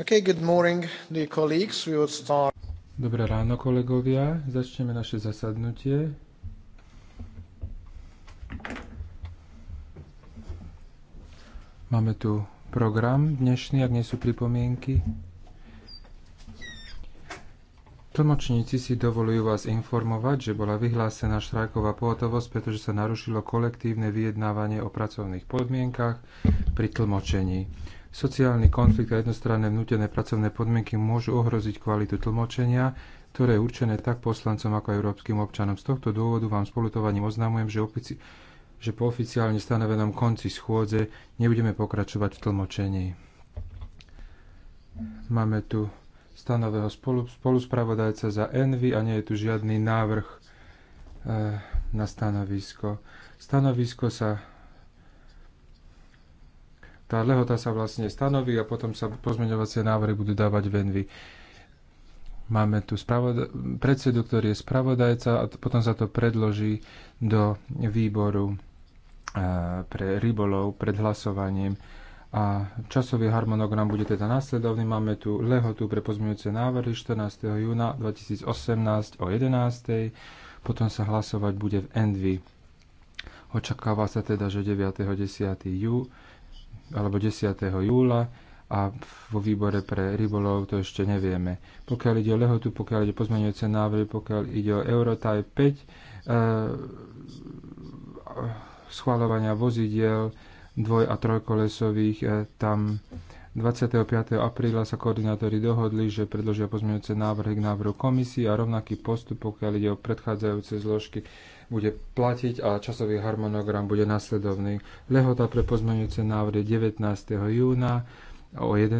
Okay, good morning, dear colleagues. We will start... Dobré ráno, kolegovia. Začneme naše zasadnutie. Máme tu program dnešný, ak nie sú pripomienky. Tlmočníci si dovolujú vás informovať, že bola vyhlásená štrajková pohotovosť, pretože sa narušilo kolektívne vyjednávanie o pracovných podmienkach pri tlmočení. Sociálny konflikt a jednostranné vnútené pracovné podmienky môžu ohroziť kvalitu tlmočenia, ktoré je určené tak poslancom ako európskym občanom. Z tohto dôvodu vám spolutovaním oznamujem, že, opici, že po oficiálne stanovenom konci schôdze nebudeme pokračovať v tlmočení. Máme tu stanového spolu, spoluspravodajca za Envy a nie je tu žiadny návrh e, na stanovisko. Stanovisko sa tá lehota sa vlastne stanoví a potom sa pozmeňovacie návrhy budú dávať venvy. Máme tu predsedu, ktorý je spravodajca a potom sa to predloží do výboru e, pre rybolov pred hlasovaním. A časový harmonogram bude teda následovný. Máme tu lehotu pre pozmeňujúce návrhy 14. júna 2018 o 11. Potom sa hlasovať bude v Envy. Očakáva sa teda, že 9.10. júna alebo 10. júla a vo výbore pre rybolov to ešte nevieme. Pokiaľ ide o lehotu, pokiaľ ide o pozmeňujúce návrhy, pokiaľ ide o Eurotype 5, e, eh, schvalovania vozidiel dvoj- a trojkolesových, e, tam 25. apríla sa koordinátori dohodli, že predložia pozmeňujúce návrhy k návrhu komisii a rovnaký postup, pokiaľ ide o predchádzajúce zložky bude platiť a časový harmonogram bude nasledovný. Lehota pre pozmeňujúce návrhy 19. júna o 11.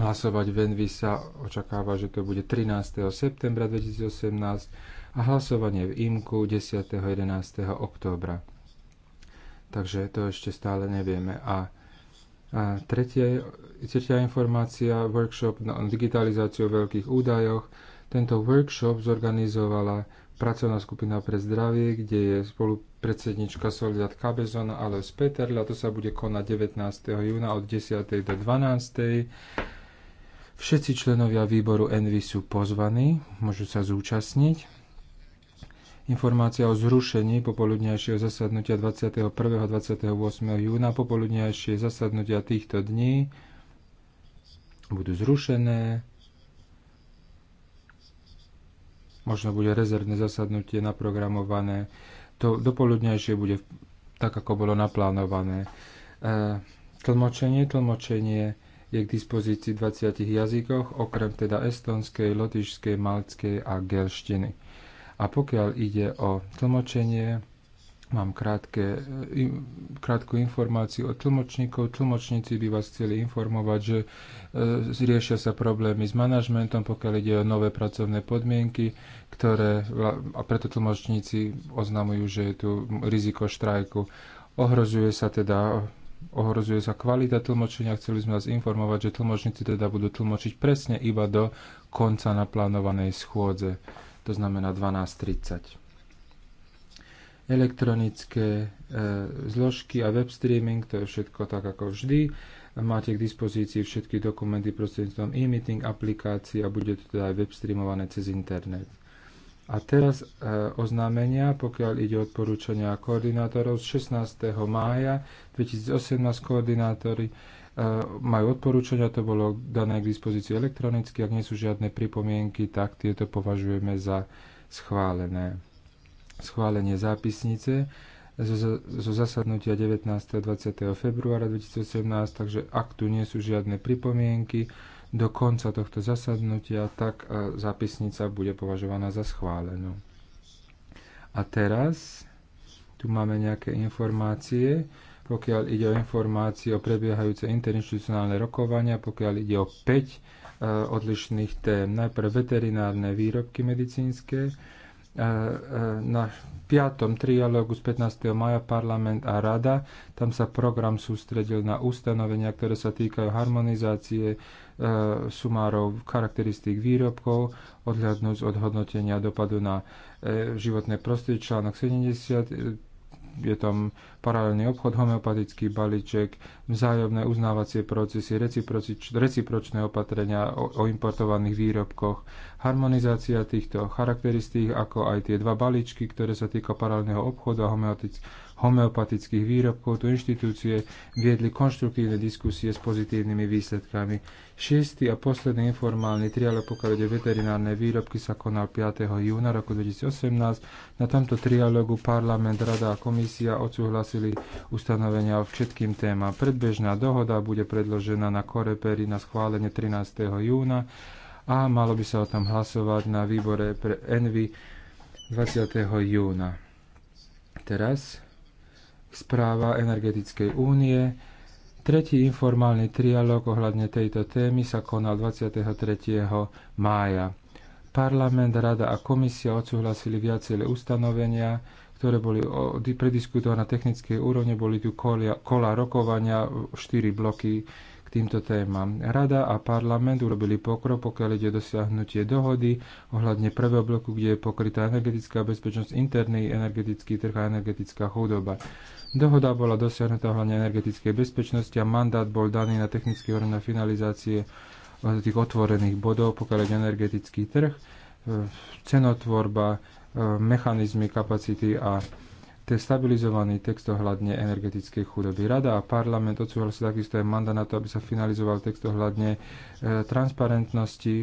Hlasovať v Envy sa očakáva, že to bude 13. septembra 2018 a hlasovanie v IMKU 10. 11. októbra. Takže to ešte stále nevieme. A a tretia, tretia informácia, workshop na digitalizáciu veľkých údajoch. Tento workshop zorganizovala pracovná skupina pre zdravie, kde je spolupredsednička Soledad Cabezon a Alois Peterla. to sa bude konať 19. júna od 10. do 12. Všetci členovia výboru Envy sú pozvaní, môžu sa zúčastniť. Informácia o zrušení popoludnejšieho zasadnutia 21. a 28. júna, popoludnejšie zasadnutia týchto dní budú zrušené možno bude rezervné zasadnutie naprogramované. To dopoludnejšie bude tak, ako bolo naplánované. E, tlmočenie, tlmočenie je k dispozícii 20 jazykoch, okrem teda estonskej, lotyšskej, maltskej a gelštiny. A pokiaľ ide o tlmočenie, Mám krátke, eh, krátku informáciu od tlmočníkov. Tlmočníci by vás chceli informovať, že eh, riešia sa problémy s manažmentom, pokiaľ ide o nové pracovné podmienky, ktoré, a preto tlmočníci oznamujú, že je tu riziko štrajku. Ohrozuje sa teda ohrozuje sa kvalita tlmočenia. Chceli sme vás informovať, že tlmočníci teda budú tlmočiť presne iba do konca naplánovanej schôdze, to znamená 12.30 elektronické e, zložky a web streaming, to je všetko tak ako vždy. Máte k dispozícii všetky dokumenty prostredníctvom e-meeting aplikácií a bude to teda aj web streamované cez internet. A teraz e, oznámenia, pokiaľ ide odporúčania koordinátorov z 16. mája 2018 koordinátory e, majú odporúčania, to bolo dané k dispozícii elektronicky, ak nie sú žiadne pripomienky, tak tieto považujeme za schválené schválenie zápisnice zo, zo zasadnutia 19. a 20. februára 2017, takže ak tu nie sú žiadne pripomienky do konca tohto zasadnutia, tak e, zápisnica bude považovaná za schválenú. A teraz tu máme nejaké informácie, pokiaľ ide o informácie o prebiehajúce interinstitucionálne rokovania, pokiaľ ide o 5 e, odlišných tém. Najprv veterinárne výrobky medicínske, E, e, na piatom trialógu z 15. maja parlament a rada. Tam sa program sústredil na ustanovenia, ktoré sa týkajú harmonizácie e, sumárov charakteristík výrobkov, odhľadnúť od hodnotenia dopadu na e, životné prostredie, článok 70, je tam paralelný obchod, homeopatický balíček, vzájomné uznávacie procesy, recipročné opatrenia o, o importovaných výrobkoch, harmonizácia týchto charakteristík, ako aj tie dva balíčky, ktoré sa týka paralelného obchodu a homeopatického homeopatických výrobkov, tu inštitúcie viedli konštruktívne diskusie s pozitívnymi výsledkami. Šiestý a posledný informálny trialog pokiaľ ide veterinárne výrobky sa konal 5. júna roku 2018. Na tomto trialogu parlament, rada a komisia odsúhlasili ustanovenia o všetkým témam. Predbežná dohoda bude predložená na Koreperi na schválenie 13. júna a malo by sa o tom hlasovať na výbore pre Envy 20. júna. Teraz správa Energetickej únie. Tretí informálny trialog ohľadne tejto témy sa konal 23. mája. Parlament, Rada a Komisia odsúhlasili viaceré ustanovenia, ktoré boli prediskutované na technickej úrovne, boli tu kola rokovania, štyri bloky k týmto témam. Rada a parlament urobili pokrok, pokiaľ ide dosiahnutie dohody ohľadne prvého bloku, kde je pokrytá energetická bezpečnosť, interný energetický trh a energetická chudoba. Dohoda bola dosiahnutá hlavne energetickej bezpečnosti a mandát bol daný na technický orgán na finalizácie tých otvorených bodov, pokiaľ je energetický trh, e, cenotvorba, e, mechanizmy kapacity a ten stabilizovaný text ohľadne energetickej chudoby. Rada a parlament sa takisto aj mandát na to, aby sa finalizoval text ohľadne e, transparentnosti,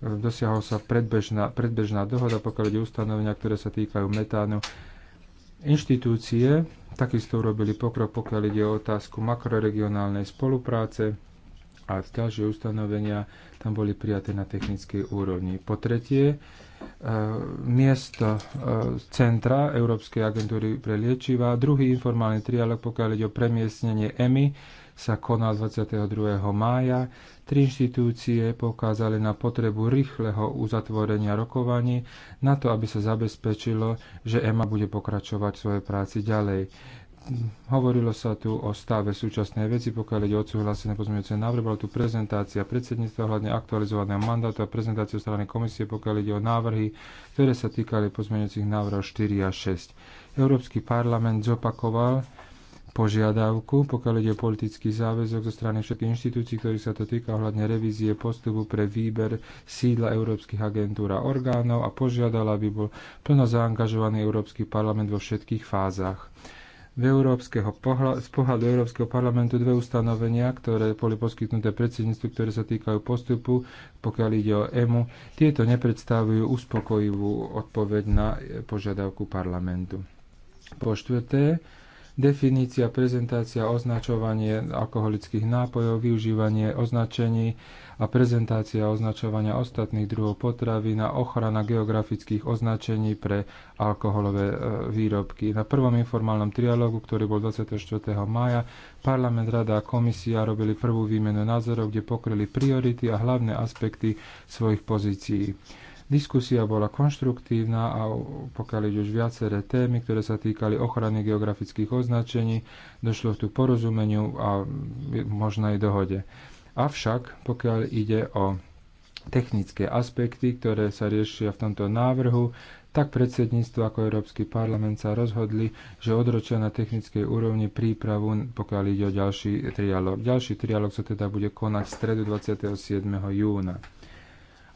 dosiahol sa predbežná, predbežná dohoda, pokiaľ ide ustanovenia, ktoré sa týkajú metánu Inštitúcie takisto urobili pokrok, pokiaľ ide o otázku makroregionálnej spolupráce a ďalšie ustanovenia tam boli prijaté na technickej úrovni. Po tretie, e, miesto e, centra Európskej agentúry pre liečiva, druhý informálny trialog, pokiaľ ide o premiestnenie EMI, sa konal 22. mája. Tri inštitúcie pokázali na potrebu rýchleho uzatvorenia rokovaní na to, aby sa zabezpečilo, že EMA bude pokračovať v práci ďalej. Hovorilo sa tu o stave súčasnej veci, pokiaľ ide odsúhlasené pozmeňujúce návrhy, bola tu prezentácia predsedníctva hľadne aktualizovaného mandátu a prezentácia strany komisie, pokiaľ ide o návrhy, ktoré sa týkali pozmeňujúcich návrhov 4 a 6. Európsky parlament zopakoval požiadavku, pokiaľ ide o politický záväzok zo strany všetkých inštitúcií, ktorí sa to týka ohľadne revízie postupu pre výber sídla európskych agentúr a orgánov a požiadala, aby bol plno zaangažovaný Európsky parlament vo všetkých fázach. V európskeho pohľa, z pohľadu Európskeho parlamentu dve ustanovenia, ktoré boli poskytnuté predsedníctvu, ktoré sa týkajú postupu, pokiaľ ide o EMU, tieto nepredstavujú uspokojivú odpoveď na požiadavku parlamentu. Po štvrté, definícia, prezentácia, označovanie alkoholických nápojov, využívanie označení a prezentácia označovania ostatných druhov potravín a ochrana geografických označení pre alkoholové e, výrobky. Na prvom informálnom trialógu, ktorý bol 24. maja, parlament, rada a komisia robili prvú výmenu názorov, kde pokryli priority a hlavné aspekty svojich pozícií. Diskusia bola konštruktívna a pokiaľ ide už viaceré témy, ktoré sa týkali ochrany geografických označení, došlo tu porozumeniu a možnej dohode. Avšak, pokiaľ ide o technické aspekty, ktoré sa riešia v tomto návrhu, tak predsedníctvo ako Európsky parlament sa rozhodli, že odročia na technickej úrovni prípravu, pokiaľ ide o ďalší trialog. Ďalší trialog sa teda bude konať v stredu 27. júna.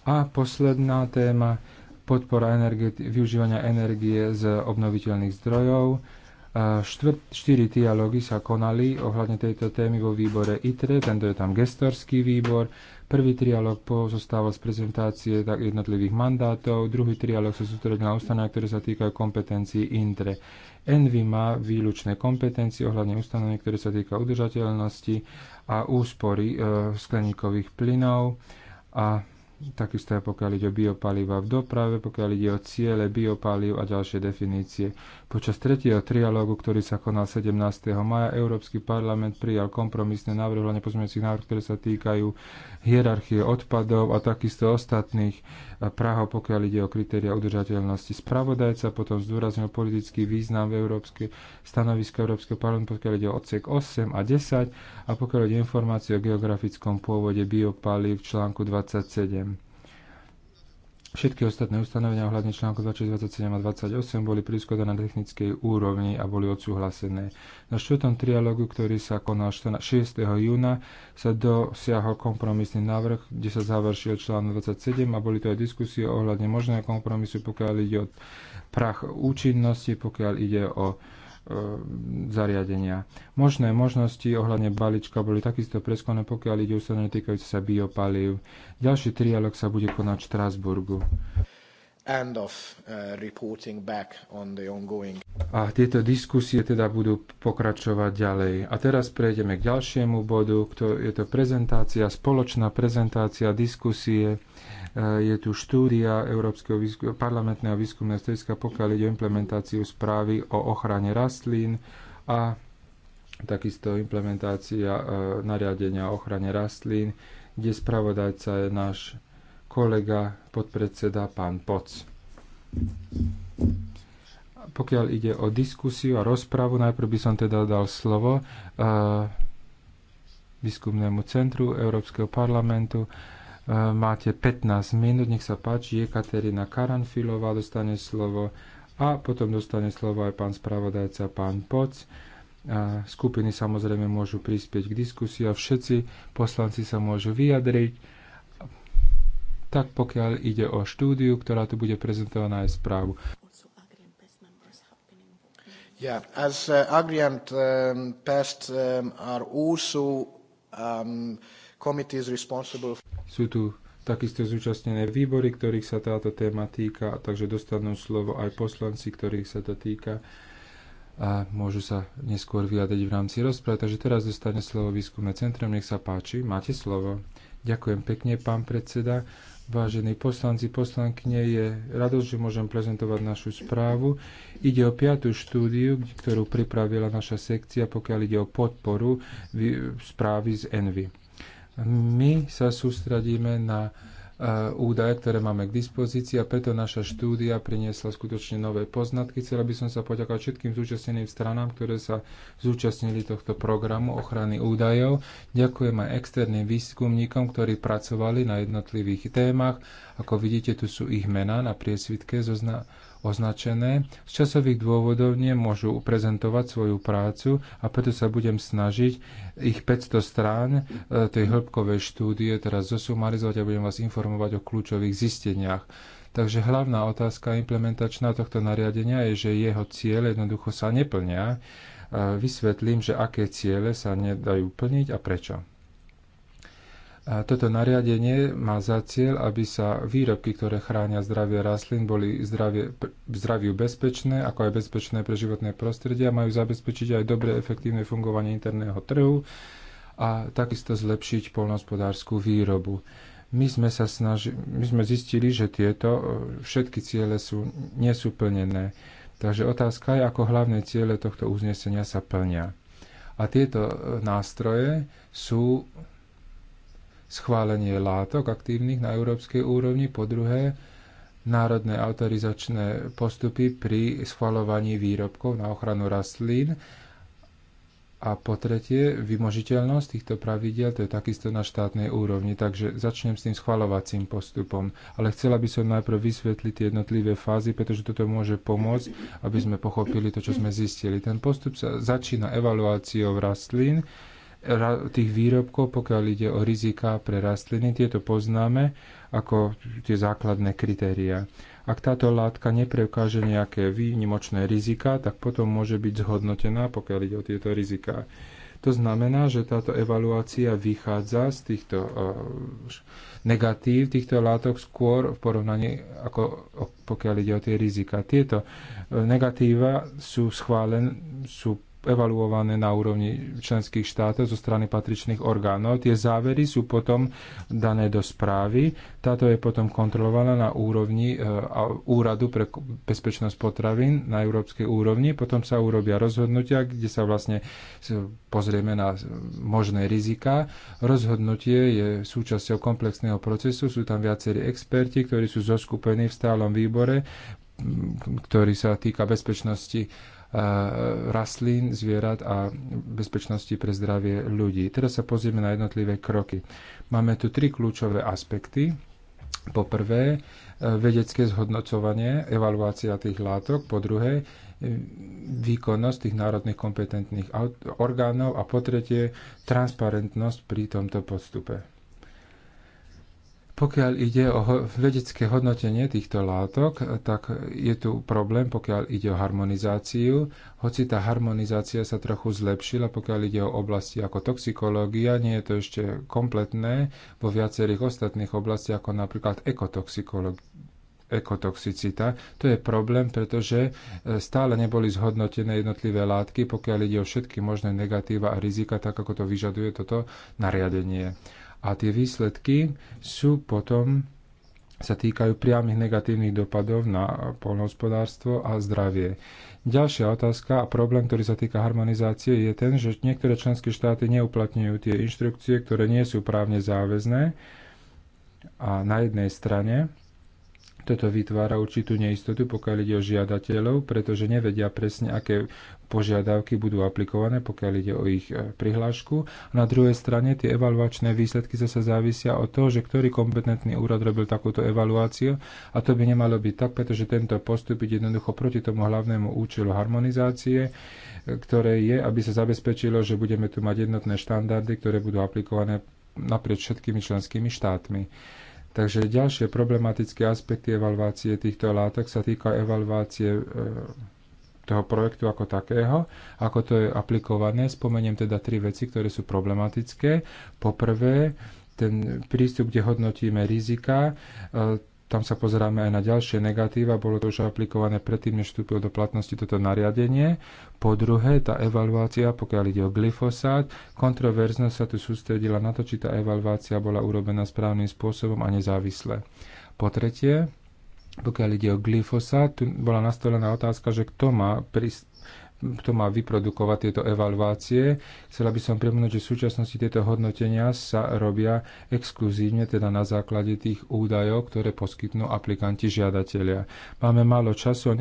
A posledná téma, podpora energie, využívania energie z obnoviteľných zdrojov. Štvrt, štyri dialógy sa konali ohľadne tejto témy vo výbore ITRE, tento je tam gestorský výbor. Prvý trialog pozostával z prezentácie tak jednotlivých mandátov, druhý trialog sa sústredil na ustanovenia, ktoré sa týkajú kompetencií INTRE. ENVY má výlučné kompetencie ohľadne ustanovenia, ktoré sa týka udržateľnosti a úspory e, skleníkových plynov a takisto aj pokiaľ ide o biopaliva v doprave, pokiaľ ide o ciele biopaliv a ďalšie definície. Počas tretieho trialógu, ktorý sa konal 17. maja, Európsky parlament prijal kompromisné návrhy, hlavne pozmeňujúcich návrh, ktoré sa týkajú hierarchie odpadov a takisto ostatných eh, Praho, pokiaľ ide o kritéria udržateľnosti. Spravodajca potom zdôraznil politický význam v európske, stanoviska Európskeho parlamentu, pokiaľ ide o odsek 8 a 10 a pokiaľ ide informácie o geografickom pôvode biopalív v článku 27. Všetky ostatné ustanovenia ohľadne článku 2627 a 28 boli preskúdané na technickej úrovni a boli odsúhlasené. Na štvrtom trialógu, ktorý sa konal 6. júna, sa dosiahol kompromisný návrh, kde sa završil článok 27 a boli to aj diskusie ohľadne možného kompromisu, pokiaľ ide o prach účinnosti, pokiaľ ide o E, zariadenia. Možné možnosti ohľadne balíčka boli takisto preskúmané, pokiaľ ide ustanovenie týkajúce sa biopalív. Ďalší trialog sa bude konať v Štrásburgu. And of, uh, reporting back on the ongoing. A tieto diskusie teda budú pokračovať ďalej. A teraz prejdeme k ďalšiemu bodu, kto je to prezentácia, spoločná prezentácia diskusie je tu štúdia Európskeho výskum, parlamentného výskumného stredska, pokiaľ ide o implementáciu správy o ochrane rastlín a takisto implementácia e, nariadenia o ochrane rastlín, kde spravodajca je náš kolega, podpredseda pán Poc. Pokiaľ ide o diskusiu a rozpravu, najprv by som teda dal slovo e, výskumnému centru Európskeho parlamentu Eh, máte 15 minút, nech sa páči, je Katerina Karanfilová, dostane slovo a potom dostane slovo aj pán spravodajca, pán Poc. Eh, skupiny samozrejme môžu prispieť k diskusii a všetci poslanci sa môžu vyjadriť tak pokiaľ ide o štúdiu, ktorá tu bude prezentovaná aj správu. Yeah, as uh, eh, Agriant um, pests um, are also um, sú tu takisto zúčastnené výbory, ktorých sa táto téma týka, takže dostanú slovo aj poslanci, ktorých sa to týka a môžu sa neskôr vyjadriť v rámci rozpráv. Takže teraz dostane slovo výskumné centrum. Nech sa páči, máte slovo. Ďakujem pekne, pán predseda. Vážení poslanci, poslankyne, je radosť, že môžem prezentovať našu správu. Ide o piatú štúdiu, ktorú pripravila naša sekcia, pokiaľ ide o podporu správy z Envy. My sa sústredíme na e, údaje, ktoré máme k dispozícii a preto naša štúdia priniesla skutočne nové poznatky. Chcela by som sa poďakovať všetkým zúčastneným stranám, ktoré sa zúčastnili tohto programu ochrany údajov. Ďakujem aj externým výskumníkom, ktorí pracovali na jednotlivých témach. Ako vidíte, tu sú ich mená na priesvitke zoznamu označené. Z časových dôvodov nemôžu uprezentovať svoju prácu a preto sa budem snažiť ich 500 strán e, tej hĺbkovej štúdie teraz zosumarizovať a budem vás informovať o kľúčových zisteniach. Takže hlavná otázka implementačná tohto nariadenia je, že jeho cieľ jednoducho sa neplnia. E, vysvetlím, že aké ciele sa nedajú plniť a prečo. Toto nariadenie má za cieľ, aby sa výrobky, ktoré chránia zdravie rastlín, boli zdravie, zdraviu bezpečné, ako aj bezpečné pre životné prostredie a majú zabezpečiť aj dobré efektívne fungovanie interného trhu a takisto zlepšiť polnohospodárskú výrobu. My sme, sa snaži, my sme zistili, že tieto e, všetky ciele sú, nie sú plnené. Takže otázka je, ako hlavné ciele tohto uznesenia sa plnia. A tieto e, nástroje sú schválenie látok aktívnych na európskej úrovni, po druhé národné autorizačné postupy pri schvalovaní výrobkov na ochranu rastlín a po tretie vymožiteľnosť týchto pravidiel, to je takisto na štátnej úrovni. Takže začnem s tým schvalovacím postupom. Ale chcela by som najprv vysvetliť tie jednotlivé fázy, pretože toto môže pomôcť, aby sme pochopili to, čo sme zistili. Ten postup sa začína evaluáciou rastlín, tých výrobkov, pokiaľ ide o rizika pre rastliny. Tieto poznáme ako tie základné kritéria. Ak táto látka nepreukáže nejaké výnimočné rizika, tak potom môže byť zhodnotená, pokiaľ ide o tieto rizika. To znamená, že táto evaluácia vychádza z týchto eh, negatív týchto látok skôr v porovnaní, ako pokiaľ ide o tie rizika. Tieto eh, negatíva sú schválené, sú evaluované na úrovni členských štátov zo strany patričných orgánov. Tie závery sú potom dané do správy. Táto je potom kontrolovaná na úrovni e, Úradu pre bezpečnosť potravín na európskej úrovni. Potom sa urobia rozhodnutia, kde sa vlastne pozrieme na možné rizika. Rozhodnutie je súčasťou komplexného procesu. Sú tam viacerí experti, ktorí sú zoskupení v stálom výbore, ktorý sa týka bezpečnosti rastlín, zvierat a bezpečnosti pre zdravie ľudí. Teraz sa pozrieme na jednotlivé kroky. Máme tu tri kľúčové aspekty. Po prvé, e, vedecké zhodnocovanie, evaluácia tých látok. Po druhé, e, výkonnosť tých národných kompetentných orgánov. A po tretie, transparentnosť pri tomto postupe. Pokiaľ ide o vedecké hodnotenie týchto látok, tak je tu problém, pokiaľ ide o harmonizáciu. Hoci tá harmonizácia sa trochu zlepšila, pokiaľ ide o oblasti ako toxikológia, nie je to ešte kompletné vo viacerých ostatných oblastiach, ako napríklad ekotoxikológia ekotoxicita. To je problém, pretože e, stále neboli zhodnotené jednotlivé látky, pokiaľ ide o všetky možné negatíva a rizika, tak ako to vyžaduje toto nariadenie a tie výsledky sú potom sa týkajú priamých negatívnych dopadov na poľnohospodárstvo a zdravie. Ďalšia otázka a problém, ktorý sa týka harmonizácie, je ten, že niektoré členské štáty neuplatňujú tie inštrukcie, ktoré nie sú právne záväzné. A na jednej strane toto vytvára určitú neistotu, pokiaľ ide o žiadateľov, pretože nevedia presne, aké požiadavky budú aplikované, pokiaľ ide o ich e, prihlášku. Na druhej strane tie evaluačné výsledky zase závisia od toho, že ktorý kompetentný úrad robil takúto evaluáciu a to by nemalo byť tak, pretože tento postup ide jednoducho proti tomu hlavnému účelu harmonizácie, e, ktoré je, aby sa zabezpečilo, že budeme tu mať jednotné štandardy, ktoré budú aplikované naprieč všetkými členskými štátmi. Takže ďalšie problematické aspekty evaluácie týchto látok sa týka evaluácie e, toho projektu ako takého, ako to je aplikované. Spomeniem teda tri veci, ktoré sú problematické. Poprvé, ten prístup, kde hodnotíme rizika, e, tam sa pozeráme aj na ďalšie negatíva, bolo to už aplikované predtým, než vstúpil do platnosti toto nariadenie. Po druhé, tá evaluácia, pokiaľ ide o glyfosát, kontroverznosť sa tu sústredila na to, či tá evaluácia bola urobená správnym spôsobom a nezávisle. Po tretie, pokiaľ ide o glyfosát, tu bola nastolená otázka, že kto má prist- kto má vyprodukovať tieto evaluácie. Chcela by som premenúť, že v súčasnosti tieto hodnotenia sa robia exkluzívne, teda na základe tých údajov, ktoré poskytnú aplikanti žiadatelia. Máme málo času,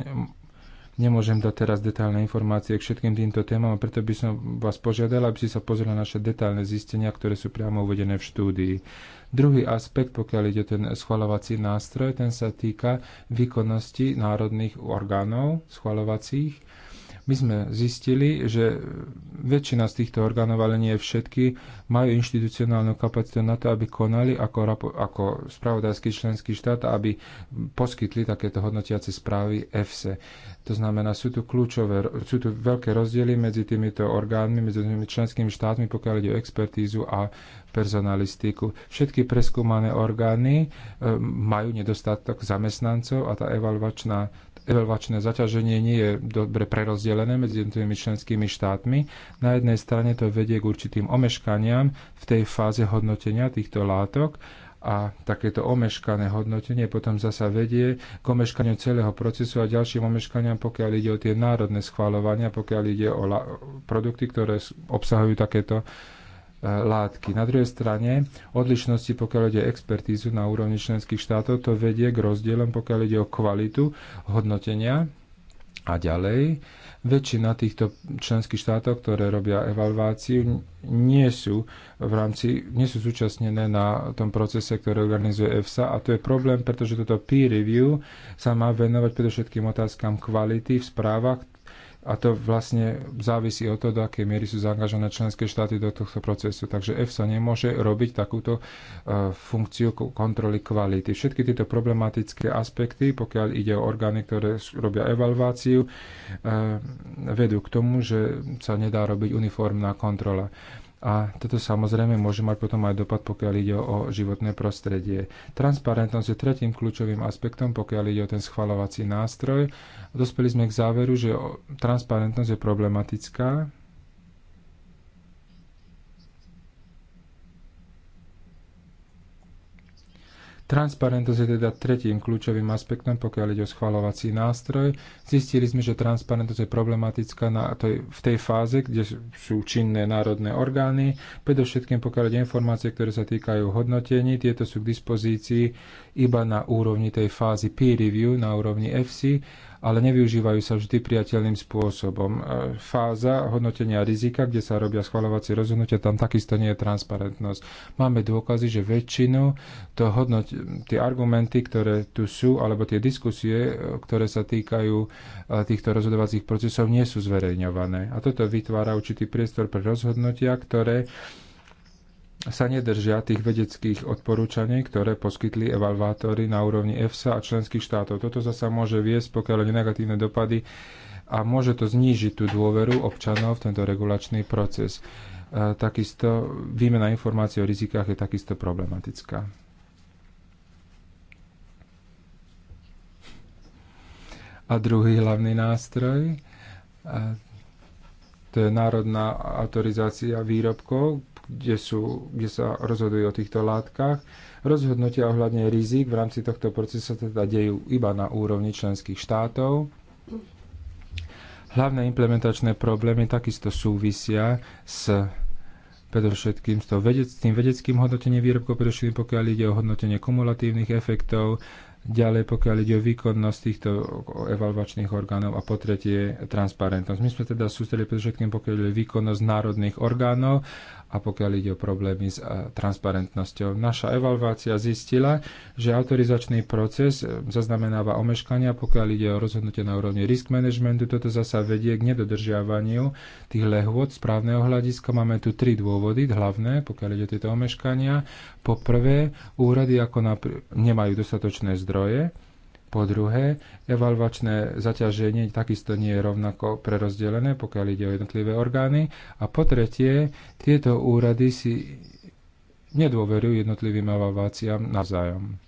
Nemôžem dať teraz detálne informácie k všetkým týmto témam a preto by som vás požiadala, aby si sa pozreli na naše detálne zistenia, ktoré sú priamo uvedené v štúdii. Druhý aspekt, pokiaľ ide ten schvalovací nástroj, ten sa týka výkonnosti národných orgánov schvalovacích my sme zistili, že väčšina z týchto orgánov, ale nie všetky, majú inštitucionálnu kapacitu na to, aby konali ako, ako spravodajský členský štát a aby poskytli takéto hodnotiace správy EFSE. To znamená, sú tu kľúčové, sú tu veľké rozdiely medzi týmito orgánmi, medzi tými členskými štátmi, pokiaľ ide o expertízu a personalistiku. Všetky preskúmané orgány e, majú nedostatok zamestnancov a tá evalvačná evaluačné zaťaženie nie je dobre prerozdelené medzi jednotlivými členskými štátmi. Na jednej strane to vedie k určitým omeškaniam v tej fáze hodnotenia týchto látok a takéto omeškané hodnotenie potom zasa vedie k omeškaniu celého procesu a ďalším omeškaniam, pokiaľ ide o tie národné schváľovania, pokiaľ ide o produkty, ktoré obsahujú takéto Eh, látky. Na druhej strane, odlišnosti, pokiaľ ide expertízu na úrovni členských štátov, to vedie k rozdielom, pokiaľ ide o kvalitu hodnotenia a ďalej. Väčšina týchto členských štátov, ktoré robia evalváciu, nie sú v rámci, nie sú zúčastnené na tom procese, ktorý organizuje EFSA a to je problém, pretože toto peer review sa má venovať predovšetkým otázkam kvality v správach, a to vlastne závisí od toho, do akej miery sú zaangažované členské štáty do tohto procesu. Takže EFSA nemôže robiť takúto e, funkciu kontroly kvality. Všetky tieto problematické aspekty, pokiaľ ide o orgány, ktoré robia evalváciu, e, vedú k tomu, že sa nedá robiť uniformná kontrola a toto samozrejme môže mať potom aj dopad, pokiaľ ide o životné prostredie. Transparentnosť je tretím kľúčovým aspektom, pokiaľ ide o ten schvalovací nástroj. Dospeli sme k záveru, že transparentnosť je problematická, Transparentnosť je teda tretím kľúčovým aspektom, pokiaľ ide o schvalovací nástroj. Zistili sme, že transparentnosť je problematická na tej, v tej fáze, kde sú činné národné orgány, predovšetkým pokiaľ ide informácie, ktoré sa týkajú hodnotení, tieto sú k dispozícii iba na úrovni tej fázy peer review, na úrovni FC ale nevyužívajú sa vždy priateľným spôsobom. E, fáza hodnotenia rizika, kde sa robia schvalovacie rozhodnutia, tam takisto nie je transparentnosť. Máme dôkazy, že väčšinu to hodnot, tie argumenty, ktoré tu sú, alebo tie diskusie, e, ktoré sa týkajú e, týchto rozhodovacích procesov, nie sú zverejňované. A toto vytvára určitý priestor pre rozhodnutia, ktoré sa nedržia tých vedeckých odporúčaní, ktoré poskytli evalvátory na úrovni EFSA a členských štátov. Toto zasa môže viesť, pokiaľ negatívne dopady a môže to znížiť tú dôveru občanov v tento regulačný proces. Takisto výmena informácií o rizikách je takisto problematická. A druhý hlavný nástroj, to je národná autorizácia výrobkov, kde, sú, kde sa rozhodujú o týchto látkach. Rozhodnutia ohľadne rizik v rámci tohto procesu teda dejú iba na úrovni členských štátov. Hlavné implementačné problémy takisto súvisia s predovšetkým s, vedec, tým vedeckým hodnotením výrobkov, predovšetkým pokiaľ ide o hodnotenie kumulatívnych efektov, ďalej pokiaľ ide o výkonnosť týchto evalvačných orgánov a po tretie transparentnosť. My sme teda sústredili predovšetkým pokiaľ ide o výkonnosť národných orgánov a pokiaľ ide o problémy s e, transparentnosťou. Naša evalvácia zistila, že autorizačný proces e, zaznamenáva omeškania, pokiaľ ide o rozhodnutie na úrovni risk managementu. Toto zasa vedie k nedodržiavaniu tých lehôd správneho hľadiska. Máme tu tri dôvody hlavné, pokiaľ ide o tieto omeškania. Po prvé, úrady ako napr- nemajú dostatočné zdroje, po druhé, evalvačné zaťaženie takisto nie je rovnako prerozdelené, pokiaľ ide o jednotlivé orgány. A po tretie, tieto úrady si nedôverujú jednotlivým evalváciám navzájom.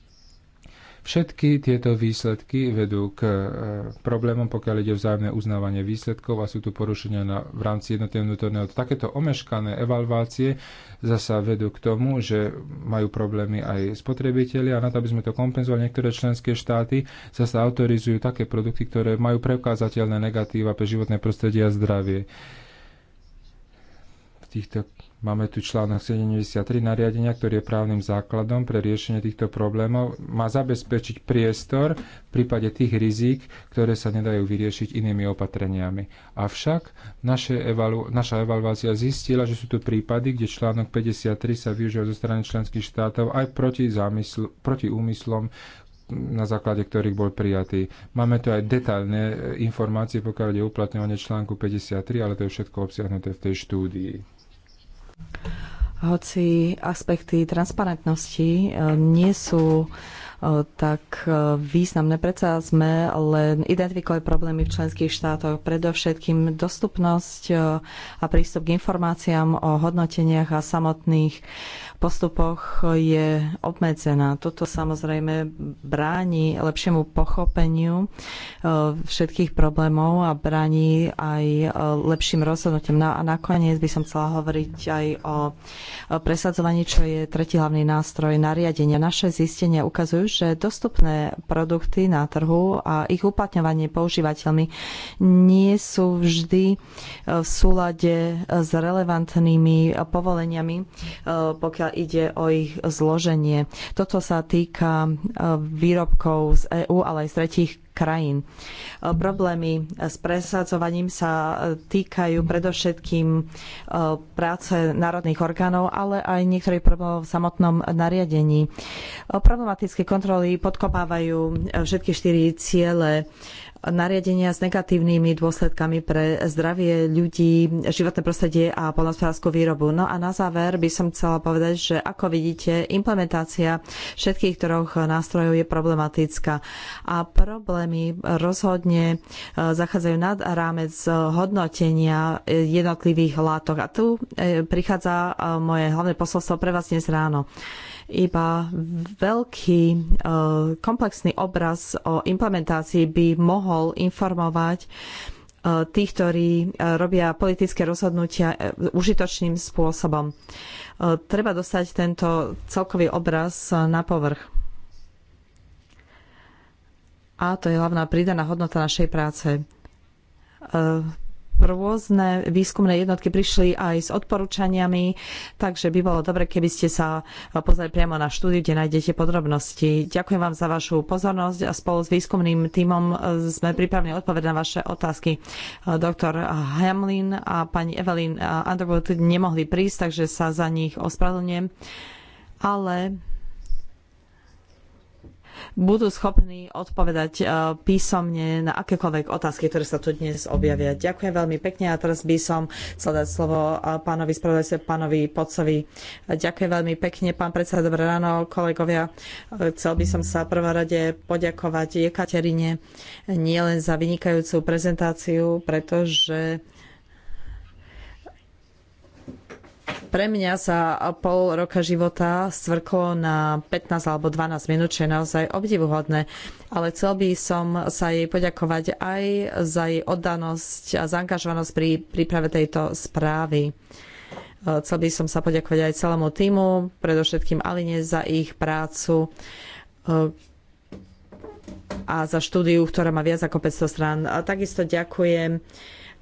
Všetky tieto výsledky vedú k e, problémom, pokiaľ ide vzájomné uznávanie výsledkov a sú tu porušenia na, v rámci jednotného vnútorného. Takéto omeškané evalvácie zasa vedú k tomu, že majú problémy aj spotrebitelia a na to, aby sme to kompenzovali, niektoré členské štáty zasa autorizujú také produkty, ktoré majú preukázateľné negatíva pre životné prostredie a zdravie. V týchto Máme tu článok 73 nariadenia, ktorý je právnym základom pre riešenie týchto problémov. Má zabezpečiť priestor v prípade tých rizík, ktoré sa nedajú vyriešiť inými opatreniami. Avšak naše evalu- naša evaluácia zistila, že sú tu prípady, kde článok 53 sa využíva zo strany členských štátov aj proti, zámysl- proti úmyslom, na základe ktorých bol prijatý. Máme tu aj detailné e, informácie, pokiaľ je uplatňovanie článku 53, ale to je všetko obsiahnuté v tej štúdii. Hoci aspekty transparentnosti e, nie sú e, tak e, významné. Predsa sme len identifikovali problémy v členských štátoch, predovšetkým dostupnosť a prístup k informáciám o hodnoteniach a samotných postupoch je obmedzená. Toto samozrejme bráni lepšiemu pochopeniu e, všetkých problémov a bráni aj e, lepším rozhodnutím. No a nakoniec by som chcela hovoriť aj o presadzovaní, čo je tretí hlavný nástroj nariadenia. Naše zistenia ukazujú, že dostupné produkty na trhu a ich uplatňovanie používateľmi nie sú vždy e, v súlade s relevantnými povoleniami, pokiaľ pokiaľ teda ide o ich zloženie. Toto sa týka e, výrobkov z EÚ, ale aj z tretích krajín. E, problémy s presadzovaním sa e, týkajú predovšetkým práce národných orgánov, ale aj niektorých problémov v samotnom nariadení. Problematické kontroly podkopávajú všetky štyri ciele nariadenia s negatívnymi dôsledkami pre zdravie ľudí, životné prostredie a polnospodárskú výrobu. No a na záver by som chcela povedať, že ako vidíte, implementácia všetkých troch nástrojov je problematická a problémy rozhodne e, zachádzajú nad rámec hodnotenia jednotlivých látok. A tu e, prichádza e, moje hlavné posolstvo pre vás dnes ráno. Iba veľký e, komplexný obraz o implementácii by mohol informovať e, tých, ktorí e, robia politické rozhodnutia užitočným spôsobom. Treba dostať tento celkový obraz na povrch. A to je hlavná pridaná hodnota našej práce rôzne výskumné jednotky prišli aj s odporúčaniami, takže by bolo dobre, keby ste sa pozreli priamo na štúdiu, kde nájdete podrobnosti. Ďakujem vám za vašu pozornosť a spolu s výskumným tímom eh, sme pripravení odpovedať na vaše otázky. Eh, doktor Hamlin a pani Evelyn eh, Underwood nemohli prísť, takže sa za nich ospravedlňujem. Ale budú schopní odpovedať e, písomne na akékoľvek otázky, ktoré sa tu dnes objavia. Ďakujem veľmi pekne a teraz by som chcel dať slovo e, pánovi spravodajstve, pánovi Pocovi. Ďakujem veľmi pekne, pán predseda, dobré ráno, kolegovia. E, chcel by som sa prvá rade poďakovať Jekaterine nielen za vynikajúcu prezentáciu, pretože Pre mňa sa pol roka života stvrklo na 15 alebo 12 minút, čo je naozaj obdivuhodné. Ale chcel by som sa jej poďakovať aj za jej oddanosť a zaangažovanosť pri príprave tejto správy. E, chcel by som sa poďakovať aj celému týmu, predovšetkým Aline za ich prácu e, a za štúdiu, ktorá má viac ako 500 strán. A takisto ďakujem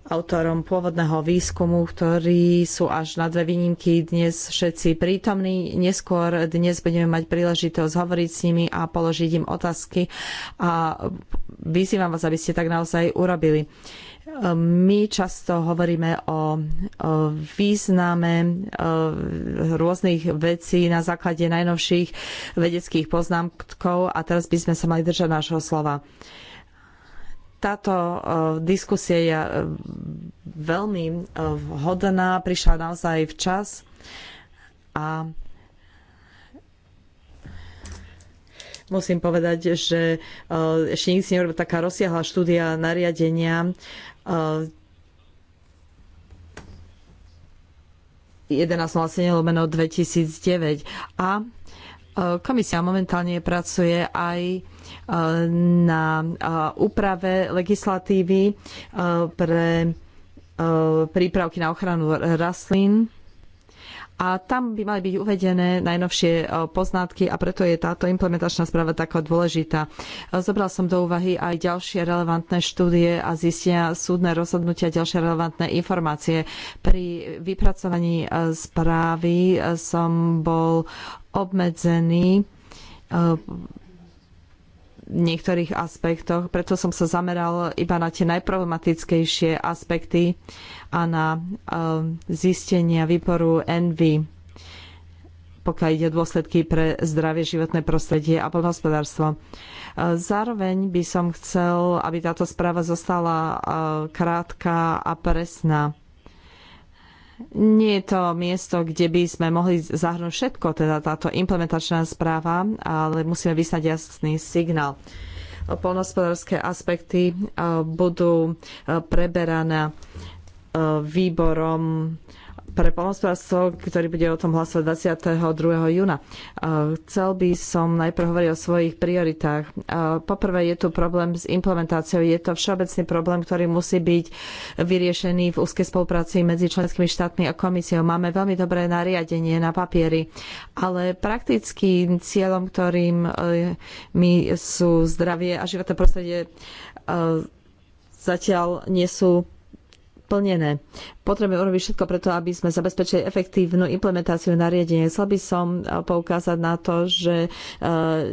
autorom pôvodného výskumu, ktorí sú až na dve výnimky dnes všetci prítomní. Neskôr dnes budeme mať príležitosť hovoriť s nimi a položiť im otázky a vyzývam vás, aby ste tak naozaj urobili. My často hovoríme o význame e, rôznych vecí na základe najnovších vedeckých poznámkov a teraz by sme sa mali držať nášho slova táto e, diskusia je e, veľmi e, vhodná, prišla naozaj včas a musím povedať, že ešte nikdy si neurobil taká rozsiahla štúdia nariadenia. lomeno 2009 a komisia momentálne pracuje aj na úprave legislatívy pre prípravky na ochranu rastlín. A tam by mali byť uvedené najnovšie poznatky a preto je táto implementačná správa taká dôležitá. Zobral som do úvahy aj ďalšie relevantné štúdie a zistenia súdne rozhodnutia, ďalšie relevantné informácie. Pri vypracovaní správy som bol obmedzený niektorých aspektoch, preto som sa zameral iba na tie najproblematickejšie aspekty a na um, zistenia výporu Envy pokiaľ ide o dôsledky pre zdravie, životné prostredie a podhospodárstvo. Uh, zároveň by som chcel, aby táto správa zostala uh, krátka a presná nie je to miesto, kde by sme mohli zahrnúť všetko, teda táto implementačná správa, ale musíme vyslať jasný signál. Polnospodárske aspekty eh, budú eh, preberané eh, výborom pre polnospodárstvo, ktorý bude o tom hlasovať 22. júna. Chcel by som najprv hovoriť o svojich prioritách. Poprvé je tu problém s implementáciou. Je to všeobecný problém, ktorý musí byť vyriešený v úzkej spolupráci medzi členskými štátmi a komisiou. Máme veľmi dobré nariadenie na papiery, ale praktickým cieľom, ktorým e, my sú zdravie a životné prostredie, e, zatiaľ nie sú plnené. Potrebujeme urobiť všetko preto, aby sme zabezpečili efektívnu implementáciu nariadenia. Chcel by som eh, poukázať na to, že eh,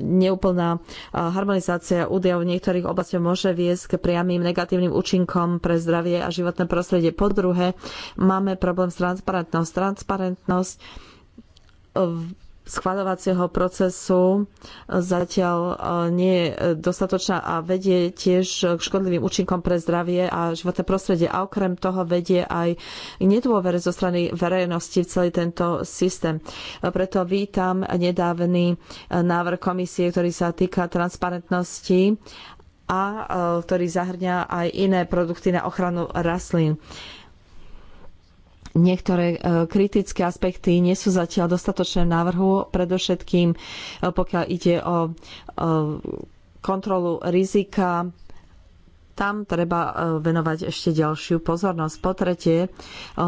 neúplná eh, harmonizácia údajov v niektorých oblastiach môže viesť k priamým negatívnym účinkom pre zdravie a životné prostredie. Po druhé, máme problém s transparentnosť. Transparentnosť v schvaľovacieho procesu zatiaľ e, nie je dostatočná a vedie tiež k škodlivým účinkom pre zdravie a životné prostredie. A okrem toho vedie aj k nedôvere zo strany verejnosti v celý tento systém. E, preto vítam nedávny e, návrh komisie, ktorý sa týka transparentnosti a ktorý zahrňa aj iné produkty na ochranu rastlín. Niektoré e, kritické aspekty nie sú zatiaľ dostatočné v návrhu, predovšetkým e, pokiaľ ide o e, kontrolu rizika tam treba e, venovať ešte ďalšiu pozornosť. Po tretie, e,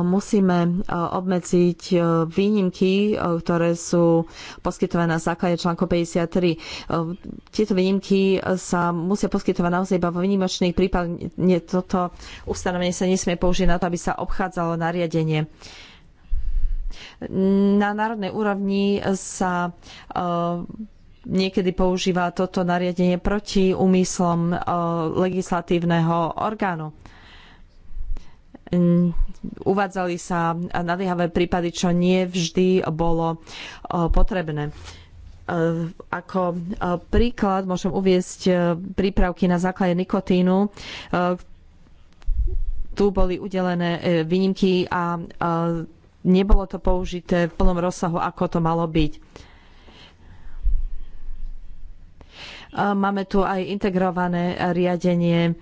musíme e, obmedziť výnimky, ktoré sú poskytované na základe článku 53. Tieto výnimky sa musia poskytovať naozaj iba vo výnimočných prípadne Toto ustanovenie sa nesmie použiť na to, aby sa obchádzalo nariadenie. Na národnej úrovni sa niekedy používa toto nariadenie proti úmyslom e, legislatívneho orgánu. Uvádzali sa naliehavé prípady, čo nie vždy bolo e, potrebné. E, ako príklad môžem uviesť prípravky na základe nikotínu, tu boli udelené výnimky a nebolo to použité v plnom rozsahu, ako to malo byť Máme tu aj integrované riadenie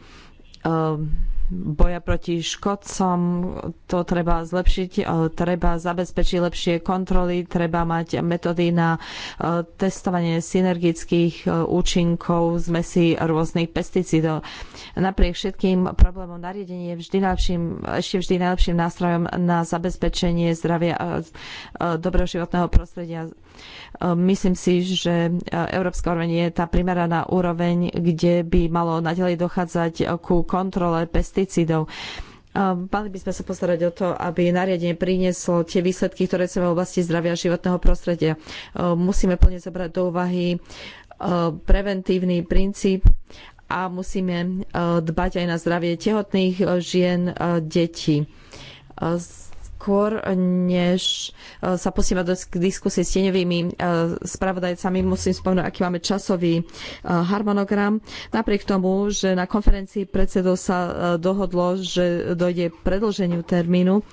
ehm, boja proti škodcom, to treba zlepšiť, e, treba zabezpečiť lepšie kontroly, treba mať metódy na e, testovanie synergických e, účinkov zmesí rôznych pesticídov. Napriek všetkým problémom nariadenie je vždy najlepším, ešte vždy najlepším nástrojom na zabezpečenie zdravia a dobrého životného prostredia Ehm, myslím si, že e, európska úroveň je tá primeraná úroveň, kde by malo nadalej dochádzať e, ku kontrole pesticídov. Ehm, mali by sme sa postarať o to, aby nariadenie prinieslo tie výsledky, ktoré chceme v oblasti zdravia a životného prostredia. Ehm, musíme plne zobrať do úvahy e, preventívny princíp a musíme dbať aj na zdravie tehotných žien, detí skôr, než e, sa posieva do diskusie s tieňovými e, spravodajcami, musím spomenúť, aký máme časový e, harmonogram. Napriek tomu, že na konferencii predsedov sa dohodlo, že dojde k predlženiu termínu,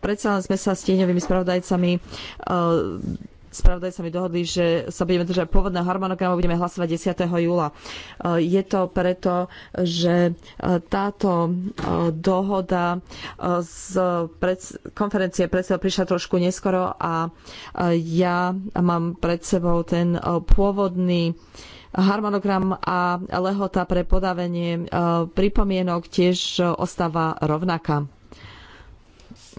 predsa len sme sa s tieňovými spravodajcami mi dohodli, že sa budeme držať pôvodného harmonogramu, budeme hlasovať 10. júla. E, je to preto, že e, táto e, dohoda z konferencie predsedov prišla trošku neskoro a ja mám pred sebou ten pôvodný harmonogram a lehota pre podávanie pripomienok tiež ostáva rovnaká.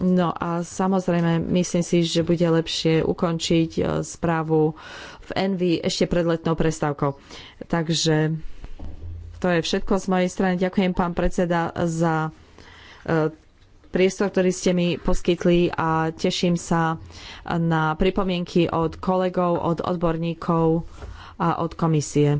No a samozrejme, myslím si, že bude lepšie ukončiť e, správu v Envy ešte pred letnou prestávkou. Takže to je všetko z mojej strany. Ďakujem, pán predseda, za e, priestor, ktorý ste mi poskytli a teším sa na pripomienky od kolegov, od odborníkov a od komisie.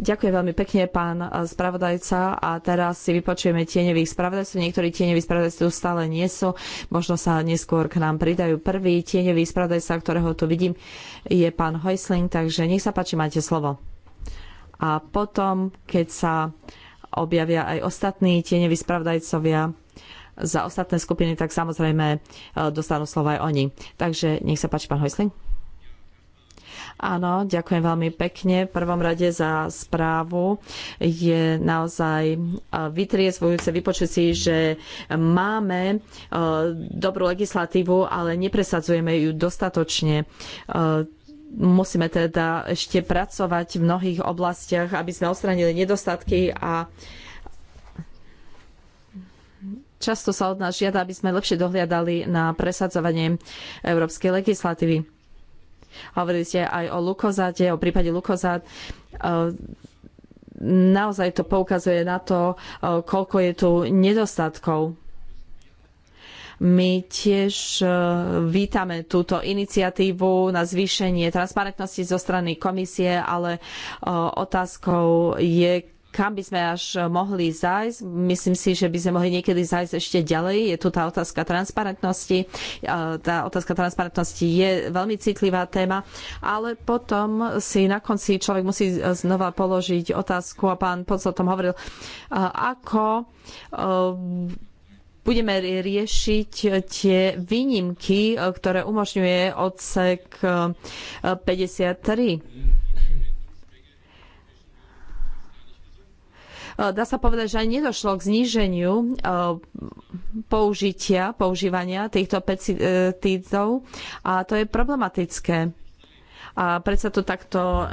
Ďakujem veľmi pekne, pán eh, spravodajca. A teraz si vypočujeme tieňových spravodajcov. Niektorí tieňoví tu stále nie sú. Možno sa neskôr k nám pridajú. Prvý tieňový spravodajca, ktorého tu vidím, je pán Hojsling. Takže nech sa páči, máte slovo. A potom, keď sa objavia aj ostatní tieňoví spravodajcovia, za ostatné skupiny, tak samozrejme eh, dostanú slovo aj oni. Takže nech sa páči, pán Hojsling. Áno, ďakujem veľmi pekne. V prvom rade za správu. Je naozaj e, vytriezvujúce vypočuť si, že máme e, dobrú legislatívu, ale nepresadzujeme ju dostatočne e, musíme teda ešte pracovať v mnohých oblastiach, aby sme odstranili nedostatky a často sa od nás žiada, aby sme lepšie dohliadali na presadzovanie európskej legislatívy. Hovorili ste aj o Lukozade, o prípade Lukozát. E, naozaj to poukazuje na to, e, koľko je tu nedostatkov. My tiež e, vítame túto iniciatívu na zvýšenie transparentnosti zo strany komisie, ale otázkou je, kam by sme až mohli zájsť. Myslím si, že by sme mohli niekedy zájsť ešte ďalej. Je tu tá otázka transparentnosti. Tá otázka transparentnosti je veľmi citlivá téma, ale potom si na konci človek musí znova položiť otázku a pán Poc o tom hovoril, ako e, budeme riešiť tie výnimky, e, ktoré umožňuje odsek e, 53 Eh, dá sa povedať, že ani nedošlo k zníženiu eh, použitia, používania týchto pesticídov a to je problematické. A predsa to takto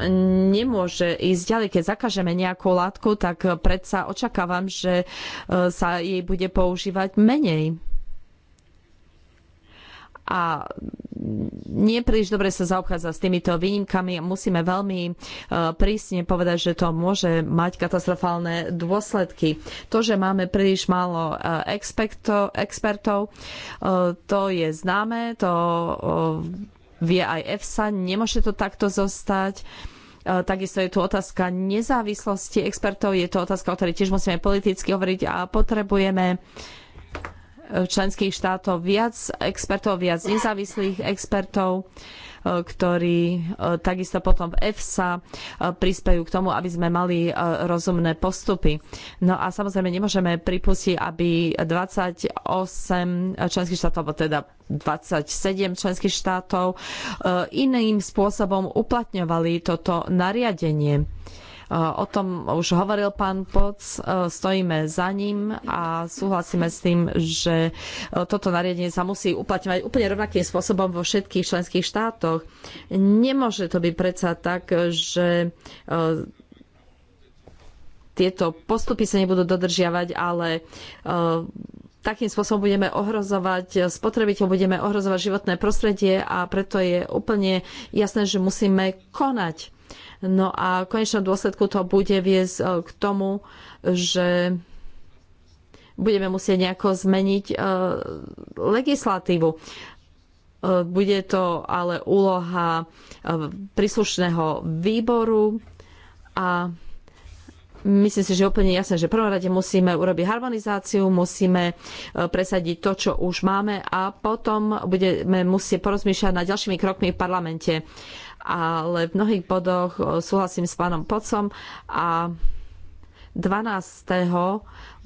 nemôže ísť ďalej. Keď zakážeme nejakú látku, tak predsa očakávam, že eh, sa jej bude používať menej a nie príliš dobre sa zaobchádza s týmito výnimkami. a Musíme veľmi e, prísne povedať, že to môže mať katastrofálne dôsledky. To, že máme príliš málo e, expertov, e, to je známe, to vie aj EFSA, nemôže to takto zostať. Takisto je tu otázka nezávislosti expertov, je to otázka, o ktorej tiež musíme politicky hovoriť a potrebujeme uh, členských štátov viac expertov, viac nezávislých expertov, e, ktorí e, takisto potom v EFSA e, prispejú k tomu, aby sme mali rozumné postupy. No a samozrejme nemôžeme pripustiť, aby 28 členských štátov, alebo teda 27 členských štátov iným spôsobom uplatňovali toto nariadenie O tom už hovoril pán Poc, e, stojíme za ním a súhlasíme s tým, že e, toto nariadenie sa musí uplatňovať úplne rovnakým spôsobom vo všetkých členských štátoch. Nemôže to byť predsa tak, že e, tieto postupy sa nebudú dodržiavať, ale takým spôsobom budeme ohrozovať spotrebiteľ, budeme ohrozovať životné prostredie a preto je úplne jasné, že musíme konať. No a v konečnom dôsledku to bude viesť e, k tomu, že budeme musieť nejako zmeniť e, legislatívu. E, bude to ale úloha príslušného výboru a myslím si, že je úplne jasné, že v prvom rade musíme urobiť harmonizáciu, musíme e, presadiť to, čo už máme a potom budeme musieť porozmýšľať nad ďalšími krokmi v parlamente. Ale v mnohých bodoch e, súhlasím s pánom Pocom a 12.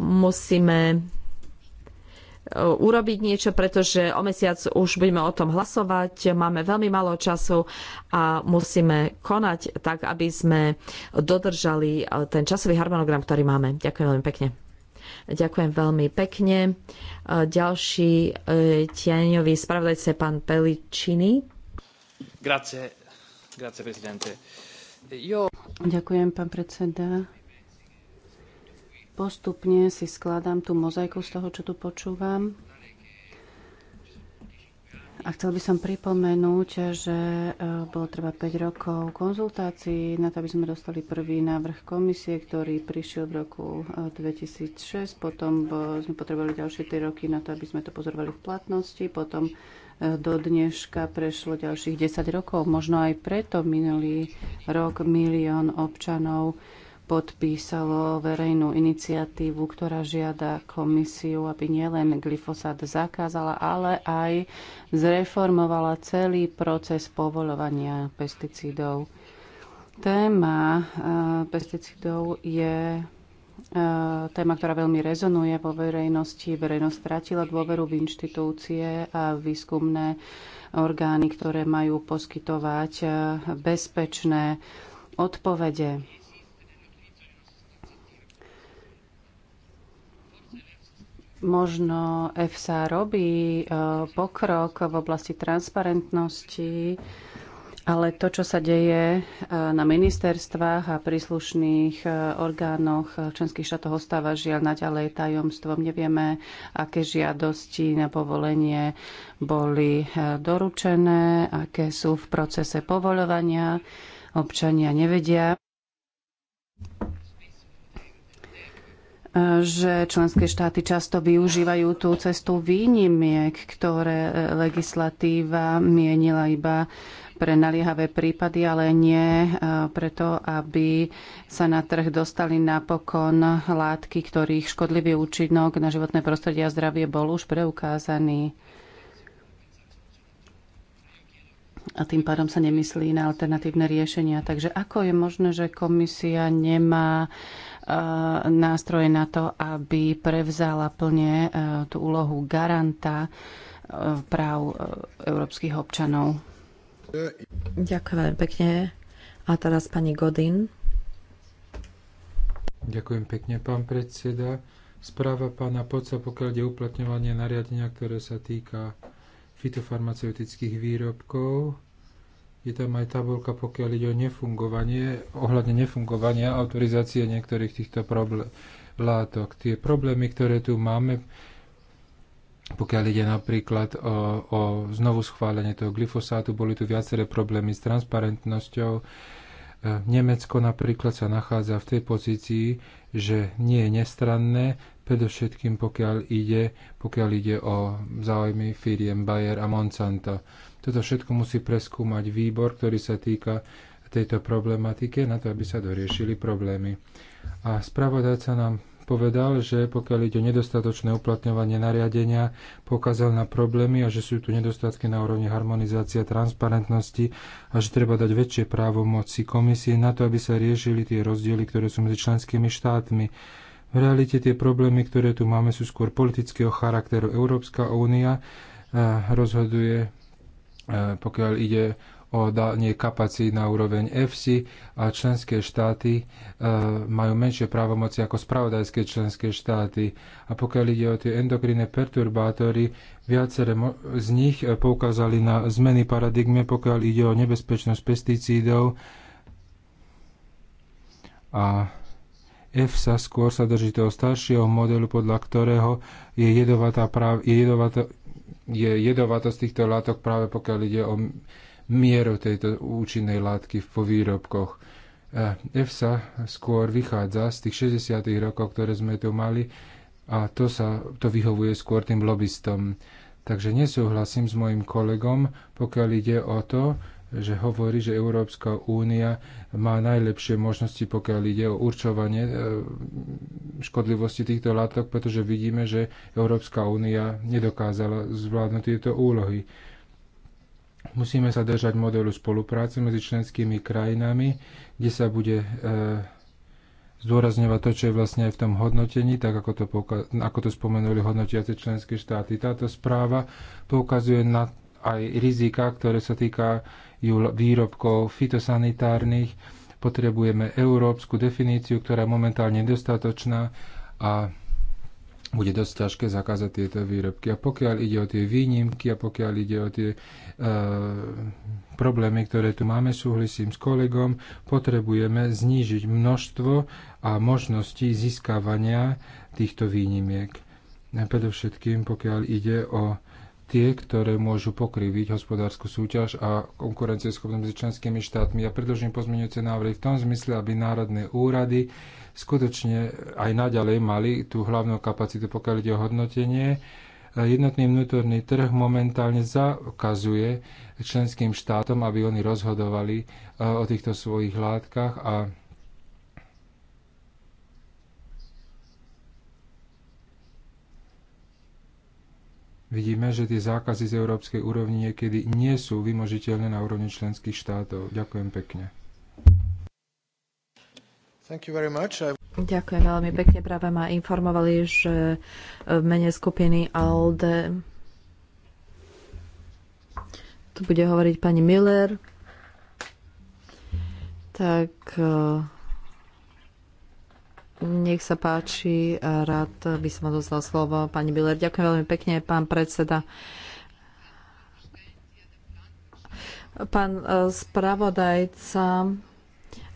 musíme E, urobiť niečo, pretože o mesiac už budeme o tom hlasovať, máme veľmi málo času a musíme konať tak, aby sme dodržali e, ten časový harmonogram, ktorý máme. Ďakujem veľmi pekne. Ďakujem veľmi pekne. E, ďalší tieňový spravodajca pán Peličiny. Grazie. Grazie, prezidente. Jo. Ďakujem, pán predseda. Postupne si skladám tú mozaiku z toho, čo tu počúvam. A chcel by som pripomenúť, že e, bolo treba 5 rokov konzultácií na to, aby sme dostali prvý návrh komisie, ktorý prišiel v roku 2006. E, Potom sme potrebovali ďalšie 3 roky na to, aby sme to pozorovali v platnosti. Potom e, do dneška prešlo ďalších 10 rokov. Možno aj preto minulý rok milión občanov podpísalo verejnú iniciatívu, ktorá žiada komisiu, aby nielen glyfosát zakázala, ale aj zreformovala celý proces povolovania pesticídov. Téma eh, pesticídov je eh, téma, ktorá veľmi rezonuje vo verejnosti. Verejnosť stratila dôveru v inštitúcie a výskumné orgány, ktoré majú poskytovať eh, bezpečné odpovede. Možno EFSA robí e, pokrok v oblasti transparentnosti, ale to, čo sa deje e, na ministerstvách a príslušných e, orgánoch členských štátov ostáva žiaľ naďalej tajomstvom. Nevieme, aké žiadosti na povolenie boli doručené, aké sú v procese povoľovania. Občania nevedia, že členské štáty často využívajú tú cestu výnimiek, ktoré e, legislatíva mienila iba pre naliehavé prípady, ale nie e, preto, aby sa na trh dostali napokon látky, ktorých škodlivý účinok na životné prostredie a zdravie bol už preukázaný. a tým pádom sa nemyslí na alternatívne riešenia. Takže ako je možné, že komisia nemá Eh, nástroje na to, aby prevzala plne eh, tú úlohu garanta eh, práv európskych občanov. Ďakujem veľmi pekne. A teraz pani Godin. Ďakujem pekne, pán predseda. Správa pána Poca, pokiaľ je uplatňovanie nariadenia, ktoré sa týka fitofarmaceutických výrobkov, je tam aj tabulka, pokiaľ ide o nefungovanie, ohľadne nefungovania autorizácie niektorých týchto látok. Tie problémy, ktoré tu máme, pokiaľ ide napríklad o, o znovu schválenie toho glyfosátu, boli tu viaceré problémy s transparentnosťou. E, Nemecko napríklad sa nachádza v tej pozícii, že nie je nestranné, predovšetkým pokiaľ ide, pokiaľ ide o záujmy firiem Bayer a Monsanto toto všetko musí preskúmať výbor, ktorý sa týka tejto problematike, na to, aby sa doriešili problémy. A spravodajca nám povedal, že pokiaľ ide o nedostatočné uplatňovanie nariadenia, pokazal na problémy a že sú tu nedostatky na úrovni harmonizácie a transparentnosti a že treba dať väčšie právo moci komisie na to, aby sa riešili tie rozdiely, ktoré sú medzi členskými štátmi. V realite tie problémy, ktoré tu máme, sú skôr politického charakteru. Európska únia eh, rozhoduje E, pokiaľ ide o danie kapacít na úroveň EFSI a členské štáty e, majú menšie právomoci ako spravodajské členské štáty. A pokiaľ ide o tie endokrinné perturbátory, viaceré z nich e, poukázali na zmeny paradigme, pokiaľ ide o nebezpečnosť pesticídov. A EFSA skôr sa drží toho staršieho modelu, podľa ktorého je jedovatá, práv- je jedovatá je jedovatosť týchto látok práve pokiaľ ide o mieru tejto účinnej látky po výrobkoch. E, EFSA skôr vychádza z tých 60. rokov, ktoré sme tu mali a to, sa, to vyhovuje skôr tým lobbystom. Takže nesúhlasím s mojim kolegom, pokiaľ ide o to, že hovorí, že Európska únia má najlepšie možnosti, pokiaľ ide o určovanie e, škodlivosti týchto látok, pretože vidíme, že Európska únia nedokázala zvládnuť tieto úlohy. Musíme sa držať modelu spolupráce medzi členskými krajinami, kde sa bude e, zdôrazňovať to, čo je vlastne aj v tom hodnotení, tak ako to, ako to spomenuli hodnotiace členské štáty. Táto správa poukazuje na aj rizika, ktoré sa týka výrobkov fitosanitárnych. Potrebujeme európsku definíciu, ktorá je momentálne nedostatočná a bude dosť ťažké zakázať tieto výrobky. A pokiaľ ide o tie výnimky a pokiaľ ide o tie e, problémy, ktoré tu máme, súhlasím s kolegom, potrebujeme znížiť množstvo a možnosti získavania týchto výnimiek. Predovšetkým, pokiaľ ide o tie, ktoré môžu pokriviť hospodárskú súťaž a konkurencieschopnosť medzi členskými štátmi. Ja predložím pozmeňujúce návrhy v tom zmysle, aby národné úrady skutočne aj naďalej mali tú hlavnú kapacitu, pokiaľ ide o hodnotenie. Jednotný vnútorný trh momentálne zakazuje členským štátom, aby oni rozhodovali eh, o týchto svojich látkach a vidíme, že tie zákazy z európskej úrovni niekedy nie sú vymožiteľné na úrovni členských štátov. Ďakujem pekne. Thank you very much. I... Ďakujem veľmi pekne. Práve ma informovali, že v mene skupiny ALDE tu bude hovoriť pani Miller. Tak eh, nech sa páči, rád by som odozval slovo pani Biller. Ďakujem veľmi pekne, pán predseda. Pán e, spravodajca e,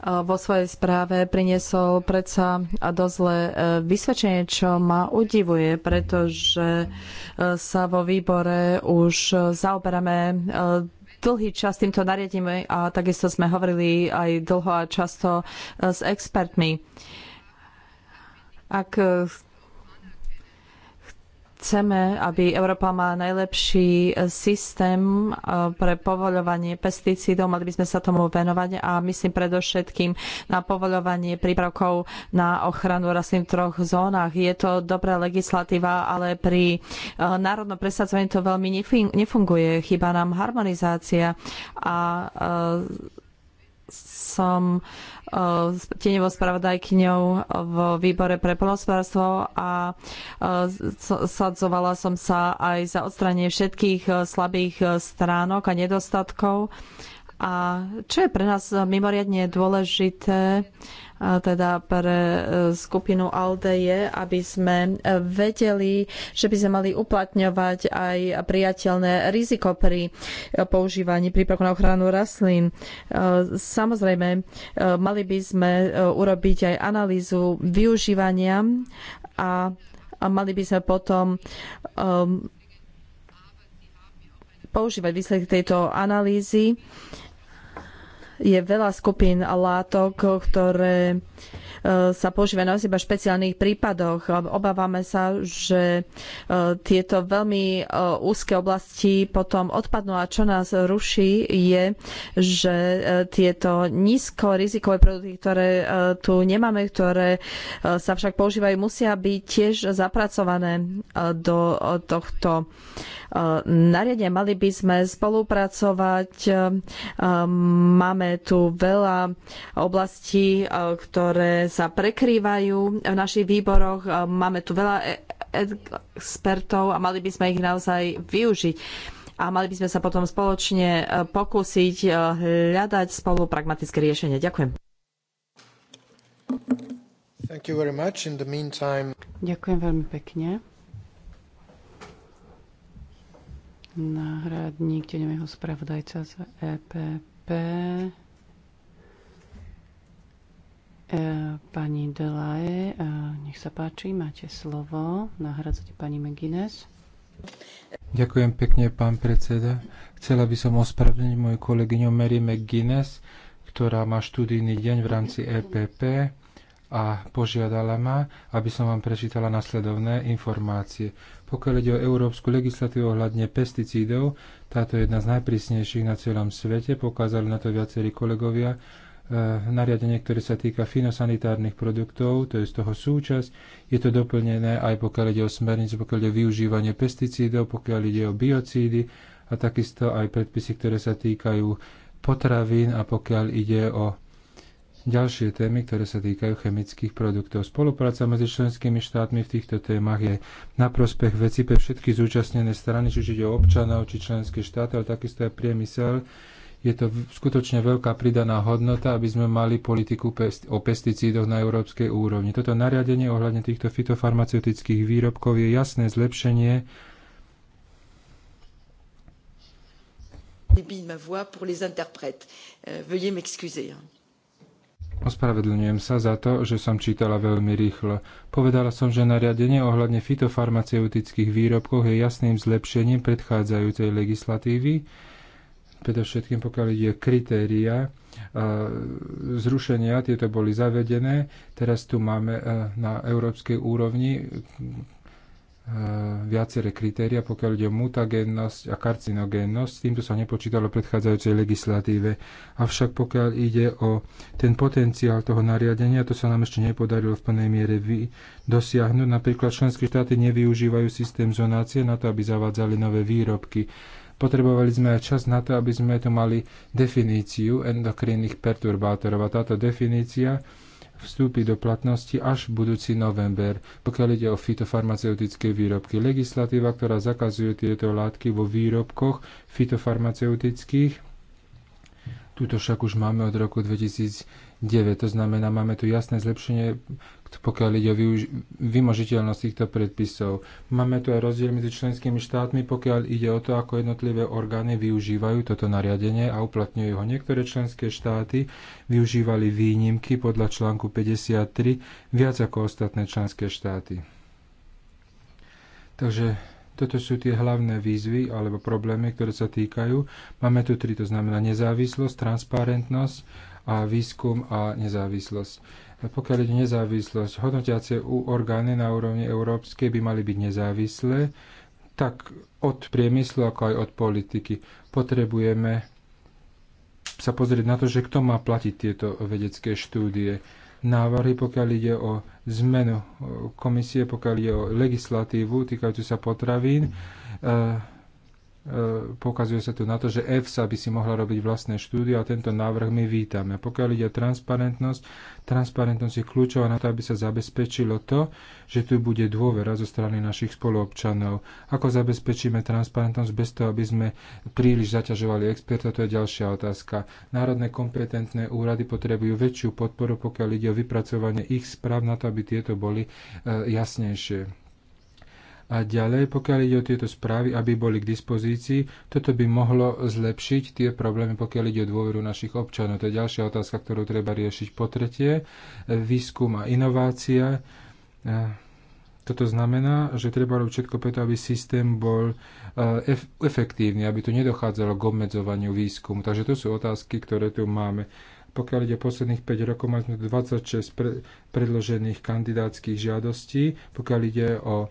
vo svojej správe priniesol predsa dosť zlé e, vysvedčenie, čo ma udivuje, pretože sa vo výbore už zaoberáme dlhý čas týmto nariadením a takisto sme hovorili aj dlho a často s expertmi ak eh, chceme, aby Európa mala najlepší eh, systém eh, pre povoľovanie pesticídov, mali by sme sa tomu venovať a myslím predovšetkým na povoľovanie prípravkov na ochranu rastlín v troch zónach. Je to dobrá legislatíva, ale pri národnom presadzovaní to veľmi nefunguje. Chýba nám harmonizácia a som tenevou spravodajkyňou v výbore pre polospodárstvo a sadzovala som sa aj za odstranie všetkých e, slabých e, stránok a nedostatkov. A čo je pre nás mimoriadne dôležité, teda pre e, skupinu ALDE je, aby sme e, vedeli, že by sme mali uplatňovať aj priateľné riziko pri e, používaní prípravku na ochranu rastlín. Samozrejme, mali by sme urobiť aj analýzu využívania a mali by sme potom používať výsledky tejto analýzy je veľa skupín látok, ktoré e, sa používajú naozaj iba v špeciálnych prípadoch. Obávame sa, že e, tieto veľmi e, úzke oblasti potom odpadnú a čo nás ruší je, že tieto nízko rizikové produkty, ktoré tu nemáme, ktoré sa však používajú, musia byť tiež zapracované do tohto nariadenia. Mali by sme spolupracovať. E, máme tu veľa oblastí, e, ktoré sa prekrývajú v našich výboroch. E, máme tu veľa expertov a mali by sme ich naozaj využiť a mali by sme sa potom spoločne pokúsiť hľadať spolu pragmatické riešenie. Ďakujem. Meantime... Ďakujem veľmi pekne. náhradník teňového spravodajca z EPP, e, pani Delaje. E, nech sa páči, máte slovo. Nahradzate pani McGuinness. Ďakujem pekne, pán predseda. Chcela by som ospravedlniť moju kolegyňu Mary McGuinness, ktorá má študijný deň v rámci EPP a požiadala ma, aby som vám prečítala nasledovné informácie. Pokiaľ ide o európsku legislatívu ohľadne pesticídov, táto je jedna z najprísnejších na celom svete, pokázali na to viacerí kolegovia, e, nariadenie, ktoré sa týka finosanitárnych produktov, to je z toho súčasť. Je to doplnené aj pokiaľ ide o smernicu, pokiaľ ide o využívanie pesticídov, pokiaľ ide o biocídy a takisto aj predpisy, ktoré sa týkajú potravín a pokiaľ ide o ďalšie témy, ktoré sa týkajú chemických produktov. Spolupráca medzi členskými štátmi v týchto témach je na prospech veci pre všetky zúčastnené strany, či ide o občanov, či členské štáty, ale takisto aj priemysel. Je to skutočne veľká pridaná hodnota, aby sme mali politiku o pesticídoch na európskej úrovni. Toto nariadenie ohľadne týchto fitofarmaceutických výrobkov je jasné zlepšenie débit de ma voix pour les interprètes. Euh, veuillez m'excuser. Ospravedlňujem sa za to, že som čítala veľmi rýchlo. Povedala som, že nariadenie ohľadne fitofarmaceutických výrobkov je jasným zlepšením predchádzajúcej legislatívy, predovšetkým pokiaľ ide kritéria zrušenia, tieto boli zavedené. Teraz tu máme e, na európskej úrovni Eh, viaceré kritéria, pokiaľ ide o mutagénnosť a karcinogénnosť. S týmto sa nepočítalo v predchádzajúcej legislatíve. Avšak pokiaľ ide o ten potenciál toho nariadenia, to sa nám ešte nepodarilo v plnej miere vy, dosiahnuť. Napríklad členské štáty nevyužívajú systém zonácie na to, aby zavádzali nové výrobky. Potrebovali sme aj čas na to, aby sme tu mali definíciu endokrinných perturbátorov. A táto definícia vstúpi do platnosti až budúci november, pokiaľ ide o fitofarmaceutické výrobky. Legislatíva, ktorá zakazuje tieto látky vo výrobkoch fitofarmaceutických, túto však už máme od roku 2009, to znamená, máme tu jasné zlepšenie pokiaľ ide o vymožiteľnosť týchto predpisov. Máme tu aj rozdiel medzi členskými štátmi, pokiaľ ide o to, ako jednotlivé orgány využívajú toto nariadenie a uplatňujú ho. Niektoré členské štáty využívali výnimky podľa článku 53 viac ako ostatné členské štáty. Takže toto sú tie hlavné výzvy alebo problémy, ktoré sa týkajú. Máme tu tri, to znamená nezávislosť, transparentnosť a výskum a nezávislosť. Pokiaľ ide nezávislosť, hodnotiace orgány na úrovni európskej by mali byť nezávislé, tak od priemyslu, ako aj od politiky. Potrebujeme sa pozrieť na to, že kto má platiť tieto vedecké štúdie. Návrhy, pokiaľ ide o zmenu e, komisie, pokiaľ ide o legislatívu týkajúcu sa potravín, e, E, pokazuje sa tu na to, že EFSA by si mohla robiť vlastné štúdie a tento návrh my vítame. Pokiaľ ide o transparentnosť, transparentnosť je kľúčová na to, aby sa zabezpečilo to, že tu bude dôvera zo strany našich spoluobčanov. Ako zabezpečíme transparentnosť bez toho, aby sme príliš zaťažovali experta, to je ďalšia otázka. Národné kompetentné úrady potrebujú väčšiu podporu, pokiaľ ide o vypracovanie ich správ na to, aby tieto boli e, jasnejšie a ďalej, pokiaľ ide o tieto správy, aby boli k dispozícii, toto by mohlo zlepšiť tie problémy, pokiaľ ide o dôveru našich občanov. To je ďalšia otázka, ktorú treba riešiť. Po tretie, výskum a inovácia. E, toto znamená, že treba robiť všetko preto, aby systém bol e, efektívny, aby tu nedochádzalo k obmedzovaniu výskumu. Takže to sú otázky, ktoré tu máme. Pokiaľ ide posledných 5 rokov, máme 26 predložených kandidátskych žiadostí. Pokiaľ ide o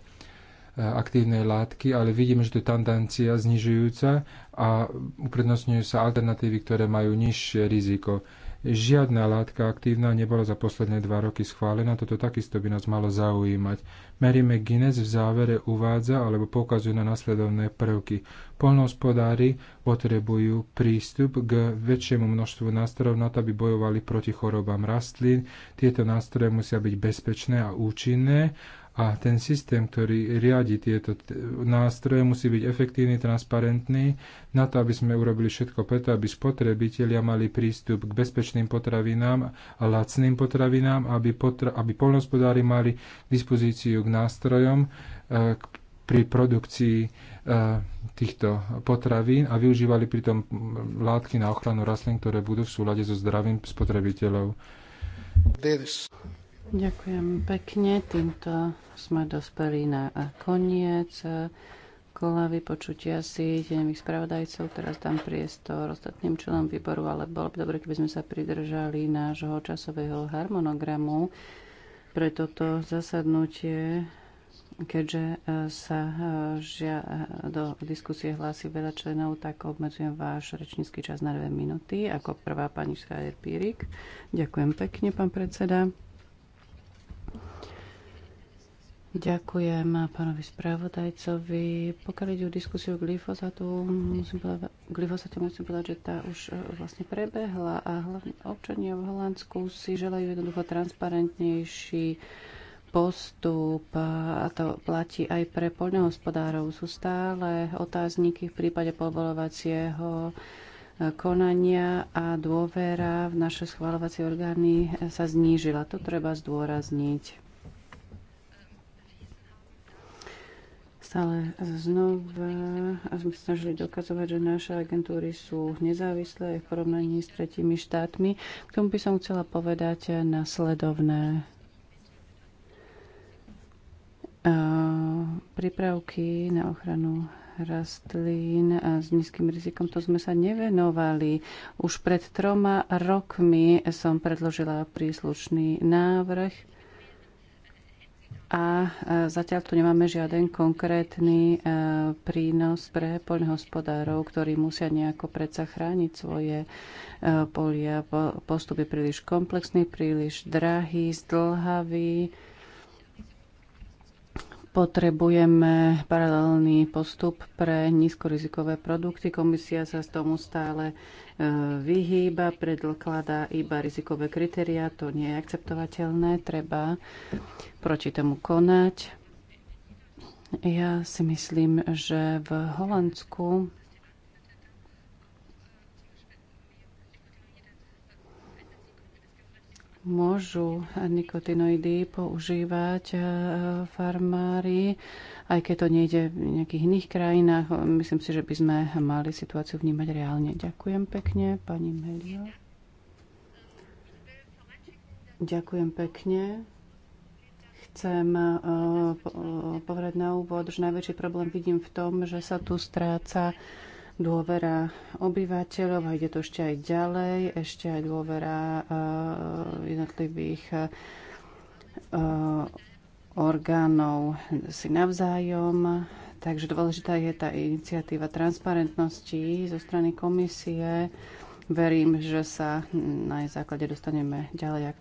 aktívnej látky, ale vidíme, že to je tendencia znižujúca a uprednostňujú sa alternatívy, ktoré majú nižšie riziko. Žiadna látka aktívna nebola za posledné dva roky schválená, toto takisto by nás malo zaujímať. Mary McGuinness v závere uvádza alebo poukazuje na nasledovné prvky. Polnohospodári potrebujú prístup k väčšiemu množstvu nástrojov na to, aby bojovali proti chorobám rastlín. Tieto nástroje musia byť bezpečné a účinné a ten systém, ktorý riadi tieto nástroje, musí byť efektívny, transparentný, na to, aby sme urobili všetko preto, aby spotrebitelia mali prístup k bezpečným potravinám a lacným potravinám, aby, potra- aby polnospodári mali dispozíciu k nástrojom, e, k pri produkcii e, týchto potravín a využívali pritom látky na ochranu rastlín, ktoré budú v súlade so zdravím spotrebiteľov. Ďakujem pekne. Týmto sme dospeli na koniec kola vypočutia si deňových spravodajcov. Teraz dám priestor ostatným členom výboru, ale bolo by dobre, keby sme sa pridržali nášho časového harmonogramu pre toto zasadnutie, keďže e, sa e, žia, e, do diskusie hlási veľa členov, tak obmedzujem váš rečnícky čas na dve minúty. Ako prvá pani Schreier-Pírik. Ďakujem pekne, pán predseda. Ďakujem pánovi spravodajcovi. Pokiaľ ide o diskusiu glyfosátu, musím povedať, glyfosátu musím povedať, že tá už e, vlastne prebehla a hlavne občania v Holandsku si želajú jednoducho transparentnejší postup a to platí aj pre poľnohospodárov. Sú stále otázniky v prípade povolovacieho e, konania a dôvera v naše schváľovacie orgány sa znížila. To treba zdôrazniť. Stále znova sme snažili dokazovať, že naše agentúry sú nezávislé v porovnaní s tretími štátmi. K tomu by som chcela povedať nasledovné. Prípravky na ochranu rastlín a s nízkym rizikom, to sme sa nevenovali. Už pred troma rokmi som predložila príslušný návrh a e, zatiaľ tu nemáme žiaden konkrétny e, prínos pre poľnohospodárov, ktorí musia nejako predsa chrániť svoje e, polia. Postup je príliš komplexný, príliš drahý, zdlhavý Potrebujeme paralelný postup pre nízkorizikové produkty. Komisia sa z tomu stále e, vyhýba, predkladá iba rizikové kritéria. To nie je akceptovateľné. Treba proti tomu konať. Ja si myslím, že v Holandsku môžu nikotinoidy používať e, farmári, aj keď to nejde v nejakých iných krajinách. Myslím si, že by sme mali situáciu vnímať reálne. Ďakujem pekne, pani Melio. Ďakujem pekne chcem e, e, povedať na úvod, že najväčší problém vidím v tom, že sa tu stráca dôvera obyvateľov a ide to ešte aj ďalej, ešte aj dôvera eh, jednotlivých eh, orgánov si navzájom. Takže dôležitá je tá iniciatíva transparentnosti zo strany komisie verím, že sa na jej základe dostaneme ďalej. Ak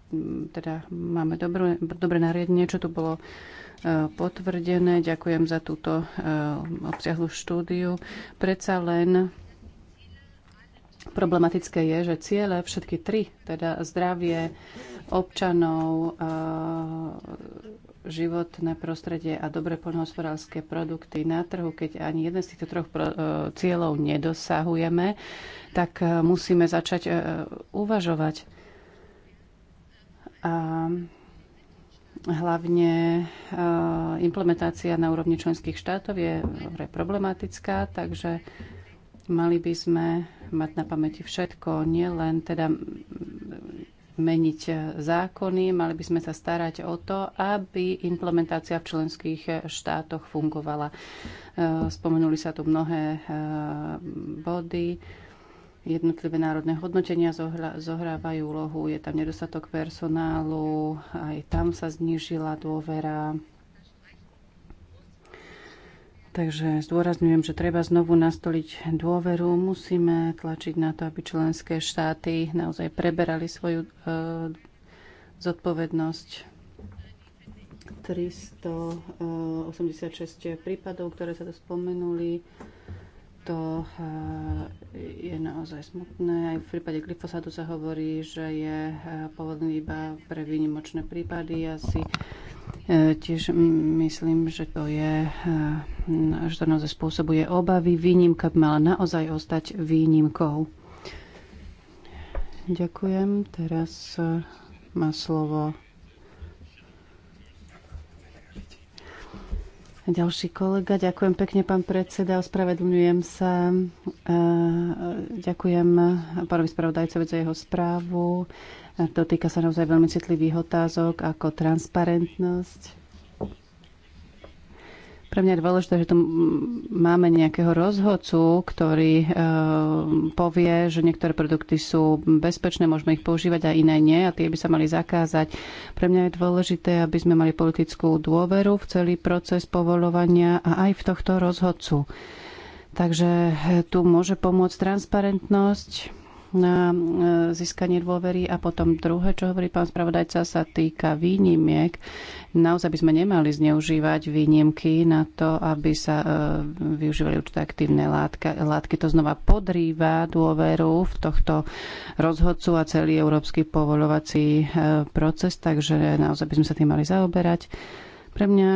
teda máme dobré, dobré nariadenie, čo tu bolo e, potvrdené. Ďakujem za túto e, obsiahlu štúdiu. Predsa len problematické je, že ciele všetky tri, teda zdravie občanov, e, životné prostredie a dobre poľnohospodárske produkty na trhu, keď ani jeden z týchto troch e, cieľov nedosahujeme, tak e, musíme začať e, uvažovať. A hlavne implementácia na úrovni členských štátov je problematická, takže mali by sme mať na pamäti všetko, nielen teda meniť zákony, mali by sme sa starať o to, aby implementácia v členských štátoch fungovala. E, spomenuli sa tu mnohé e, body. Jednotlivé národné hodnotenia zohrávajú úlohu, je tam nedostatok personálu, aj tam sa znížila dôvera Takže zdôrazňujem, že treba znovu nastoliť dôveru. Musíme tlačiť na to, aby členské štáty naozaj preberali svoju e, zodpovednosť. 386 e, prípadov, ktoré sa to spomenuli, to e, je naozaj smutné. Aj v prípade glyfosátu sa hovorí, že je e, povodný iba pre výnimočné prípady. Asi E, tiež myslím, že to je, e, že to naozaj spôsobuje obavy. Výnimka by mala naozaj ostať výnimkou. Ďakujem. Teraz e, má slovo Ďalší kolega, ďakujem pekne, pán predseda, ospravedlňujem sa. Ďakujem pánovi spravodajcovi za jeho správu. To týka sa naozaj veľmi citlivých otázok ako transparentnosť. Pre mňa je dôležité, že tu máme nejakého rozhodcu, ktorý e, povie, že niektoré produkty sú bezpečné, môžeme ich používať a iné nie a tie by sa mali zakázať. Pre mňa je dôležité, aby sme mali politickú dôveru v celý proces povolovania a aj v tohto rozhodcu. Takže e, tu môže pomôcť transparentnosť na e, získanie dôvery. A potom druhé, čo hovorí pán spravodajca, sa týka výnimiek. Naozaj by sme nemali zneužívať výnimky na to, aby sa e, využívali určité aktívne látka, látky. To znova podrýva dôveru v tohto rozhodcu a celý európsky povolovací e, proces, takže naozaj by sme sa tým mali zaoberať. Pre mňa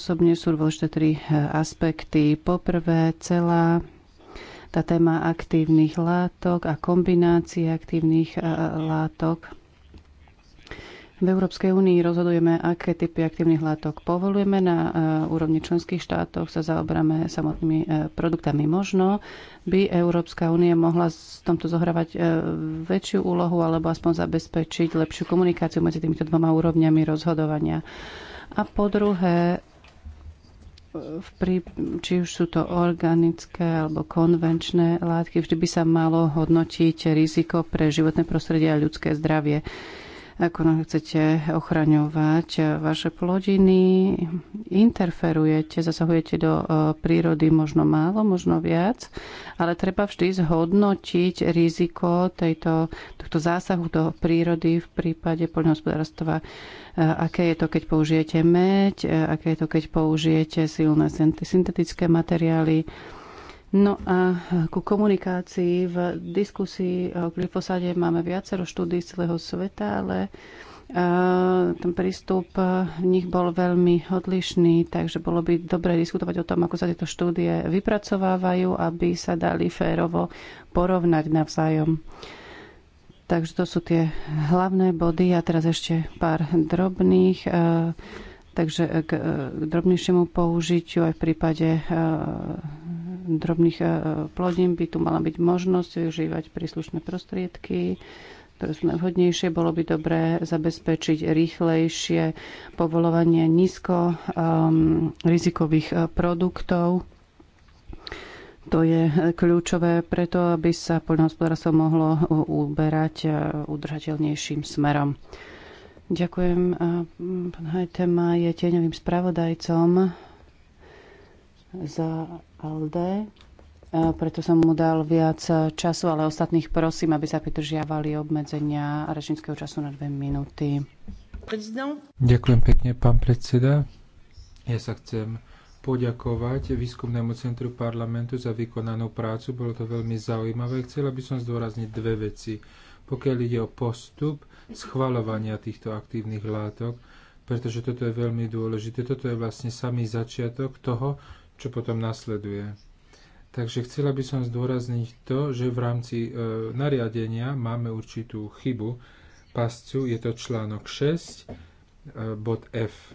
osobne sú dôležité tri aspekty. Poprvé, celá tá téma aktívnych látok a kombinácie aktívnych e, látok. V Európskej únii rozhodujeme, aké typy aktívnych látok povolujeme. Na e, úrovni členských štátov sa zaoberáme samotnými e, produktami. Možno by Európska únia mohla v tomto zohrávať väčšiu úlohu alebo aspoň zabezpečiť lepšiu komunikáciu medzi týmito dvoma úrovňami rozhodovania. A po druhé, v prí, či už sú to organické alebo konvenčné látky, vždy by sa malo hodnotiť riziko pre životné prostredie a ľudské zdravie ako no, chcete ochraňovať eh, vaše plodiny, interferujete, zasahujete do eh, prírody možno málo, možno viac, ale treba vždy zhodnotiť riziko tejto, tohto zásahu do prírody v prípade poľnohospodárstva. Eh, aké je to, keď použijete meď, aké je to, keď použijete silné syntetické materiály, No a ku komunikácii v diskusii o glyfosáde máme viacero štúdí z celého sveta, ale ten prístup v nich bol veľmi odlišný, takže bolo by dobre diskutovať o tom, ako sa tieto štúdie vypracovávajú, aby sa dali férovo porovnať navzájom. Takže to sú tie hlavné body a teraz ešte pár drobných. Takže k e, drobnejšiemu použitiu aj v prípade drobných e, plodín by tu mala byť možnosť využívať príslušné prostriedky, ktoré sú najvhodnejšie. Bolo by dobré zabezpečiť rýchlejšie povolovanie nízko um, rizikových e, produktov. To je kľúčové preto, aby sa poľnohospodárstvo mohlo uberať e, udržateľnejším smerom. Ďakujem. Pán Hajtema je tieňovým spravodajcom za Alde, e, preto som mu dal viac času, ale ostatných prosím, aby sa pridržiavali obmedzenia režimského času na dve minúty. Ďakujem pekne, pán predseda. Ja sa chcem poďakovať Výskumnému centru parlamentu za vykonanú prácu. Bolo to veľmi zaujímavé. Chcela by som zdôrazniť dve veci. Pokiaľ ide o postup schvalovania týchto aktívnych látok, pretože toto je veľmi dôležité. Toto je vlastne samý začiatok toho, čo potom nasleduje. Takže chcela by som zdôrazniť to, že v rámci e, nariadenia máme určitú chybu pascu, je to článok 6, e, bod F,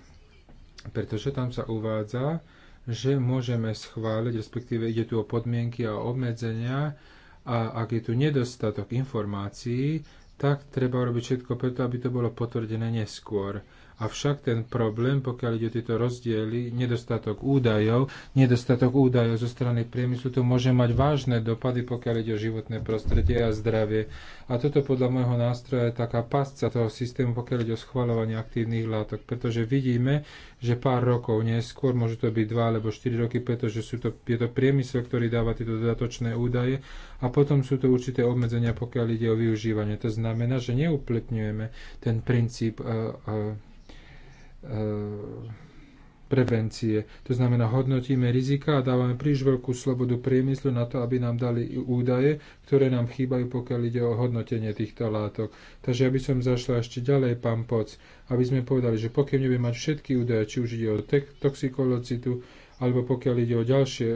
pretože tam sa uvádza, že môžeme schváliť, respektíve ide tu o podmienky a obmedzenia a ak je tu nedostatok informácií, tak treba urobiť všetko preto, aby to bolo potvrdené neskôr. Avšak ten problém, pokiaľ ide o tieto rozdiely, nedostatok údajov, nedostatok údajov zo strany priemyslu, to môže mať vážne dopady, pokiaľ ide o životné prostredie a zdravie. A toto podľa môjho nástroja je taká pasca toho systému, pokiaľ ide o schvaľovanie aktívnych látok, pretože vidíme, že pár rokov neskôr, môže to byť 2 alebo 4 roky, pretože sú to, je to priemysel, ktorý dáva tieto dodatočné údaje a potom sú to určité obmedzenia, pokiaľ ide o využívanie. To znamená, že neupletňujeme ten princíp uh, uh, E, prevencie. To znamená, hodnotíme rizika a dávame príliš veľkú slobodu priemyslu na to, aby nám dali údaje, ktoré nám chýbajú, pokiaľ ide o hodnotenie týchto látok. Takže aby som zašla ešte ďalej, pán Poc, aby sme povedali, že pokiaľ nebudem mať všetky údaje, či už ide o toxikolocitu, alebo pokiaľ ide o ďalšie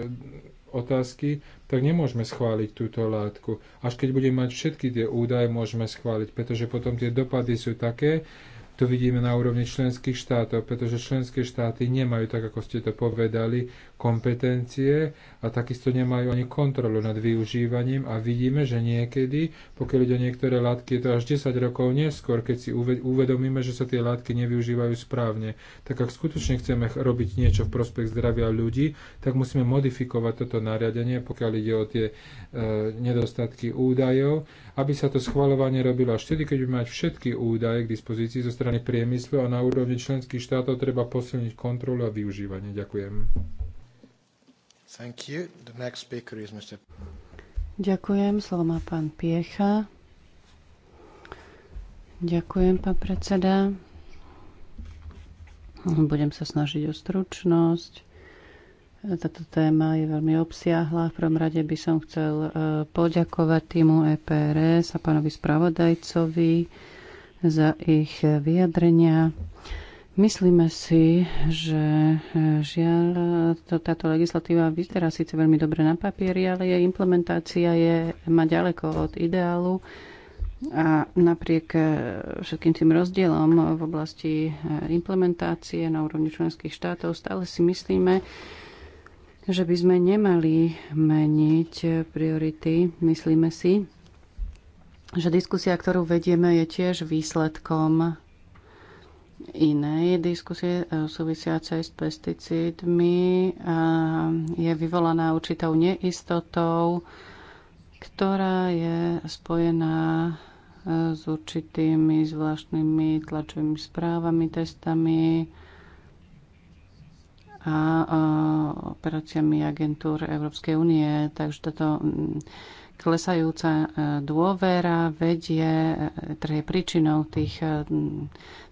otázky, tak nemôžeme schváliť túto látku. Až keď budeme mať všetky tie údaje, môžeme schváliť, pretože potom tie dopady sú také, to vidíme na úrovni členských štátov, pretože členské štáty nemajú, tak ako ste to povedali, kompetencie a takisto nemajú ani kontrolu nad využívaním a vidíme, že niekedy, pokiaľ ide o niektoré látky, je to až 10 rokov neskôr, keď si uvedomíme, že sa tie látky nevyužívajú správne. Tak ak skutočne chceme robiť niečo v prospech zdravia ľudí, tak musíme modifikovať toto nariadenie, pokiaľ ide o tie e, nedostatky údajov, aby sa to schvalovanie robilo až vtedy, keď by mať všetky údaje k dispozícii zo strany priemyslu a na úrovni členských štátov treba posilniť kontrolu a využívanie. Ďakujem. Thank you. The next speaker is Mr. Ďakujem. Slovo má pán Piecha. Ďakujem, pán predseda. Budem sa snažiť o stručnosť. Táto téma je veľmi obsiahla. V prvom rade by som chcel e, poďakovať týmu EPRS a pánovi spravodajcovi za ich vyjadrenia. Myslíme si, že e, žiaľ, to, táto legislatíva vyzerá síce veľmi dobre na papieri, ale jej implementácia je, má ďaleko od ideálu a napriek e, všetkým tým rozdielom v oblasti e, implementácie na úrovni členských štátov stále si myslíme, že by sme nemali meniť priority. Myslíme si, že diskusia, ktorú vedieme, je tiež výsledkom Iné diskusie e, súvisiace s pesticídmi e, je vyvolaná určitou neistotou, ktorá je spojená e, s určitými zvláštnymi tlačovými správami, testami a operáciami agentúr Európskej únie. Takže toto klesajúca e, dôvera vedie, teda je príčinou tých e,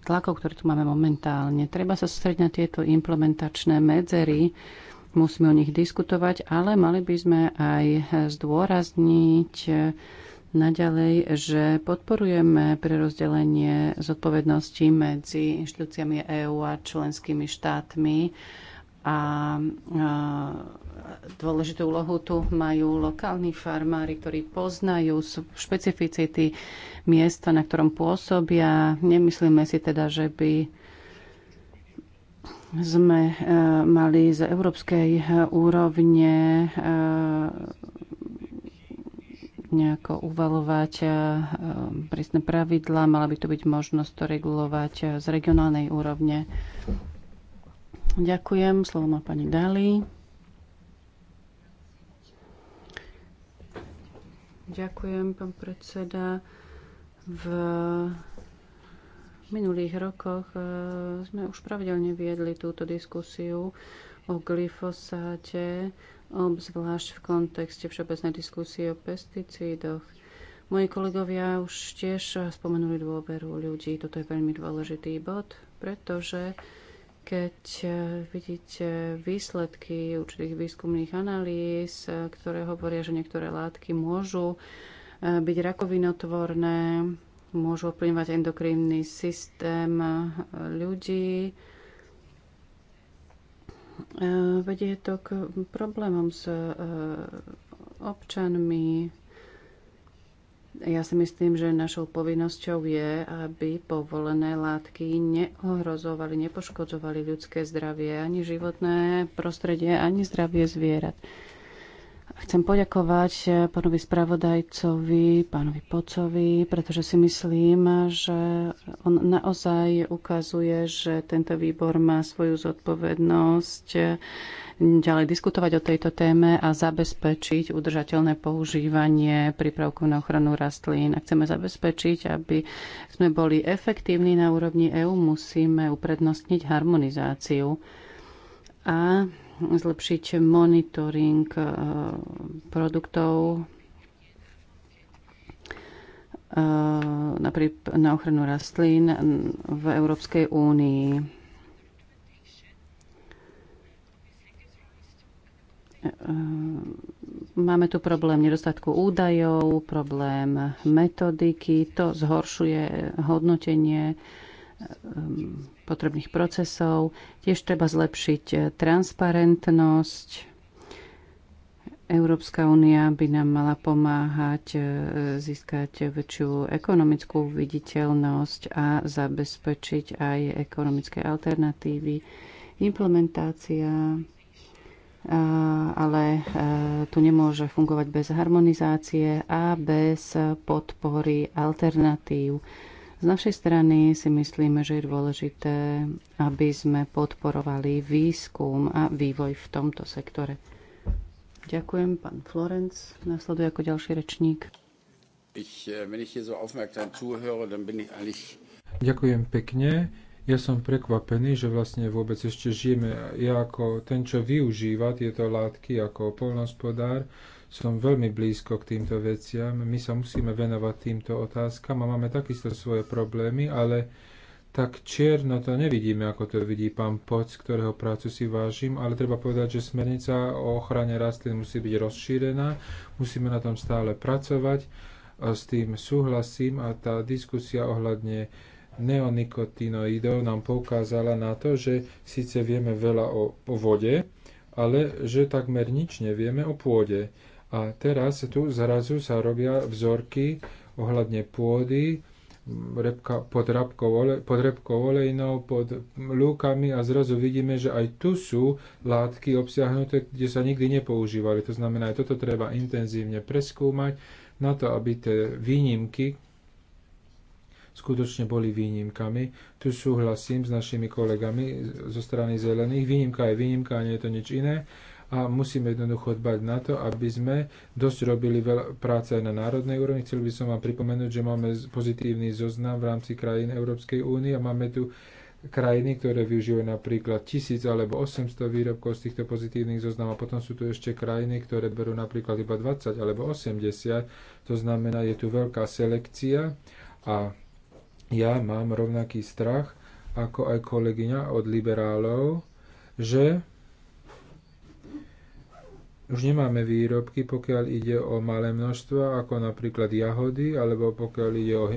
tlakov, ktoré tu máme momentálne. Treba sa sústrediť na tieto implementačné medzery, musíme o nich diskutovať, ale mali by sme aj zdôrazniť naďalej, že podporujeme prerozdelenie zodpovednosti medzi inštitúciami EÚ a členskými štátmi a dôležitú úlohu tu majú lokálni farmári, ktorí poznajú špecificity miesta, na ktorom pôsobia. Nemyslíme si teda, že by sme e, mali z európskej e, úrovne e, nejako uvalovať prísne pravidlá, mala by to byť možnosť to regulovať z regionálnej úrovne. Ďakujem. Slovo má pani Dali. Ďakujem, pán predseda. V minulých rokoch e, sme už pravidelne viedli túto diskusiu o glyfosáte, obzvlášť v kontexte všeobecnej diskusie o pesticídoch. Moji kolegovia už tiež spomenuli dôveru ľudí. Toto je veľmi dôležitý bod, pretože keď e, vidíte výsledky určitých výskumných analýz, e, ktoré hovoria, že niektoré látky môžu e, byť rakovinotvorné, môžu ovplyvňovať endokrínny systém ľudí. Vedie to k problémom s občanmi, ja si myslím, že našou povinnosťou je, aby povolené látky neohrozovali, nepoškodzovali ľudské zdravie, ani životné prostredie, ani zdravie zvierat. Chcem poďakovať pánovi spravodajcovi, pánovi Pocovi, pretože si myslím, že on naozaj ukazuje, že tento výbor má svoju zodpovednosť ďalej diskutovať o tejto téme a zabezpečiť udržateľné používanie prípravkov na ochranu rastlín. Ak chceme zabezpečiť, aby sme boli efektívni na úrovni EÚ, musíme uprednostniť harmonizáciu a zlepšiť monitoring eh, produktov eh, na ochranu rastlín v Európskej únii Ehm, máme tu problém nedostatku údajov, problém metodiky, to zhoršuje hodnotenie ehm, potrebných procesov. Tiež treba zlepšiť eh, transparentnosť. Európska únia by nám mala pomáhať eh, získať väčšiu ekonomickú viditeľnosť a zabezpečiť aj ekonomické alternatívy. Implementácia ale e, tu nemôže fungovať bez harmonizácie a bez podpory alternatív. Z našej strany si myslíme, že je dôležité, aby sme podporovali výskum a vývoj v tomto sektore. Ďakujem. Pán Florenc nasleduje ako ďalší rečník. Ich, e, wenn ich hier so aufmerksam zuhöre, dann bin ich eigentlich... Ďakujem pekne. Ja som prekvapený, že vlastne vôbec ešte žijeme. Ja ako ten, čo využíva tieto látky ako polnospodár, som veľmi blízko k týmto veciam. My sa musíme venovať týmto otázkam a máme takisto svoje problémy, ale tak čierno to nevidíme, ako to vidí pán Poc, ktorého prácu si vážim, ale treba povedať, že smernica o ochrane rastlín musí byť rozšírená, musíme na tom stále pracovať, a s tým súhlasím a tá diskusia ohľadne neonikotinoidov nám poukázala na to, že síce vieme veľa o, o vode, ale že takmer nič nevieme o pôde. A teraz tu zrazu sa robia vzorky ohľadne pôdy, repka, pod, rapkovole, pod repkou olejnou, pod lúkami a zrazu vidíme, že aj tu sú látky obsiahnuté, kde sa nikdy nepoužívali. To znamená, aj toto treba intenzívne preskúmať na to, aby tie výnimky, skutočne boli výnimkami. Tu súhlasím s našimi kolegami zo strany zelených. Výnimka je výnimka a nie je to nič iné. A musíme jednoducho dbať na to, aby sme dosť robili veľa práce aj na národnej úrovni. Chcel by som vám pripomenúť, že máme pozitívny zoznam v rámci krajín Európskej únie a máme tu krajiny, ktoré využívajú napríklad 1000 alebo 800 výrobkov z týchto pozitívnych zoznam a potom sú tu ešte krajiny, ktoré berú napríklad iba 20 alebo 80. To znamená, je tu veľká selekcia a ja mám rovnaký strach, ako aj kolegyňa od liberálov, že už nemáme výrobky, pokiaľ ide o malé množstva, ako napríklad jahody, alebo pokiaľ ide o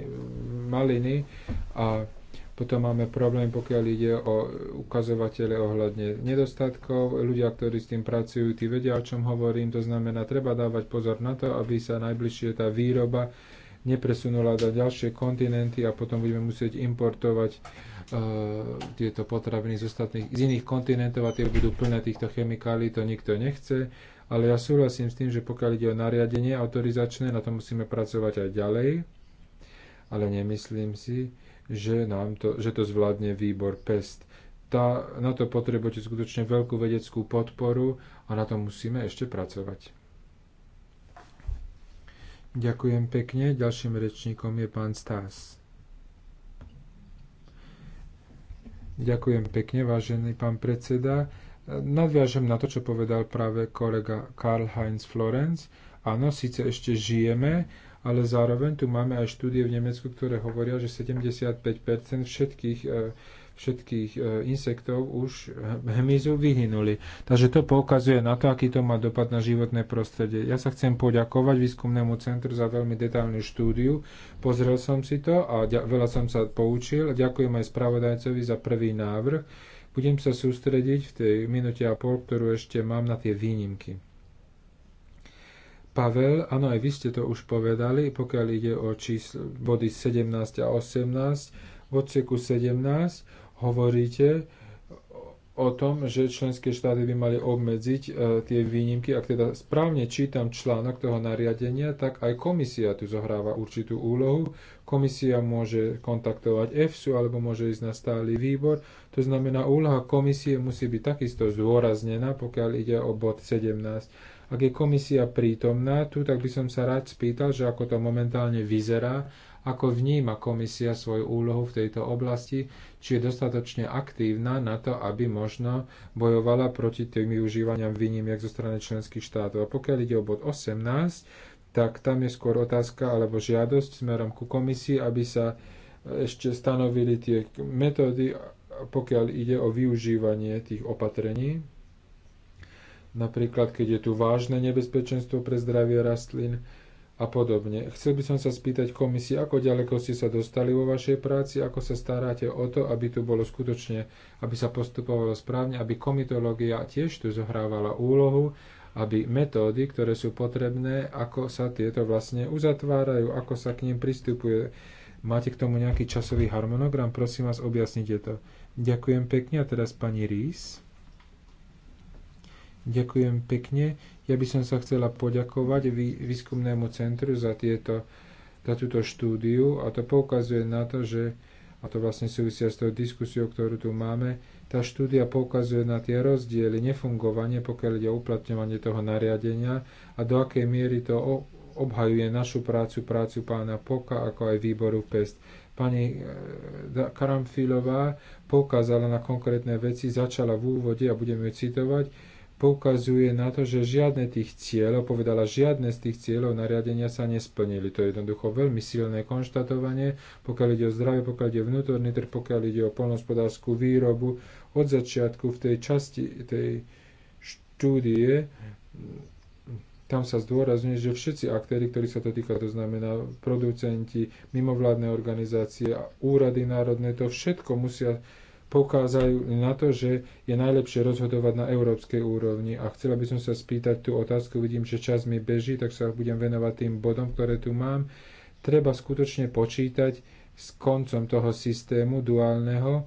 maliny a potom máme problém, pokiaľ ide o ukazovatele ohľadne nedostatkov. Ľudia, ktorí s tým pracujú, tí vedia, o čom hovorím. To znamená, treba dávať pozor na to, aby sa najbližšie tá výroba nepresunula na ďalšie kontinenty a potom budeme musieť importovať uh, tieto potraviny z, ostatných, z iných kontinentov a tie budú plné týchto chemikálií, to nikto nechce. Ale ja súhlasím s tým, že pokiaľ ide o nariadenie autorizačné, na to musíme pracovať aj ďalej. Ale nemyslím si, že, nám to, že to zvládne výbor PEST. Tá, na to potrebujete skutočne veľkú vedeckú podporu a na to musíme ešte pracovať. Ďakujem pekne. Ďalším rečníkom je pán Stás. Ďakujem pekne, vážený pán predseda. Nadviažem na to, čo povedal práve kolega Karl-Heinz Florenz. Áno, síce ešte žijeme, ale zároveň tu máme aj štúdie v Nemecku, ktoré hovoria, že 75% všetkých e, všetkých e, insektov už hmyzu vyhynuli. Takže to poukazuje na to, aký to má dopad na životné prostredie. Ja sa chcem poďakovať výskumnému centru za veľmi detailnú štúdiu. Pozrel som si to a veľa som sa poučil. Ďakujem aj spravodajcovi za prvý návrh. Budem sa sústrediť v tej minúte a pol, ktorú ešte mám na tie výnimky. Pavel, áno, aj vy ste to už povedali, pokiaľ ide o čísl, body 17 a 18, v odseku 17 hovoríte o tom, že členské štáty by mali obmedziť e, tie výnimky. Ak teda správne čítam článok toho nariadenia, tak aj komisia tu zohráva určitú úlohu. Komisia môže kontaktovať EFSU alebo môže ísť na stály výbor. To znamená, úloha komisie musí byť takisto zdôraznená, pokiaľ ide o bod 17. Ak je komisia prítomná tu, tak by som sa rád spýtal, že ako to momentálne vyzerá ako vníma komisia svoju úlohu v tejto oblasti, či je dostatočne aktívna na to, aby možno bojovala proti tým využívaniam výnimiek zo strany členských štátov. A pokiaľ ide o bod 18, tak tam je skôr otázka alebo žiadosť smerom ku komisii, aby sa ešte stanovili tie metódy, pokiaľ ide o využívanie tých opatrení. Napríklad, keď je tu vážne nebezpečenstvo pre zdravie rastlín, a podobne. Chcel by som sa spýtať komisie, ako ďaleko ste sa dostali vo vašej práci, ako sa staráte o to, aby tu bolo skutočne, aby sa postupovalo správne, aby komitológia tiež tu zohrávala úlohu, aby metódy, ktoré sú potrebné, ako sa tieto vlastne uzatvárajú, ako sa k ním pristupuje. Máte k tomu nejaký časový harmonogram? Prosím vás, objasnite to. Ďakujem pekne a teraz pani Rís. Ďakujem pekne. Ja by som sa chcela poďakovať výskumnému centru za, tieto, za túto štúdiu a to poukazuje na to, že a to vlastne súvisia s tou diskusiou, ktorú tu máme, tá štúdia poukazuje na tie rozdiely, nefungovanie, pokiaľ ide o uplatňovanie toho nariadenia a do akej miery to obhajuje našu prácu, prácu pána Poka, ako aj výboru PEST. Pani e, Karamfilová poukázala na konkrétne veci, začala v úvode a budeme ju citovať, poukazuje na to, že žiadne tých cieľov, povedala, žiadne z tých cieľov nariadenia sa nesplnili. To je jednoducho veľmi silné konštatovanie, pokiaľ ide o zdravie, pokiaľ ide o vnútorný trh, pokiaľ ide o polnospodárskú výrobu. Od začiatku v tej časti tej štúdie tam sa zdôrazňuje, že všetci aktéry, ktorí sa to týka, to znamená producenti, mimovládne organizácie, úrady národné, to všetko musia poukázajú na to, že je najlepšie rozhodovať na európskej úrovni. A chcela by som sa spýtať tú otázku, vidím, že čas mi beží, tak sa budem venovať tým bodom, ktoré tu mám. Treba skutočne počítať s koncom toho systému duálneho,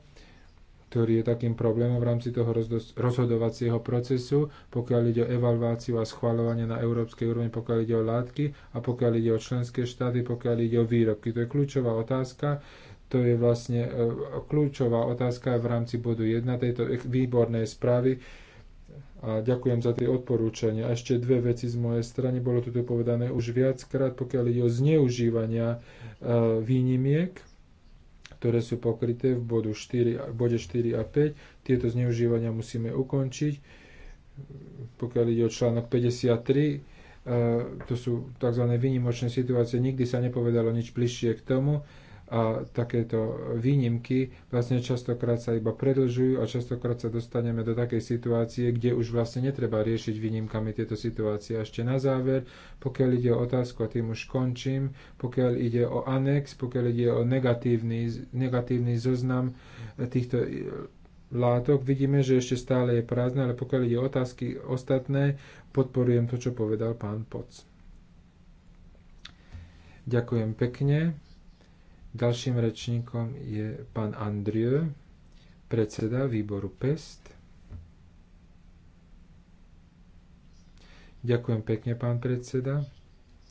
ktorý je takým problémom v rámci toho rozhodovacieho procesu, pokiaľ ide o evalváciu a schvaľovanie na európskej úrovni, pokiaľ ide o látky a pokiaľ ide o členské štáty, pokiaľ ide o výrobky. To je kľúčová otázka. To je vlastne e, kľúčová otázka v rámci bodu 1 tejto výbornej správy. A ďakujem za tie odporúčania. A ešte dve veci z mojej strany. Bolo tu povedané už viackrát, pokiaľ ide o zneužívania e, výnimiek ktoré sú pokryté v, bodu 4, v bode 4 a 5. Tieto zneužívania musíme ukončiť. Pokiaľ ide o článok 53, e, to sú tzv. výnimočné situácie. Nikdy sa nepovedalo nič bližšie k tomu a takéto výnimky vlastne častokrát sa iba predlžujú a častokrát sa dostaneme do takej situácie, kde už vlastne netreba riešiť výnimkami tieto situácie. A ešte na záver, pokiaľ ide o otázku, a tým už končím, pokiaľ ide o anex, pokiaľ ide o negatívny, negatívny zoznam týchto e, látok, vidíme, že ešte stále je prázdne, ale pokiaľ ide o otázky ostatné, podporujem to, čo povedal pán Poc. Ďakujem pekne. Ďalším rečníkom je pán Andrieu, predseda výboru PEST. Ďakujem pekne, pán predseda.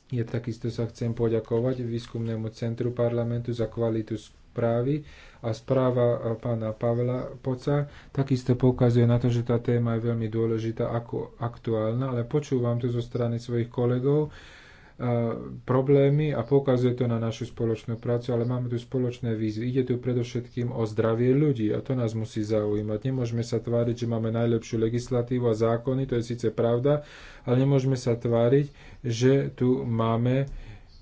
Ja takisto sa chcem poďakovať Výskumnému centru parlamentu za kvalitu správy a správa e, pána Pavla Poca takisto poukazuje na to, že tá téma je veľmi dôležitá ako aktuálna, ale počúvam to zo strany svojich kolegov, problémy a pokazuje to na našu spoločnú prácu, ale máme tu spoločné výzvy. Ide tu predovšetkým o zdravie ľudí a to nás musí zaujímať. Nemôžeme sa tváriť, že máme najlepšiu legislatívu a zákony, to je síce pravda, ale nemôžeme sa tváriť, že tu máme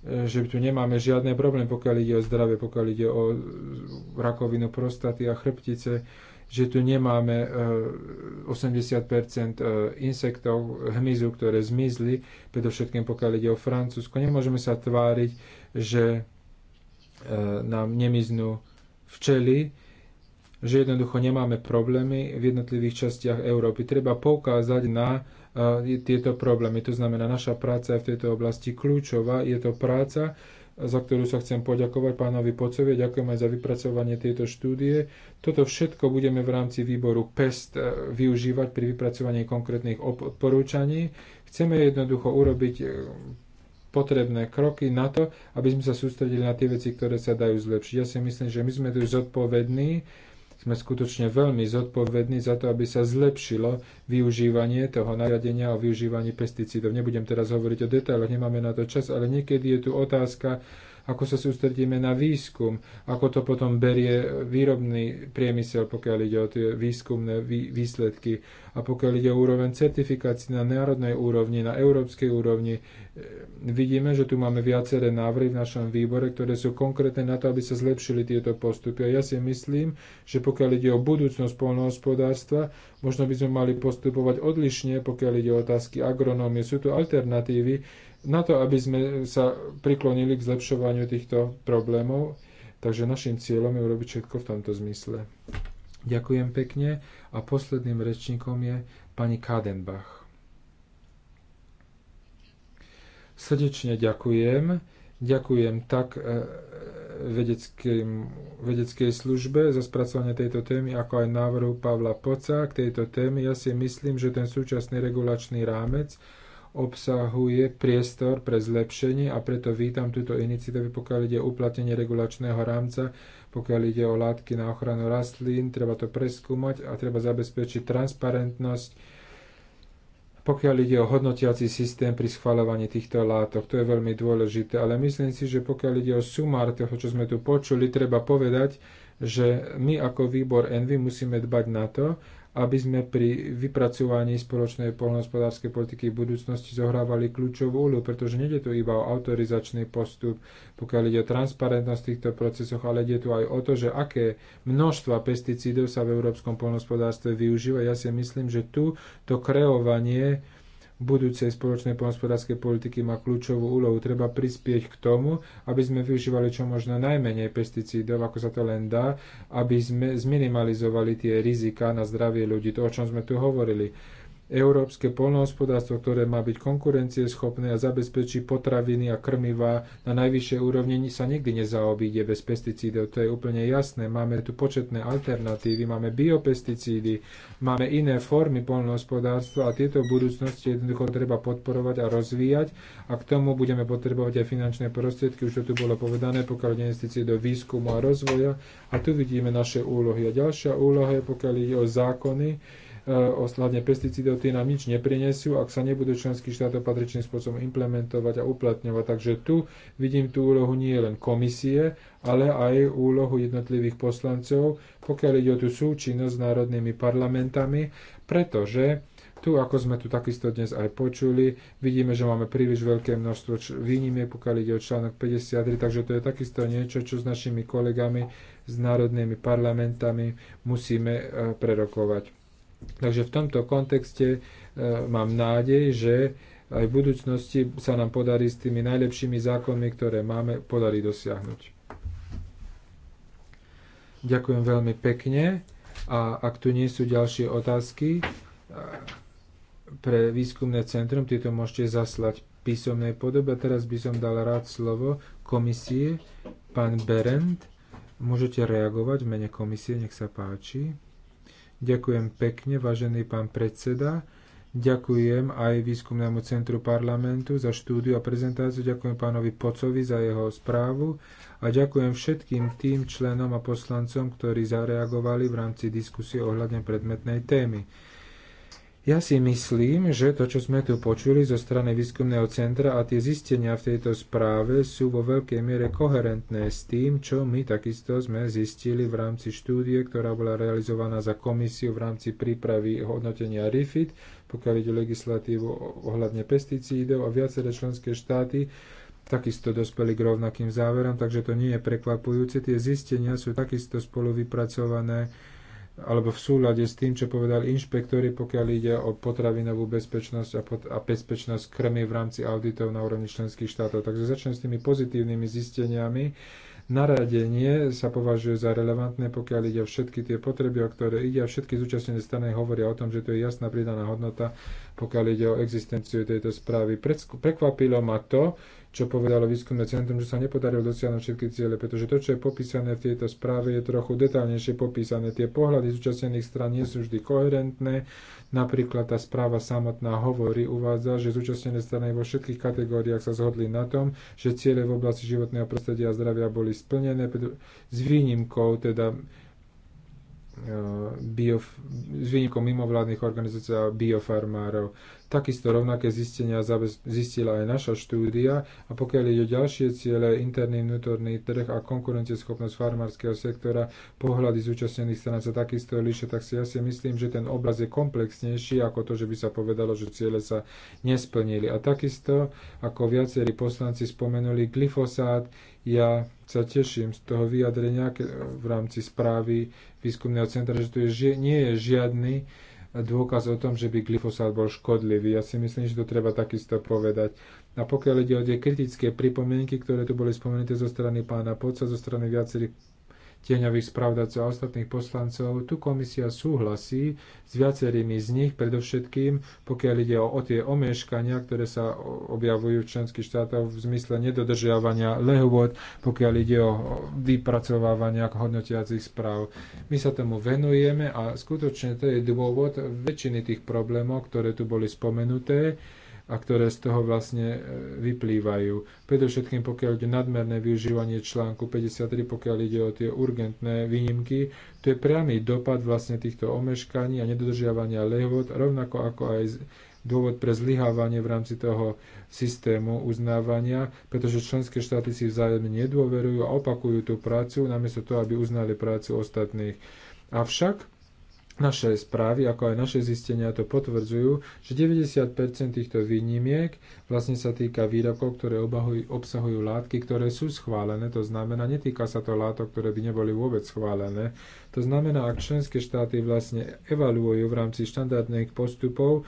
e, že tu nemáme žiadne problém, pokiaľ ide o zdravie, pokiaľ ide o rakovinu prostaty a chrbtice že tu nemáme 80 e, e, insektov, hmyzu, ktoré zmizli, predovšetkým pokiaľ ide o Francúzsko. Nemôžeme sa tváriť, že e, nám nemiznú včely, že jednoducho nemáme problémy v jednotlivých častiach Európy. Treba poukázať na tieto problémy. To znamená, naša práca je v tejto oblasti kľúčová. Je to práca, za ktorú sa chcem poďakovať pánovi Pocovi. Ďakujem aj za vypracovanie tejto štúdie. Toto všetko budeme v rámci výboru PEST eh, využívať pri vypracovaní konkrétnych odporúčaní. Chceme jednoducho urobiť eh, potrebné kroky na to, aby sme sa sústredili na tie veci, ktoré sa dajú zlepšiť. Ja si myslím, že my sme tu zodpovední sme skutočne veľmi zodpovední za to, aby sa zlepšilo využívanie toho nariadenia o využívaní pesticídov. Nebudem teraz hovoriť o detailoch, nemáme na to čas, ale niekedy je tu otázka, ako sa sústredíme na výskum, ako to potom berie výrobný priemysel, pokiaľ ide o tie výskumné výsledky a pokiaľ ide o úroveň certifikácií na národnej úrovni, na európskej úrovni. Eh, vidíme, že tu máme viaceré návrhy v našom výbore, ktoré sú konkrétne na to, aby sa zlepšili tieto postupy. A ja si myslím, že pokiaľ ide o budúcnosť polnohospodárstva, možno by sme mali postupovať odlišne, pokiaľ ide o otázky agronómie. Sú tu alternatívy, na to, aby sme sa priklonili k zlepšovaniu týchto problémov. Takže našim cieľom je urobiť všetko v tomto zmysle. Ďakujem pekne a posledným rečníkom je pani Kadenbach. Srdečne ďakujem. Ďakujem tak e, vedeckej, vedeckej službe za spracovanie tejto témy, ako aj návrhu Pavla Poca k tejto témy. Ja si myslím, že ten súčasný regulačný rámec obsahuje priestor pre zlepšenie a preto vítam túto iniciatívu, pokiaľ ide o uplatnenie regulačného rámca, pokiaľ ide o látky na ochranu rastlín, treba to preskúmať a treba zabezpečiť transparentnosť, pokiaľ ide o hodnotiaci systém pri schvaľovaní týchto látok. To je veľmi dôležité, ale myslím si, že pokiaľ ide o sumár toho, čo sme tu počuli, treba povedať, že my ako výbor Envy musíme dbať na to, aby sme pri vypracovaní spoločnej poľnohospodárskej politiky v budúcnosti zohrávali kľúčovú úlohu, pretože nie je tu iba o autorizačný postup, pokiaľ ide o transparentnosť v týchto procesoch, ale ide tu aj o to, že aké množstva pesticídov sa v európskom poľnohospodárstve využíva. Ja si myslím, že tu to kreovanie budúcej spoločnej poľnohospodárskej politiky má kľúčovú úlohu. Treba prispieť k tomu, aby sme využívali čo možno najmenej pesticídov, ako sa to len dá, aby sme zminimalizovali tie rizika na zdravie ľudí, to o čom sme tu hovorili európske poľnohospodárstvo, ktoré má byť konkurencieschopné a zabezpečí potraviny a krmivá na najvyššej úrovni, sa nikdy nezaobíde bez pesticídov. To je úplne jasné. Máme tu početné alternatívy, máme biopesticídy, máme iné formy poľnohospodárstva a tieto v budúcnosti jednoducho treba podporovať a rozvíjať a k tomu budeme potrebovať aj finančné prostriedky, už to tu bolo povedané, pokiaľ investície do výskumu a rozvoja a tu vidíme naše úlohy. A ďalšia úloha je, pokiaľ ide o zákony, E, ohľadne pesticídov, tie nám nič neprinesú, ak sa nebudú členských štát opatričným spôsobom implementovať a uplatňovať. Takže tu vidím tú úlohu nie len komisie, ale aj úlohu jednotlivých poslancov, pokiaľ ide o tú súčinnosť s národnými parlamentami, pretože tu, ako sme tu takisto dnes aj počuli, vidíme, že máme príliš veľké množstvo výnimiek, pokiaľ ide o článok 53, takže to je takisto niečo, čo s našimi kolegami, s národnými parlamentami musíme e, prerokovať. Takže v tomto kontexte e, mám nádej, že aj v budúcnosti sa nám podarí s tými najlepšími zákonmi, ktoré máme, podarí dosiahnuť. Ďakujem veľmi pekne a ak tu nie sú ďalšie otázky e, pre výskumné centrum, tieto môžete zaslať v písomnej podobe. Teraz by som dal rád slovo komisie, pán Berend. Môžete reagovať v mene komisie, nech sa páči. Ďakujem pekne, vážený pán predseda. Ďakujem aj Výskumnému centru parlamentu za štúdiu a prezentáciu, ďakujem pánovi Pocovi za jeho správu a ďakujem všetkým tým členom a poslancom, ktorí zareagovali v rámci diskusie ohľadne predmetnej témy. Ja si myslím, že to, čo sme tu počuli zo strany výskumného centra a tie zistenia v tejto správe sú vo veľkej miere koherentné s tým, čo my takisto sme zistili v rámci štúdie, ktorá bola realizovaná za komisiu v rámci prípravy hodnotenia RIFIT, pokiaľ ide legislatívu ohľadne pesticídov a viaceré členské štáty takisto dospeli k rovnakým záverom, takže to nie je prekvapujúce. Tie zistenia sú takisto spolu vypracované alebo v súľade s tým, čo povedali inšpektori, pokiaľ ide o potravinovú bezpečnosť a, pot- a bezpečnosť krmy v rámci auditov na úrovni členských štátov. Takže začnem s tými pozitívnymi zisteniami. Naradenie sa považuje za relevantné, pokiaľ ide o všetky tie potreby, o ktoré ide a všetky zúčastnené strany hovoria o tom, že to je jasná pridaná hodnota, pokiaľ ide o existenciu tejto správy. Prekvapilo ma to, čo povedalo výskumné centrum, že sa nepodarilo dosiahnuť všetky ciele, pretože to, čo je popísané v tejto správe, je trochu detálnejšie popísané. Tie pohľady zúčastnených stran nie sú vždy koherentné. Napríklad tá správa samotná hovorí, uvádza, že zúčastnené strany vo všetkých kategóriách sa zhodli na tom, že ciele v oblasti životného prostredia a zdravia boli splnené s výnimkou teda Eh, bio, s výnikom mimovládnych organizácií a biofarmárov. Takisto rovnaké zistenia zistila aj naša štúdia a pokiaľ ide o ďalšie ciele, interný vnútorný trh a konkurencieschopnosť farmárskeho sektora, pohľady zúčastnených stran sa takisto líšia, tak si ja si myslím, že ten obraz je komplexnejší ako to, že by sa povedalo, že ciele sa nesplnili. A takisto, ako viacerí poslanci spomenuli, glyfosát ja sa teším z toho vyjadrenia v rámci správy výskumného centra, že tu je, nie je žiadny dôkaz o tom, že by glyfosát bol škodlivý. Ja si myslím, že to treba takisto povedať. A pokiaľ ide o tie kritické pripomienky, ktoré tu boli spomenuté zo strany pána Poca, zo strany viacerých tieňových spravdacov a ostatných poslancov, tu komisia súhlasí s viacerými z nich, predovšetkým pokiaľ ide o, o tie omeškania, ktoré sa objavujú v členských štátoch v zmysle nedodržiavania lehôd, pokiaľ ide o vypracovávania hodnotiacich správ. My sa tomu venujeme a skutočne to je dôvod väčšiny tých problémov, ktoré tu boli spomenuté a ktoré z toho vlastne e, vyplývajú. Predovšetkým pokiaľ ide nadmerné využívanie článku 53, pokiaľ ide o tie urgentné výnimky, to je priamy dopad vlastne týchto omeškaní a nedodržiavania lehot, rovnako ako aj dôvod pre zlyhávanie v rámci toho systému uznávania, pretože členské štáty si vzájomne nedôverujú a opakujú tú prácu, namiesto toho, aby uznali prácu ostatných. Avšak naše správy, ako aj naše zistenia to potvrdzujú, že 90% týchto výnimiek vlastne sa týka výrokov, ktoré obahuj, obsahujú látky, ktoré sú schválené. To znamená, netýka sa to látok, ktoré by neboli vôbec schválené. To znamená, ak členské štáty vlastne evaluujú v rámci štandardných postupov,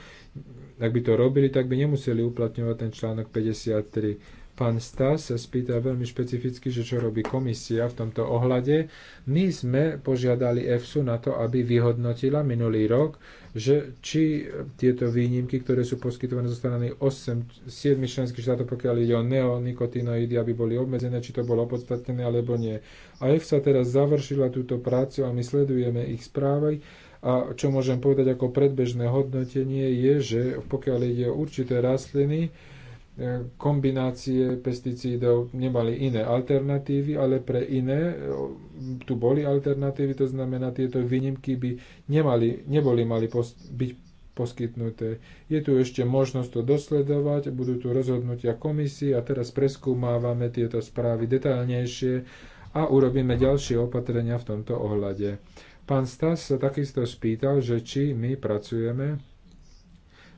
ak by to robili, tak by nemuseli uplatňovať ten článok 53 Pán Stas sa spýta veľmi špecificky, že čo robí komisia v tomto ohľade. My sme požiadali EFSU na to, aby vyhodnotila minulý rok, že či tieto výnimky, ktoré sú poskytované zo strany 8, 7 členských štátov, pokiaľ ide o neonikotinoidy, aby boli obmedzené, či to bolo opodstatnené alebo nie. A EFSA teraz završila túto prácu a my sledujeme ich správy. A čo môžem povedať ako predbežné hodnotenie je, že pokiaľ ide o určité rastliny, E, kombinácie pesticídov nemali iné alternatívy, ale pre iné e, tu boli alternatívy, to znamená, tieto výnimky by nemali, neboli mali pos- byť poskytnuté. Je tu ešte možnosť to dosledovať, budú tu rozhodnutia komisie a teraz preskúmávame tieto správy detaľnejšie a urobíme ďalšie opatrenia v tomto ohľade. Pán Stas sa takisto spýtal, že či my pracujeme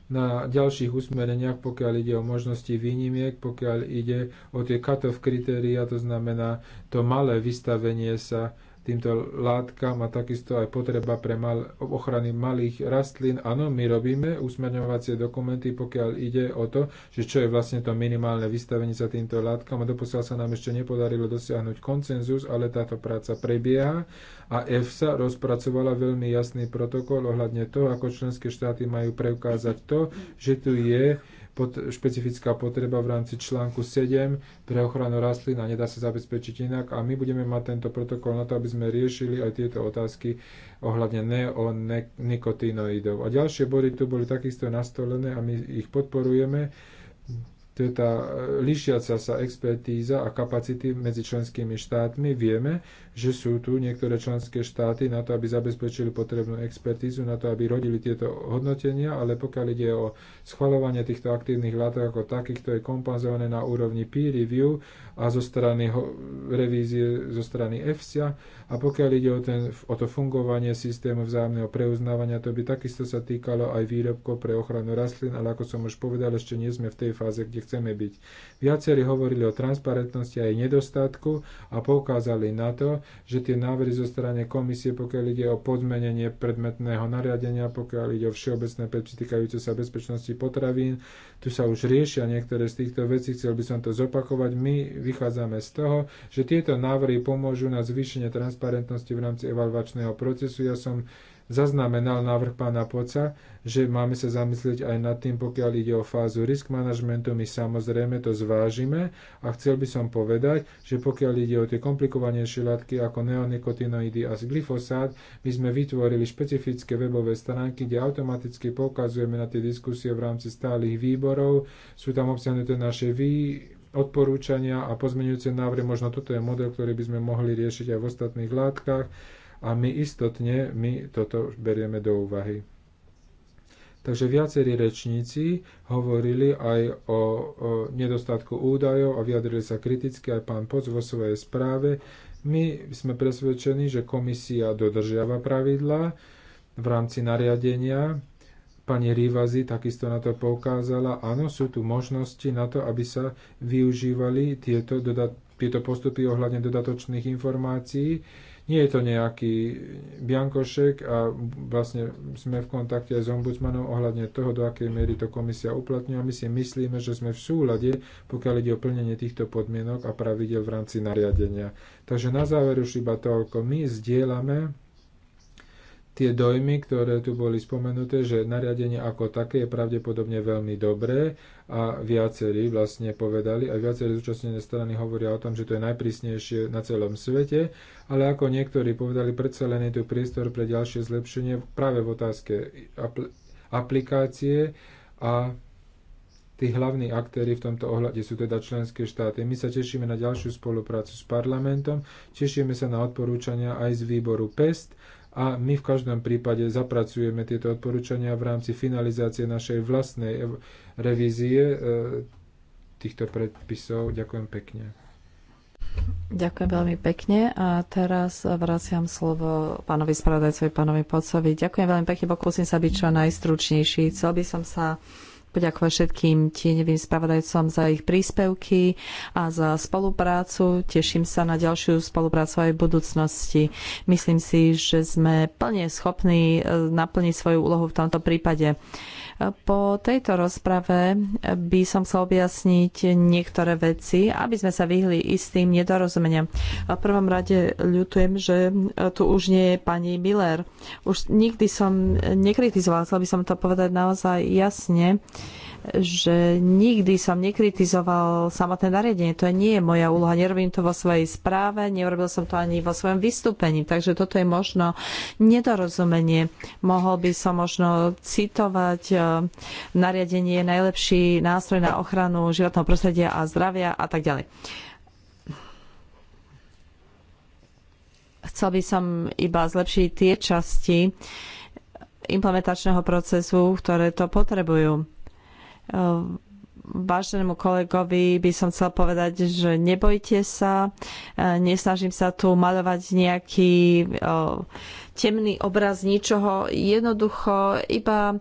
na ďalších usmereniach, pokiaľ ide o možnosti výnimiek, pokiaľ ide o tie cut-off kritéria, to znamená to malé vystavenie sa týmto látkam a takisto aj potreba pre mal, ochrany malých rastlín. Áno, my robíme usmerňovacie dokumenty, pokiaľ ide o to, že čo je vlastne to minimálne vystavenie sa týmto látkam. A doposiaľ sa nám ešte nepodarilo dosiahnuť koncenzus, ale táto práca prebieha a EFSA rozpracovala veľmi jasný protokol ohľadne toho, ako členské štáty majú preukázať to, že tu je pot, špecifická potreba v rámci článku 7 pre ochranu rastlín a nedá sa zabezpečiť inak. A my budeme mať tento protokol na to, aby sme riešili aj tieto otázky ohľadne neonikotinoidov. A ďalšie body tu boli takisto nastolené a my ich podporujeme to je tá e, lišiaca sa expertíza a kapacity medzi členskými štátmi. Vieme, že sú tu niektoré členské štáty na to, aby zabezpečili potrebnú expertízu, na to, aby rodili tieto hodnotenia, ale pokiaľ ide o schvaľovanie týchto aktívnych látok ako takých, to je kompenzované na úrovni peer review a zo strany revízie zo strany EFSA. A pokiaľ ide o, ten, o to fungovanie systému vzájomného preuznávania, to by takisto sa týkalo aj výrobkov pre ochranu rastlín, ale ako som už povedal, ešte nie sme v tej fáze, kde chceme byť. Viacerí hovorili o transparentnosti a jej nedostatku a poukázali na to, že tie návrhy zo strany komisie, pokiaľ ide o podmenenie predmetného nariadenia, pokiaľ ide o všeobecné predpisy týkajúce sa bezpečnosti potravín, tu sa už riešia niektoré z týchto vecí, chcel by som to zopakovať. My vychádzame z toho, že tieto návrhy pomôžu na zvýšenie transparentnosti v rámci evalvačného procesu. Ja som zaznamenal návrh pána Poca, že máme sa zamyslieť aj nad tým, pokiaľ ide o fázu risk managementu, my samozrejme to zvážime a chcel by som povedať, že pokiaľ ide o tie komplikovanejšie látky ako neonikotinoidy a glyfosát, my sme vytvorili špecifické webové stránky, kde automaticky poukazujeme na tie diskusie v rámci stálych výborov, sú tam obsiahnuté naše vý, odporúčania a pozmeňujúce návrhy. Možno toto je model, ktorý by sme mohli riešiť aj v ostatných látkach. A my istotne, my toto berieme do úvahy. Takže viacerí rečníci hovorili aj o, o nedostatku údajov a vyjadrili sa kriticky aj pán Poc vo svojej správe. My sme presvedčení, že komisia dodržiava pravidlá v rámci nariadenia. Pani Rývazy takisto na to poukázala. Áno, sú tu možnosti na to, aby sa využívali tieto, dodat- tieto postupy ohľadne dodatočných informácií nie je to nejaký biankošek a vlastne sme v kontakte aj s ombudsmanom ohľadne toho, do akej miery to komisia uplatňuje. My si myslíme, že sme v súlade, pokiaľ ide o plnenie týchto podmienok a pravidel v rámci nariadenia. Takže na záver už iba toľko. My zdieľame tie dojmy, ktoré tu boli spomenuté, že nariadenie ako také je pravdepodobne veľmi dobré a viacerí vlastne povedali, a viacerí zúčastnené strany hovoria o tom, že to je najprísnejšie na celom svete, ale ako niektorí povedali, predsa len je tu priestor pre ďalšie zlepšenie práve v otázke apl- aplikácie a Tí hlavní aktéry v tomto ohľade sú teda členské štáty. My sa tešíme na ďalšiu spoluprácu s parlamentom, tešíme sa na odporúčania aj z výboru PEST a my v každom prípade zapracujeme tieto odporúčania v rámci finalizácie našej vlastnej revízie e, týchto predpisov. Ďakujem pekne. Ďakujem veľmi pekne a teraz vraciam slovo pánovi spravodajcovi, pánovi Pocovi. Ďakujem veľmi pekne, pokúsim sa byť čo najstručnejší. Chcel by som sa poďakovať všetkým tieňovým spravodajcom za ich príspevky a za spoluprácu. Teším sa na ďalšiu spoluprácu aj v budúcnosti. Myslím si, že sme plne schopní eh, naplniť svoju úlohu v tomto prípade. Po tejto rozprave by som chcel objasniť niektoré veci, aby sme sa vyhli istým nedorozumeniam. V prvom rade ľutujem, že tu už nie je pani Miller. Už nikdy som nekritizovala, chcel by som to povedať naozaj jasne. Uh, že nikdy som nekritizoval samotné nariadenie. To nie je moja úloha. Nerobím to vo svojej správe, neurobil som to ani vo svojom vystúpení. Takže toto je možno nedorozumenie. Mohol by som možno citovať e, nariadenie najlepší nástroj na ochranu životného prostredia a zdravia a tak ďalej. Chcel by som iba zlepšiť tie časti implementačného procesu, ktoré to potrebujú Ehm, váženému kolegovi by som chcel povedať, že nebojte sa, e, nesnažím sa tu maľovať nejaký e, temný obraz ničoho. Jednoducho iba e,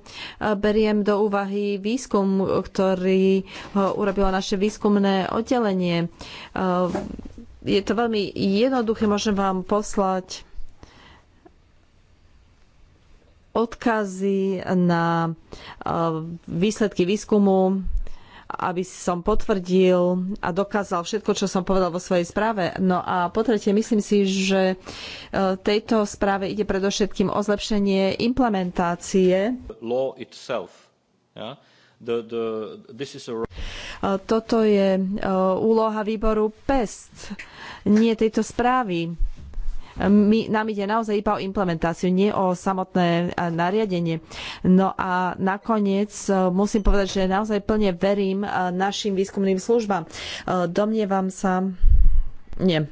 beriem do úvahy výskum, ktorý urobilo naše výskumné oddelenie. Ehm, je to veľmi jednoduché, môžem vám poslať odkazy na e, výsledky výskumu, aby som potvrdil a dokázal všetko, čo som povedal vo svojej správe. No a po tretie, myslím si, že e, tejto správe ide predovšetkým o zlepšenie implementácie. Toto je e, úloha výboru PEST, nie tejto správy my, nám ide naozaj iba o implementáciu, nie o samotné nariadenie. No a nakoniec e, musím povedať, že naozaj plne verím e, našim výskumným službám. E, domnievam sa, nie,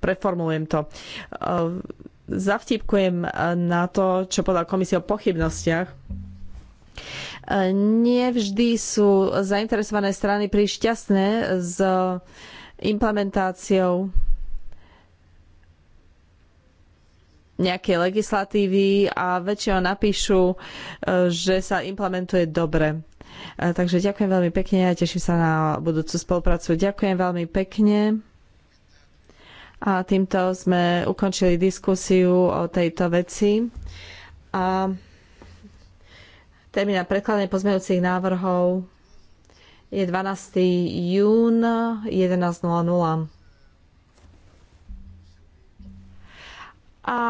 preformulujem to. Zavtipkujem na to, čo povedal komisia o pochybnostiach. Nie vždy sú zainteresované strany príliš šťastné s implementáciou nejakej legislatívy a väčšinou napíšu, e, že sa implementuje dobre. E, takže ďakujem veľmi pekne a teším sa na budúcu spoluprácu. Ďakujem veľmi pekne. A týmto sme ukončili diskusiu o tejto veci. A termín na pozmeňujúcich návrhov je 12. jún 11.00. a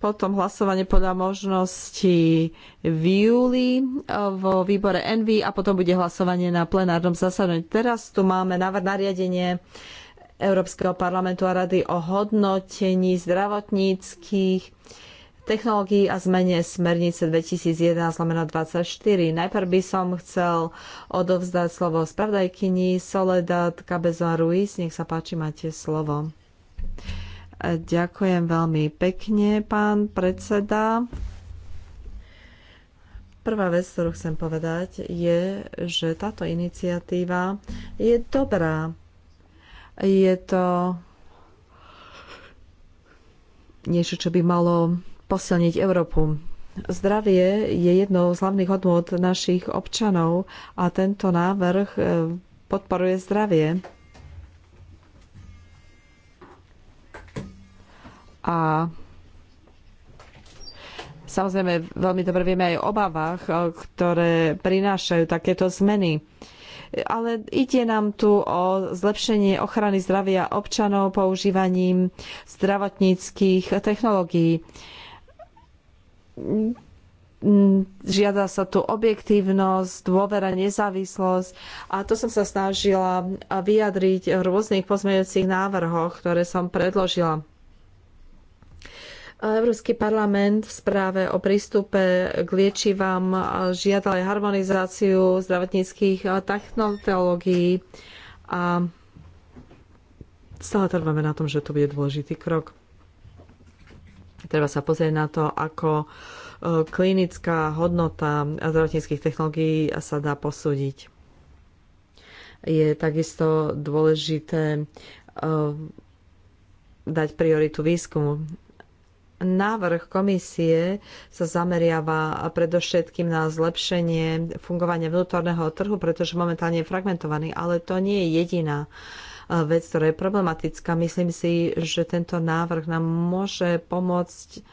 potom hlasovanie podľa možnosti v júli e, vo výbore NV a potom bude hlasovanie na plenárnom zasadení. Teraz tu máme návrh nariadenie Európskeho parlamentu a rady o hodnotení zdravotníckých technológií a zmene smernice 2011-24. Najprv by som chcel odovzdať slovo spravodajkyni Soledad Cabezon Ruiz. Nech sa páči, máte slovo. Ďakujem veľmi pekne, pán predseda. Prvá vec, ktorú chcem povedať, je, že táto iniciatíva je dobrá. Je to niečo, čo by malo posilniť Európu. Zdravie je jednou z hlavných hodnôt našich občanov a tento návrh eh, podporuje zdravie. A samozrejme veľmi dobre vieme aj o obavách, ktoré prinášajú takéto zmeny. Ale ide nám tu o zlepšenie ochrany zdravia občanov používaním zdravotníckých technológií. Žiada sa tu objektívnosť, dôvera, nezávislosť a to som sa snažila vyjadriť v rôznych pozmeňujúcich návrhoch, ktoré som predložila Európsky parlament v správe o prístupe k liečivám žiadal aj harmonizáciu zdravotníckých technológií a stále trváme na tom, že to bude dôležitý krok. Treba sa pozrieť na to, ako e, klinická hodnota zdravotníckých technológií sa dá posúdiť. Je takisto dôležité e, dať prioritu výskumu Návrh komisie sa zameriava predovšetkým na zlepšenie fungovania vnútorného trhu, pretože momentálne je fragmentovaný, ale to nie je jediná eh, vec, ktorá je problematická. Myslím si, že tento návrh nám môže pomôcť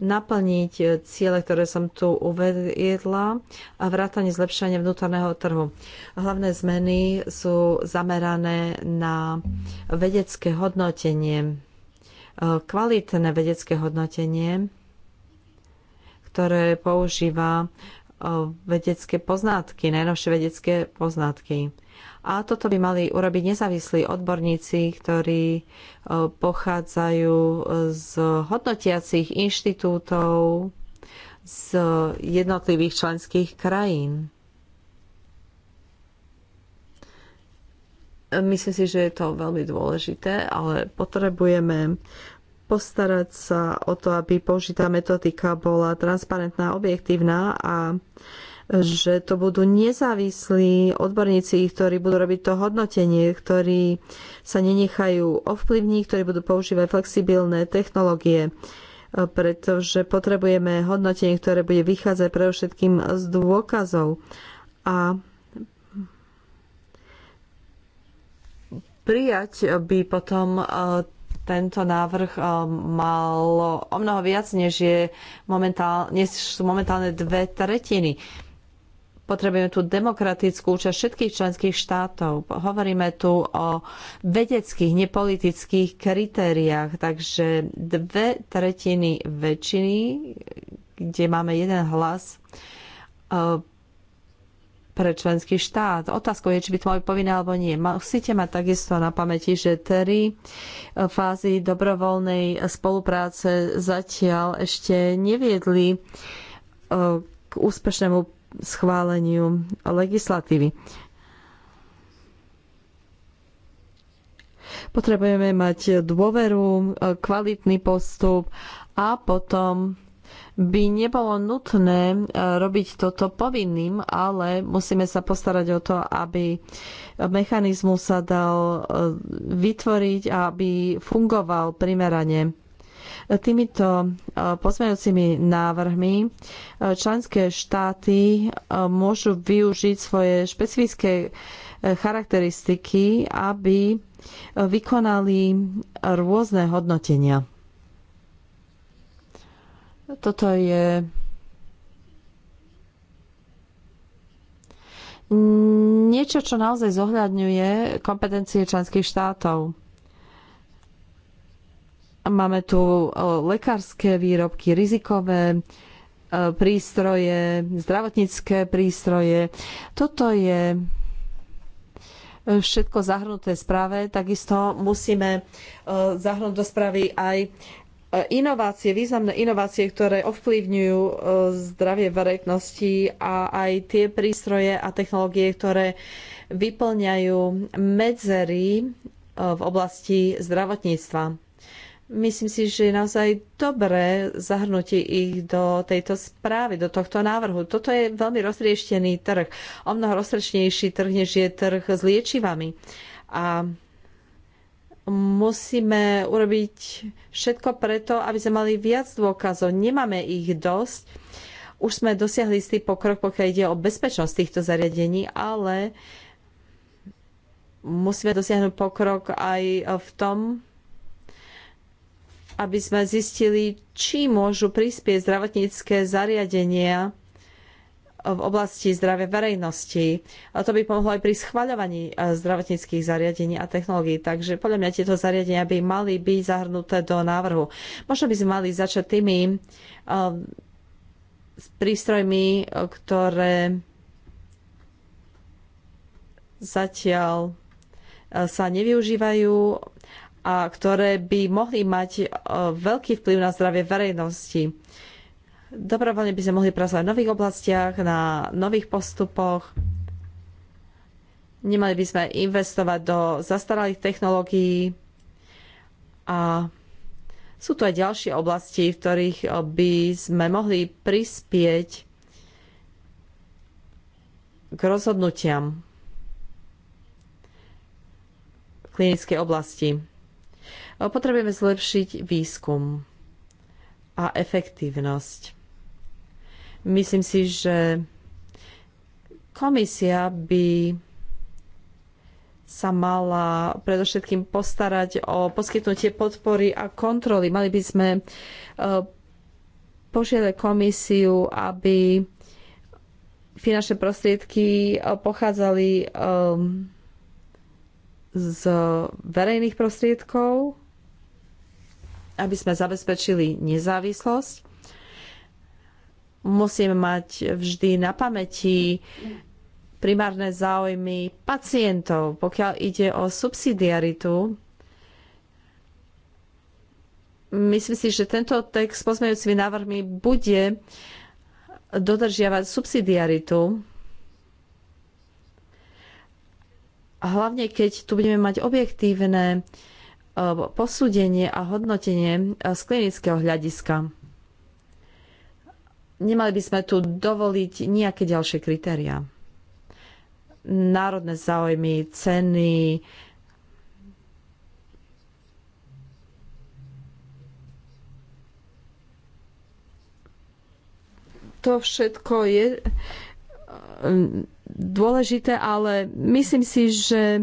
naplniť eh, ciele, ktoré som tu uvedla a vrátanie zlepšenia vnútorného trhu. Hlavné zmeny sú zamerané na vedecké hodnotenie kvalitné vedecké hodnotenie, ktoré používa e, vedecké poznatky, najnovšie vedecké poznatky. A toto by mali urobiť nezávislí odborníci, ktorí e, pochádzajú z hodnotiacich inštitútov z jednotlivých členských krajín. Myslím si, že je to veľmi dôležité, ale potrebujeme postarať sa o to, aby použitá metodika bola transparentná, objektívna a že to budú nezávislí odborníci, ktorí budú robiť to hodnotenie, ktorí sa nenechajú ovplyvniť, ktorí budú používať flexibilné technológie, pretože potrebujeme hodnotenie, ktoré bude vychádzať pre všetkým z dôkazov. A prijať, by potom e, tento návrh e, mal o mnoho viac, než, je momentál, než sú momentálne dve tretiny. Potrebujeme tu demokratickú účasť všetkých členských štátov. Hovoríme tu o vedeckých, nepolitických kritériách, takže dve tretiny väčšiny, kde máme jeden hlas, e, pre členský štát. Otázkou je, či by to mali povinné alebo nie. Musíte mať takisto na pamäti, že tri e, fázy dobrovoľnej spolupráce zatiaľ ešte neviedli e, k úspešnému schváleniu legislatívy. Potrebujeme mať dôveru, e, kvalitný postup a potom by nebolo nutné e, robiť toto povinným, ale musíme sa postarať o to, aby mechanizmus sa dal e, vytvoriť a aby fungoval primerane. Týmito e, pozmeňujúcimi návrhmi členské štáty môžu využiť svoje špecifické charakteristiky, aby vykonali rôzne hodnotenia. Toto je niečo, čo naozaj zohľadňuje kompetencie členských štátov. Máme tu e, lekárske výrobky, rizikové e, prístroje, zdravotnícke prístroje. Toto je všetko zahrnuté správe. Takisto musíme e, zahrnúť do správy aj E, inovácie, významné inovácie, ktoré ovplyvňujú e, zdravie verejnosti a aj tie prístroje a technológie, ktoré vyplňajú medzery e, v oblasti zdravotníctva. Myslím si, že je naozaj dobré zahrnutie ich do tejto správy, do tohto návrhu. Toto je veľmi roztrieštený trh, o mnoho roztrieštenejší trh, než je trh s liečivami. A musíme urobiť všetko preto, aby sme mali viac dôkazov. Nemáme ich dosť. Už sme dosiahli istý pokrok, pokiaľ ide o bezpečnosť týchto zariadení, ale musíme dosiahnuť pokrok aj v tom, aby sme zistili, či môžu prispieť zdravotnícke zariadenia v oblasti zdravia verejnosti. A to by pomohlo aj pri schvaľovaní e, zdravotníckých zariadení a technológií. Takže podľa mňa tieto zariadenia by mali byť zahrnuté do návrhu. Možno by sme mali začať tými e, s prístrojmi, e, ktoré zatiaľ sa nevyužívajú a ktoré by mohli mať veľký vplyv na zdravie verejnosti. Dobrovoľne by sme mohli pracovať v nových oblastiach, na nových postupoch. Nemali by sme investovať do zastaralých technológií. A sú tu aj ďalšie oblasti, v ktorých eh, by sme mohli prispieť k rozhodnutiam v klinickej oblasti. Eh, potrebujeme zlepšiť výskum a efektívnosť. Myslím si, že komisia by sa mala predovšetkým postarať o poskytnutie podpory a kontroly. Mali by sme e, požiadať komisiu, aby finančné prostriedky e, pochádzali e, z verejných prostriedkov, aby sme zabezpečili nezávislosť musíme mať vždy na pamäti primárne záujmy pacientov. Pokiaľ ide o subsidiaritu, myslím si, že tento text s pozmeňujúcimi návrhmi bude dodržiavať subsidiaritu, hlavne keď tu budeme mať objektívne eh, posúdenie a hodnotenie eh, z klinického hľadiska nemali by sme tu dovoliť nejaké ďalšie kritériá. Národné záujmy, ceny, to všetko je eh, dôležité, ale myslím si, že eh,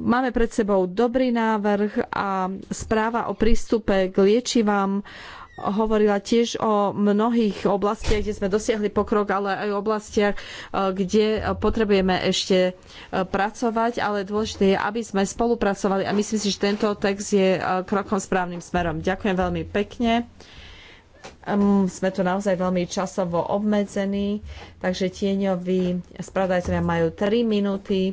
máme pred sebou dobrý návrh a správa o prístupe k liečivám hovorila tiež o mnohých oblastiach, kde sme dosiahli pokrok, ale aj o oblastiach, e, kde potrebujeme ešte e, pracovať, ale dôležité je, aby sme spolupracovali a myslím si, že tento text je e, krokom správnym smerom. Ďakujem veľmi pekne. Sme tu naozaj veľmi časovo obmedzení, takže tieňoví spravodajcovia majú 3 minúty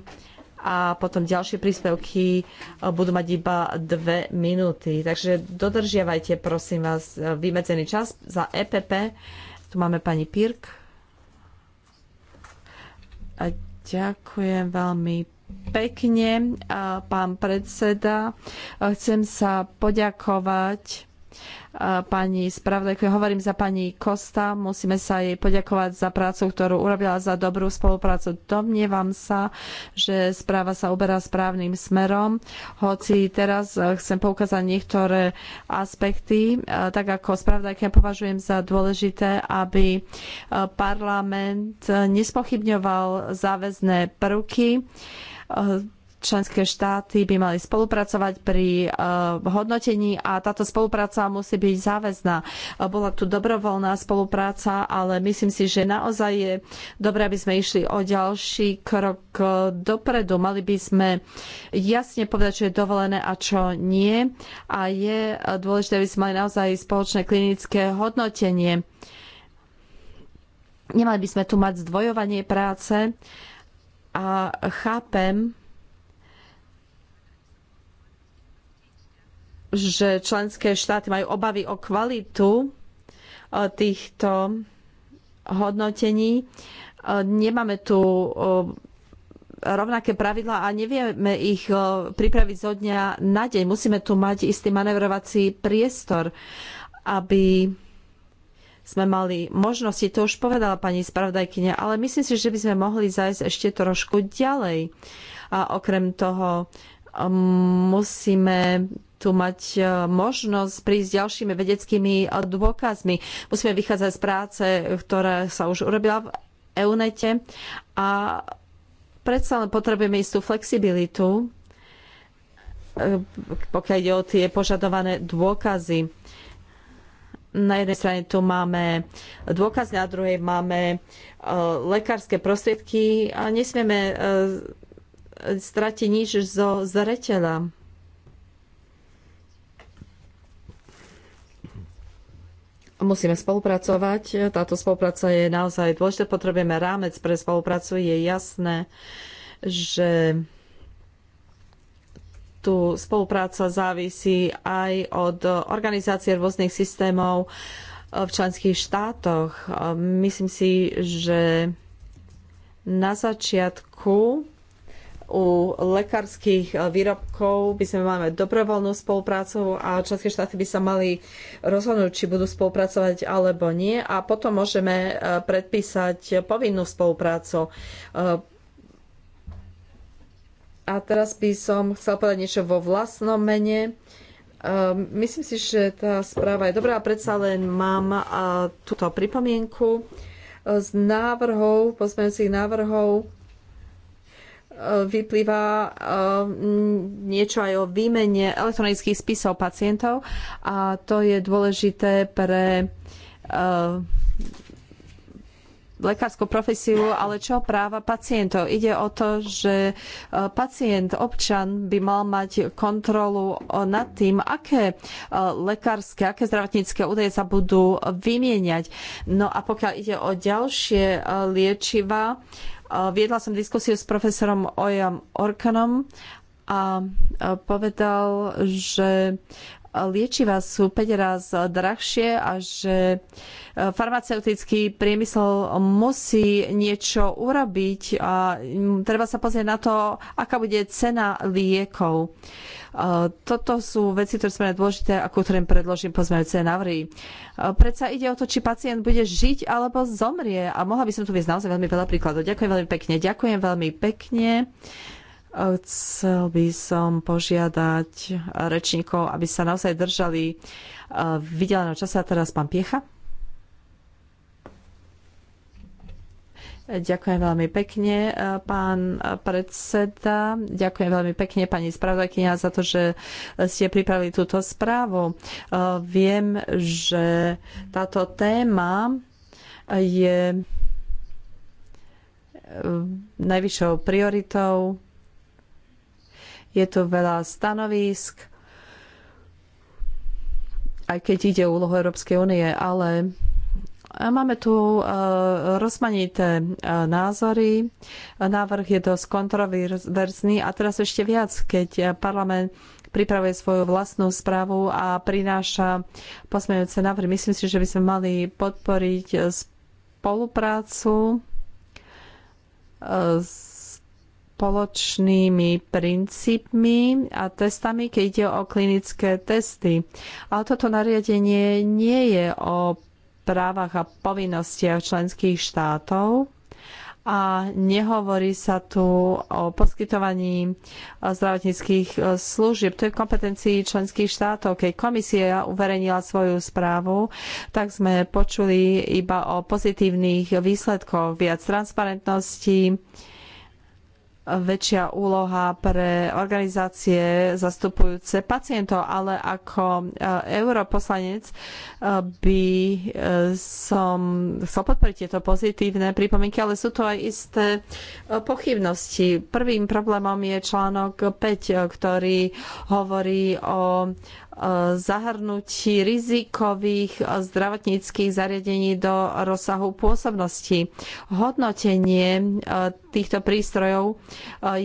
a potom ďalšie príspevky e, budú mať iba dve minúty. Takže dodržiavajte, prosím vás, e, vymedzený čas za EPP. Tu máme pani Pirk. A ďakujem veľmi pekne, e, pán predseda. Chcem sa poďakovať pani spravodajku. Hovorím za pani Kosta. Musíme sa jej poďakovať za prácu, ktorú urobila za dobrú spoluprácu. Domnievam sa, že správa sa uberá správnym smerom, hoci teraz chcem poukázať niektoré aspekty. Tak ako spravodajka považujem za dôležité, aby e, parlament nespochybňoval záväzné prvky e, členské štáty by mali spolupracovať pri e, hodnotení a táto spolupráca musí byť záväzná. E, bola tu dobrovoľná spolupráca, ale myslím si, že naozaj je dobré, aby sme išli o ďalší krok e, dopredu. Mali by sme jasne povedať, čo je dovolené a čo nie. A je dôležité, aby sme mali naozaj spoločné klinické hodnotenie. Nemali by sme tu mať zdvojovanie práce a chápem, že členské štáty majú obavy o kvalitu e, týchto hodnotení. E, nemáme tu e, rovnaké pravidlá a nevieme ich pripraviť zo dňa na deň. Musíme tu mať istý manevrovací priestor, aby sme mali možnosti, to už povedala pani spravodajkyňa, ale myslím si, že by sme mohli zajsť ešte trošku ďalej. A okrem toho musíme tu mať e, možnosť prísť s ďalšími vedeckými e, dôkazmi. Musíme vychádzať z práce, ktorá sa už urobila v EUNETE a predsa len potrebujeme istú flexibilitu, e, pokiaľ ide o tie požadované dôkazy. Na jednej strane tu máme dôkaz, na druhej máme lekárske prostriedky a nesmieme stratiť nič zo zreteľa musíme spolupracovať. Táto spolupráca je naozaj dôležitá. Potrebujeme rámec pre spoluprácu. Je jasné, že tu spolupráca závisí aj od organizácie rôznych systémov v členských štátoch. Myslím si, že na začiatku u lekárskych eh, výrobkov by sme mali dobrovoľnú spoluprácu a členské štáty by sa mali rozhodnúť, či budú spolupracovať alebo nie a potom môžeme eh, predpísať povinnú spoluprácu. Eh, a teraz by som chcel povedať niečo vo vlastnom mene. Myslím si, že tá správa je dobrá, a predsa len mám túto pripomienku z návrhov, pozmeňujúcich návrhov vyplýva e, niečo aj o výmene elektronických spisov pacientov a to je dôležité pre e, lekárskú profesiu, ale čo práva pacientov? Ide o to, že e, pacient, občan by mal mať kontrolu nad tým, aké lekárske, aké zdravotnícke údaje sa budú vymieňať. No a pokiaľ ide o ďalšie liečiva, Viedla som diskusiu s profesorom Ojam Orkanom a povedal, že liečiva sú 5 raz drahšie a že e, farmaceutický priemysel musí niečo urobiť a treba sa pozrieť na to, aká bude cena liekov. Toto sú veci, ktoré sú dôležité a ku ktorým predložím pozmeňujúce návrhy. E, predsa ide o to, či pacient bude žiť alebo zomrie. A mohla by som tu viesť naozaj veľmi veľa príkladov. Ďakujem veľmi pekne. Ďakujem veľmi pekne. E, chcel by som požiadať rečníkov, aby sa naozaj držali e, vydeleného časa. Teraz pán Piecha. Ďakujem veľmi pekne, e, pán predseda. Ďakujem veľmi pekne, pani spravodajkynia, za to, že ste pripravili túto správu. E, viem, že táto téma je e, najvyššou prioritou. Je tu veľa stanovísk, aj keď ide o úlohu Európskej únie, ale Máme tu e, rozmanité e, názory, návrh je dosť kontroverzný a teraz ešte viac, keď e, parlament pripravuje svoju vlastnú správu a prináša posmejúce návrhy. Myslím si, že by sme mali podporiť spoluprácu s spoločnými princípmi a testami, keď ide o klinické testy. Ale toto nariadenie nie je o právach a povinnostiach členských štátov a nehovorí sa tu o poskytovaní eh, zdravotníckých eh, služieb. To je v kompetencii členských štátov. Keď komisia uverejnila svoju správu, tak sme počuli iba o pozitívnych výsledkoch, viac transparentnosti, väčšia úloha pre organizácie zastupujúce pacientov, ale ako e, europoslanec e, by e, som chcel podporiť tieto pozitívne pripomienky, ale sú tu aj isté pochybnosti. Prvým problémom je článok 5, ktorý hovorí o zahrnutí rizikových zdravotníckých zariadení do rozsahu pôsobnosti. Hodnotenie e, týchto prístrojov e,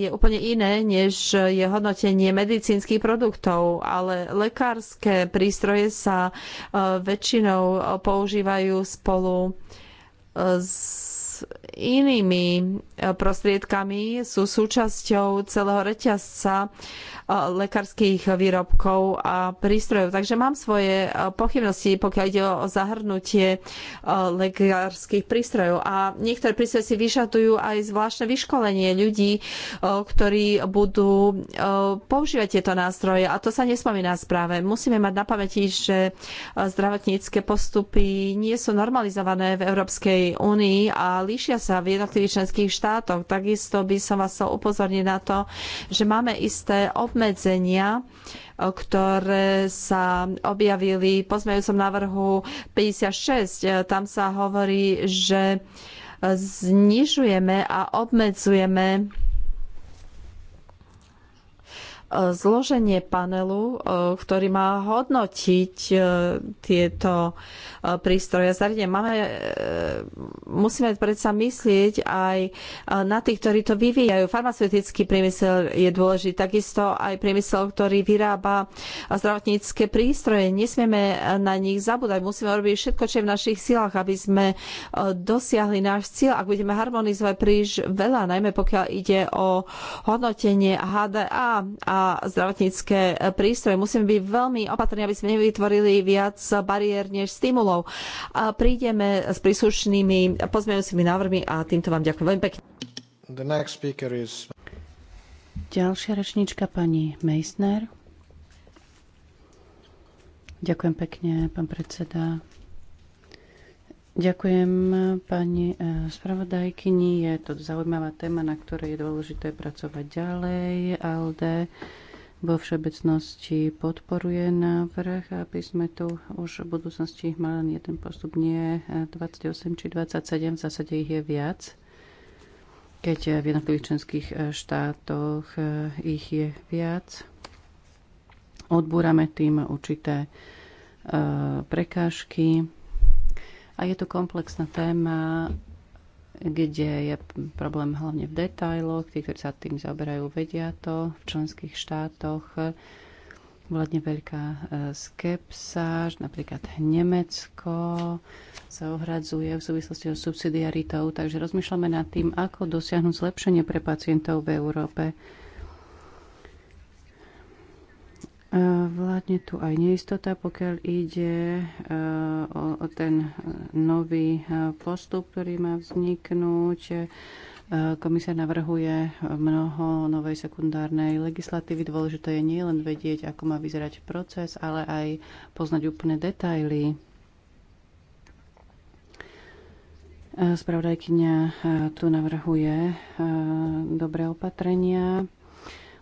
je úplne iné, než je hodnotenie medicínskych produktov, ale lekárske prístroje sa e, väčšinou používajú spolu s inými e, prostriedkami sú súčasťou celého reťazca e, lekárskych výrobkov a prístrojov. Takže mám svoje e, pochybnosti, pokiaľ ide o zahrnutie lekárskych prístrojov. A niektoré prístroje si vyžadujú aj zvláštne vyškolenie ľudí, ktorí budú používať tieto nástroje. A to sa nespomína správe. Musíme mať na pamäti, že zdravotnícke postupy nie sú normalizované v Európskej únii a líšia sa v jednotlivých členských štátoch. Takisto by som vás chcel upozorniť na to, že máme isté obmedzenia, e, ktoré sa objavili v pozmejúcom návrhu 56. E, tam sa hovorí, že e, znižujeme a obmedzujeme zloženie panelu, e, ktorý má hodnotiť e, tieto e, prístroje Zariadenie. Máme, musíme predsa myslieť aj na tých, ktorí to vyvíjajú. Farmaceutický priemysel je dôležitý, takisto aj priemysel, ktorý vyrába zdravotnícke prístroje. Nesmieme na nich zabúdať. Musíme robiť všetko, čo je v našich silách, aby sme dosiahli náš cieľ. Ak budeme harmonizovať príliš veľa, najmä pokiaľ ide o hodnotenie HDA a zdravotnícke prístroje. Musíme byť veľmi opatrní, aby sme nevytvorili viac bariér než stimulov. A prídeme s príslušnými pozmeňujúcimi návrhmi a týmto vám ďakujem veľmi pekne. Is... Ďalšia rečníčka pani Meissner. Ďakujem pekne, pán predseda. Ďakujem pani e, spravodajkyni. Je to zaujímavá téma, na ktorej je dôležité pracovať ďalej. ALDE vo všeobecnosti podporuje návrh, aby sme tu už v budúcnosti mali len jeden postup, nie 28 e, či 27, v zásade ich je viac. Keď e, v jednotlivých členských štátoch ich je viac, odbúrame tým určité prekážky a je to komplexná téma, kde je problém hlavne v detailoch. Tí, ktorí sa tým zaoberajú, vedia to. V členských štátoch vládne veľká e, skepsa, napríklad Nemecko sa ohradzuje v súvislosti so subsidiaritou, takže rozmýšľame nad tým, ako dosiahnuť zlepšenie pre pacientov v Európe. E, vládne tu aj neistota, pokiaľ ide e, o ten e, nový postup, ktorý má vzniknúť. Komisia navrhuje mnoho novej sekundárnej legislatívy. Dôležité je nielen vedieť, ako má vyzerať proces, ale aj poznať úplné detaily. Spravodajkynia tu navrhuje dobré opatrenia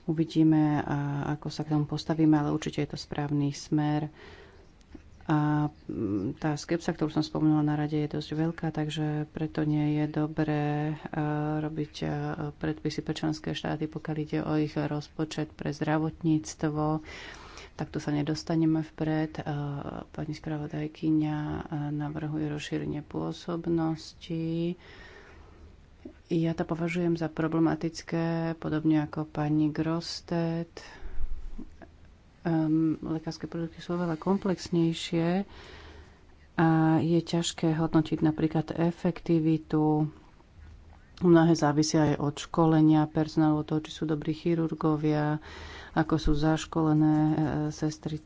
Uvidíme, ako sa k tomu postavíme, ale určite je to správny smer. A mm, tá skepsa, ktorú som spomínala na rade, je dosť veľká, takže preto nie je dobré robiť predpisy pre členské štáty, pokiaľ ide o ich rozpočet pre zdravotníctvo. Takto sa nedostaneme vpred. Pani spravodajkyňa navrhuje rozšírenie pôsobnosti ja to považujem za problematické, podobne ako pani Grosted. Um, ehm, lekárske produkty sú oveľa komplexnejšie a je ťažké hodnotiť napríklad efektivitu. Mnohé závisia aj od školenia personálu, od toho, či sú dobrí chirurgovia, ako sú zaškolené e, sestry.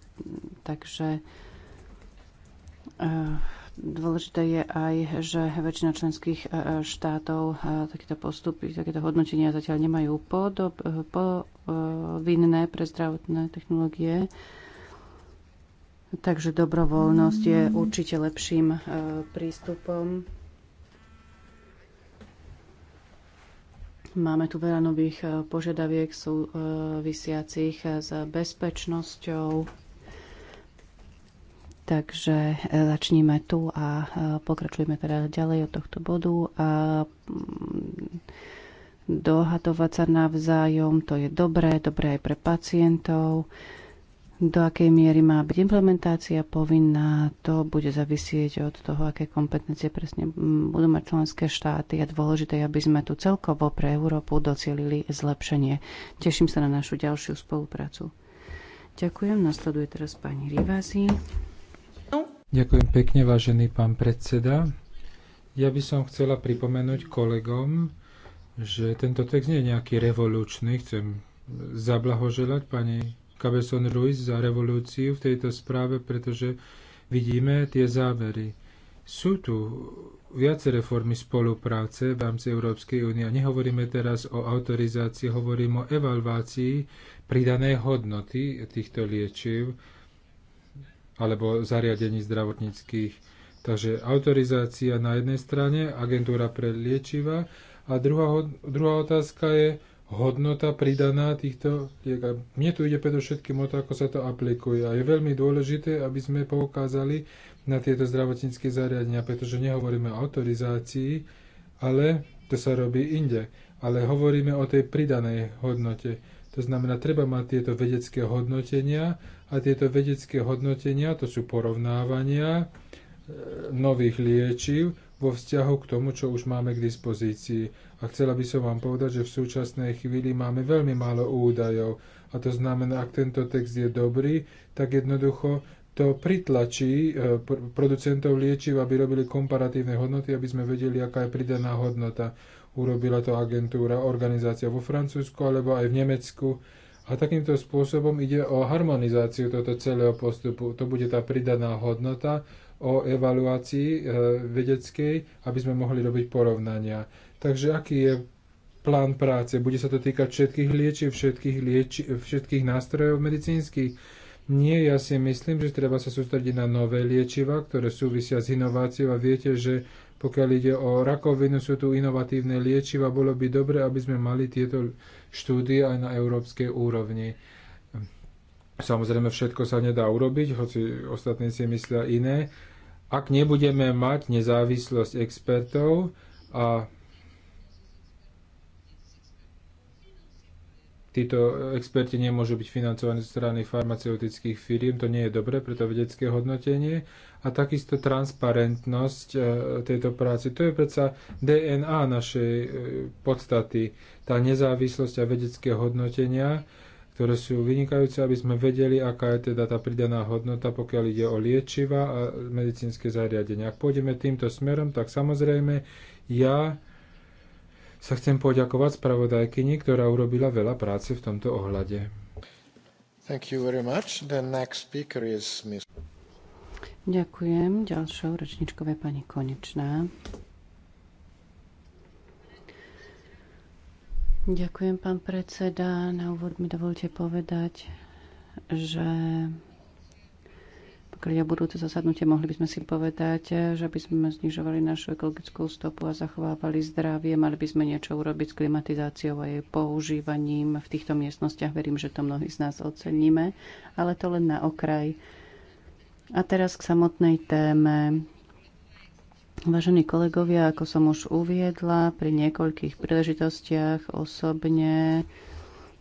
Takže e, Dôležité je aj, že väčšina členských e, štátov e, takéto postupy, takéto hodnotenia zatiaľ nemajú povinné e, povinné pre zdravotné technológie. Takže dobrovoľnosť je určite lepším prístupom. Máme tu veľa nových požiadaviek súvisiacich s bezpečnosťou Takže e, začníme tu a e, pokračujeme teda ďalej od tohto bodu. A mm, dohadovať sa navzájom, to je dobré, dobré aj pre pacientov. Do akej miery má byť implementácia povinná, to bude zavisieť od toho, aké kompetencie presne mm, budú mať členské štáty a dôležité, aby sme tu celkovo pre Európu docielili zlepšenie. Teším sa na našu ďalšiu spoluprácu. Ďakujem. Nasleduje teraz pani Rivazi. Ďakujem pekne, vážený pán predseda. Ja by som chcela pripomenúť kolegom, že tento text nie je nejaký revolučný. Chcem zablahoželať pani Cabezon Ruiz za revolúciu v tejto správe, pretože vidíme tie závery. Sú tu viaceré formy spolupráce v rámci Európskej únie. Nehovoríme teraz o autorizácii, hovorím o evalvácii pridanej hodnoty týchto liečiv alebo zariadení zdravotníckých. Takže autorizácia na jednej strane, agentúra pre liečiva a druhá, druhá otázka je hodnota pridaná týchto liek. mne tu ide predovšetkým o to, ako sa to aplikuje. A je veľmi dôležité, aby sme poukázali na tieto zdravotnícke zariadenia, pretože nehovoríme o autorizácii, ale to sa robí inde. Ale hovoríme o tej pridanej hodnote. To znamená, treba mať tieto vedecké hodnotenia a tieto vedecké hodnotenia, to sú porovnávania e, nových liečiv vo vzťahu k tomu, čo už máme k dispozícii. A chcela by som vám povedať, že v súčasnej chvíli máme veľmi málo údajov. A to znamená, ak tento text je dobrý, tak jednoducho to pritlačí e, producentov liečiv, aby robili komparatívne hodnoty, aby sme vedeli, aká je pridaná hodnota. Urobila to agentúra, organizácia vo Francúzsku alebo aj v Nemecku. A takýmto spôsobom ide o harmonizáciu tohto celého postupu. To bude tá pridaná hodnota o evaluácii e, vedeckej, aby sme mohli robiť porovnania. Takže aký je plán práce? Bude sa to týkať všetkých liečiv, všetkých, lieči, všetkých nástrojov medicínskych? Nie, ja si myslím, že treba sa sústrediť na nové liečiva, ktoré súvisia s inováciou a viete, že pokiaľ ide o rakovinu, sú tu inovatívne liečiva. Bolo by dobre, aby sme mali tieto štúdie aj na európskej úrovni. Samozrejme, všetko sa nedá urobiť, hoci ostatní si myslia iné. Ak nebudeme mať nezávislosť expertov a títo e, experti nemôžu byť financovaní zo strany farmaceutických firiem, to nie je dobre, preto vedecké hodnotenie. A takisto transparentnosť e, tejto práce. To je predsa DNA našej e, podstaty, tá nezávislosť a vedecké hodnotenia, ktoré sú vynikajúce, aby sme vedeli, aká je teda tá pridaná hodnota, pokiaľ ide o liečiva a medicínske zariadenia. Ak pôjdeme týmto smerom, tak samozrejme ja sa chcem poďakovať spravodajkyni, ktorá urobila veľa práce v tomto ohľade. Thank you very much. The next speaker is Ms. Ďakujem. Ďalšou rečničkou je pani Konečná. Ďakujem, pán predseda. Na úvod mi dovolte povedať, že keď o budúce zasadnutie, mohli by sme si povedať, že by sme znižovali našu ekologickú stopu a zachovávali zdravie. Mali by sme niečo urobiť s klimatizáciou a jej používaním v týchto miestnostiach. Verím, že to mnohí z nás oceníme, ale to len na okraj. A teraz k samotnej téme. Vážení kolegovia, ako som už uviedla, pri niekoľkých príležitostiach osobne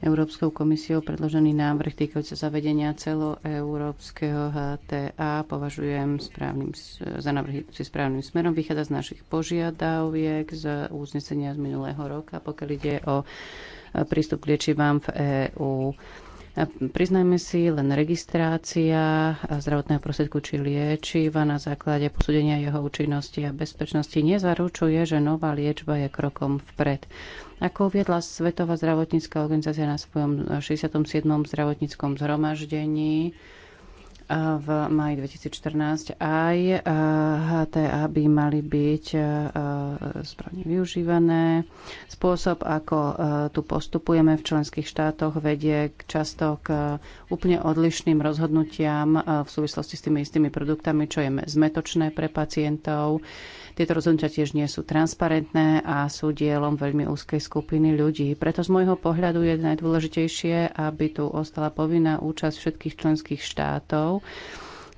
Európskou komisiou predložený návrh týkajúce zavedenia celoeurópskeho HTA považujem správnym, za návrhy si správnym smerom. Vychádza z našich požiadaviek z uznesenia z minulého roka, pokiaľ ide o e, prístup k liečivám v EÚ. Priznajme si, len registrácia zdravotného prostriedku či liečiva na základe posúdenia jeho účinnosti a bezpečnosti nezaručuje, že nová liečba je krokom vpred. Ako uviedla Svetová zdravotnícká organizácia na svojom 67. zdravotníckom zhromaždení, v maji 2014 aj e, HTA by mali byť správne e, využívané. Spôsob, ako e, tu postupujeme v členských štátoch, vedie často k úplne odlišným rozhodnutiam v súvislosti s tými istými produktami, čo je zmetočné pre pacientov tieto rozhodnutia tiež nie sú transparentné a sú dielom veľmi úzkej skupiny ľudí. Preto z môjho pohľadu je najdôležitejšie, aby tu ostala povinná účasť všetkých členských štátov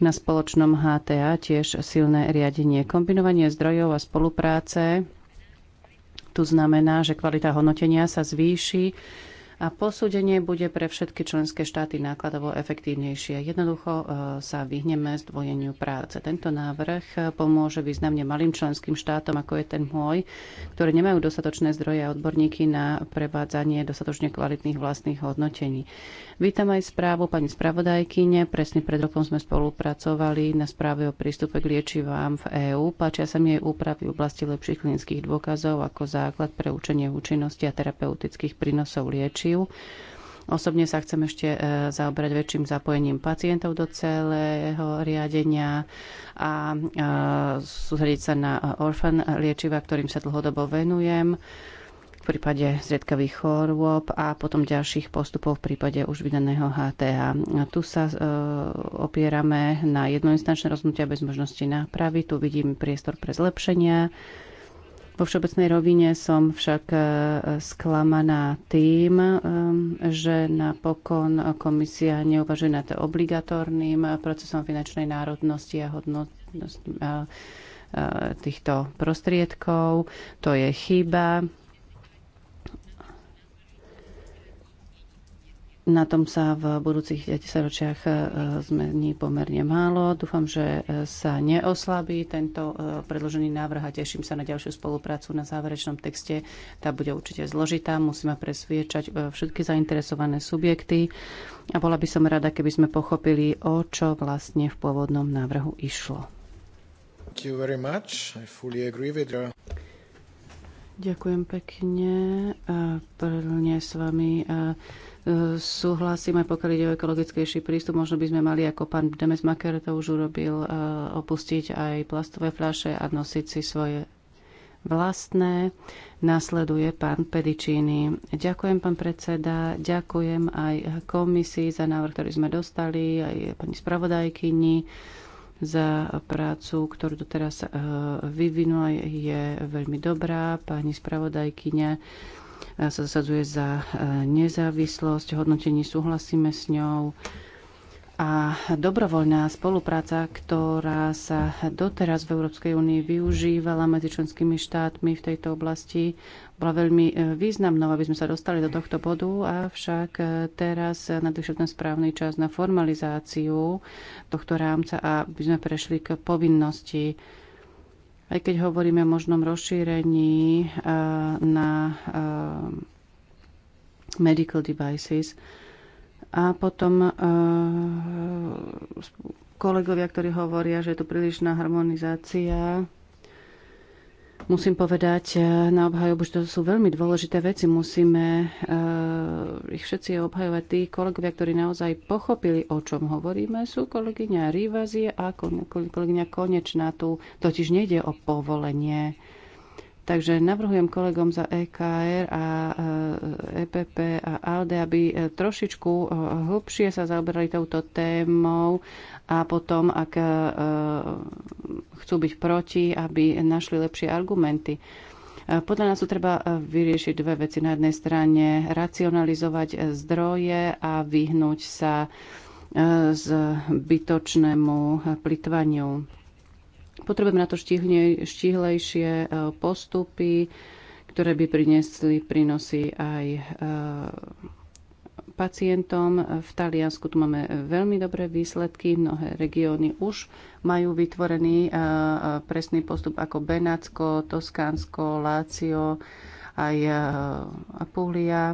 na spoločnom HTA tiež silné riadenie. Kombinovanie zdrojov a spolupráce tu znamená, že kvalita hodnotenia sa zvýši a posúdenie bude pre všetky členské štáty nákladovo efektívnejšie. Jednoducho e, sa vyhneme zdvojeniu práce. Tento návrh pomôže významne malým členským štátom, ako je ten môj, ktoré nemajú dostatočné zdroje a odborníky na prevádzanie dostatočne kvalitných vlastných hodnotení. Vítam aj správu pani spravodajkyne. Presne pred rokom sme spolupracovali na správe o prístupe k liečivám v EÚ. Páčia sa mi jej úpravy v oblasti lepších klinických dôkazov ako základ pre učenie účinnosti a terapeutických prínosov liečiv liečiv. Osobne sa chcem ešte e, zaoberať väčším zapojením pacientov do celého riadenia a e, sústrediť sa na orfan liečiva, ktorým sa dlhodobo venujem v prípade zriedkavých chorôb a potom ďalších postupov v prípade už vydaného HTA. A tu sa e, opierame na jednoinstančné rozhodnutia bez možnosti nápravy. Tu vidím priestor pre zlepšenia vo všeobecnej rovine som však e, sklamaná tým, e, že napokon komisia neuvažuje nad obligatórnym procesom finančnej národnosti a hodnotnosti týchto prostriedkov. To je chyba. Na tom sa v budúcich 10 ročiach e, zmení pomerne málo. Dúfam, že e, sa neoslabí tento e, predložený návrh a teším sa na ďalšiu spoluprácu na záverečnom texte. Tá bude určite zložitá, musíme presviečať všetky zainteresované subjekty a bola by som rada, keby sme pochopili, o čo vlastne v pôvodnom návrhu išlo. Ďakujem pekne. Plne s vami Súhlasím aj pokiaľ ide o ekologickejší prístup. Možno by sme mali, ako pán Demesmaker to už urobil, e, opustiť aj plastové fľaše a nosiť si svoje vlastné. Nasleduje pán Pedičíny. Ďakujem, pán predseda. Ďakujem aj komisii za návrh, ktorý sme dostali, aj pani spravodajkyni za prácu, ktorú doteraz e, vyvinula, je veľmi dobrá. Pani spravodajkyňa sa zasadzuje za e, nezávislosť, hodnotení súhlasíme s ňou a dobrovoľná spolupráca, ktorá sa doteraz v Európskej únii využívala medzi členskými štátmi v tejto oblasti, bola veľmi e, významná, aby sme sa dostali do tohto bodu, avšak e, teraz nadišiel ten správny čas na formalizáciu tohto rámca a aby sme prešli k povinnosti aj keď hovoríme o možnom rozšírení eh, na eh, medical devices. A potom eh, kolegovia, ktorí hovoria, že je tu prílišná harmonizácia Musím povedať e, na obhajobu, že to sú veľmi dôležité veci. Musíme uh, ich všetci obhajovať. Tí kolegovia, ktorí naozaj pochopili, o čom hovoríme, sú kolegyňa Rivazie a kolegyňa Konečná. Tu totiž nejde o povolenie Takže navrhujem kolegom za EKR a EPP e a ALDE, aby e, trošičku e, hlbšie sa zaoberali touto témou a potom, ak chcú byť proti, aby našli lepšie argumenty. Podľa nás tu treba vyriešiť dve veci. Na jednej strane racionalizovať zdroje a vyhnúť sa zbytočnému plitvaniu Potrebujeme na to štihne, štihlejšie e, postupy, ktoré by priniesli prínosy aj e, pacientom. V Taliansku tu máme veľmi dobré výsledky. Mnohé regióny už majú vytvorený e, presný postup ako Benacko, Toskánsko, Lácio, aj Apulia.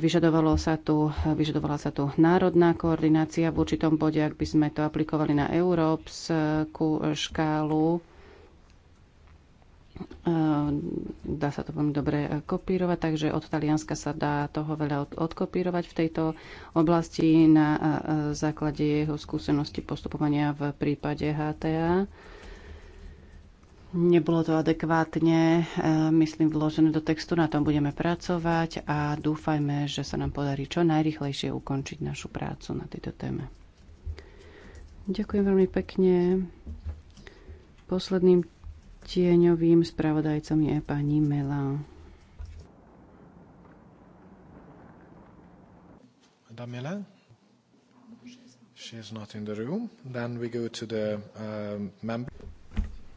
Vyžadovalo sa tu, vyžadovala sa tu národná koordinácia v určitom bode, ak by sme to aplikovali na európsku škálu. Ehm, dá sa to veľmi dobre kopírovať, takže od Talianska sa dá toho veľa odkopírovať v tejto oblasti na e, e, základe jeho skúsenosti postupovania v prípade HTA. Nebolo to adekvátne, e, myslím, vložené do textu, na tom budeme pracovať a dúfajme, že sa nám podarí čo najrychlejšie ukončiť našu prácu na tejto téme. Ďakujem veľmi pekne. Posledným tieňovým spravodajcom je pani Mela. Madame Mela? She is not in the room. Then we go to the uh, member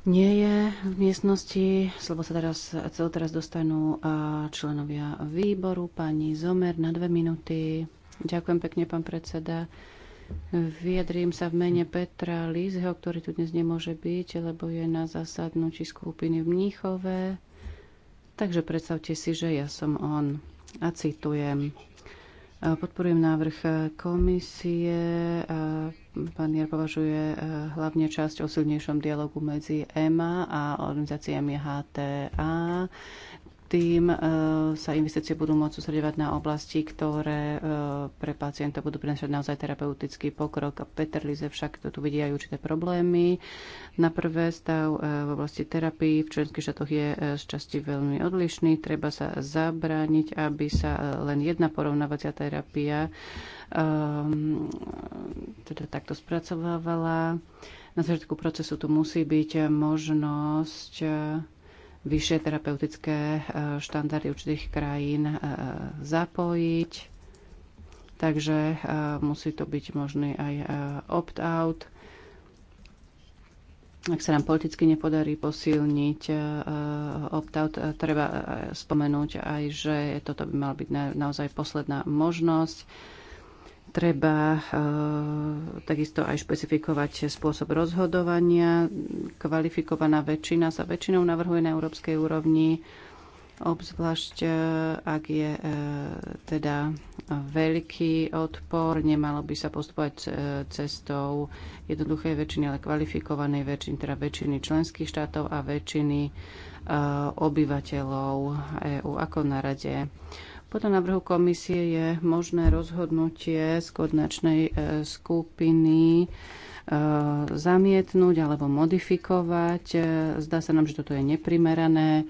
nie je v miestnosti. lebo sa teraz, slovo teraz dostanú členovia výboru. Pani Zomer na dve minúty. Ďakujem pekne, pán predseda. Vyjadrím sa v mene Petra Lízho, ktorý tu dnes nemôže byť, lebo je na zasadnutí skupiny v Mníchove. Takže predstavte si, že ja som on. A citujem. Podporujem návrh komisie Pán Jar považuje eh, hlavne časť o silnejšom dialogu medzi EMA a organizáciami HTA tým e, sa investície budú môcť sústredovať na oblasti, ktoré e, pre pacienta budú prinašať naozaj terapeutický pokrok. Peter Lize však to tu vidí aj určité problémy. Na prvé stav e, v oblasti terapii v členských štátoch je z časti veľmi odlišný. Treba sa zabrániť, aby sa len jedna porovnávacia terapia teda takto spracovávala. Na začiatku procesu tu musí byť možnosť vyššie terapeutické e, štandardy určitých krajín e, zapojiť. Takže e, musí to byť možný aj opt-out. Ak sa nám politicky nepodarí posilniť opt-out, treba spomenúť aj, že toto by mala byť naozaj posledná možnosť Treba eh, takisto aj špecifikovať spôsob rozhodovania. Kvalifikovaná väčšina sa väčšinou navrhuje na európskej úrovni, obzvlášť eh, ak je eh, teda veľký odpor, nemalo by sa postupovať cestou jednoduchej väčšiny, ale kvalifikovanej väčšiny, teda väčšiny členských štátov a väčšiny obyvateľov EÚ ako na rade. Podľa návrhu komisie je možné rozhodnutie z koordinačnej e, skupiny e, zamietnúť alebo modifikovať. E, zdá sa nám, že toto je neprimerané.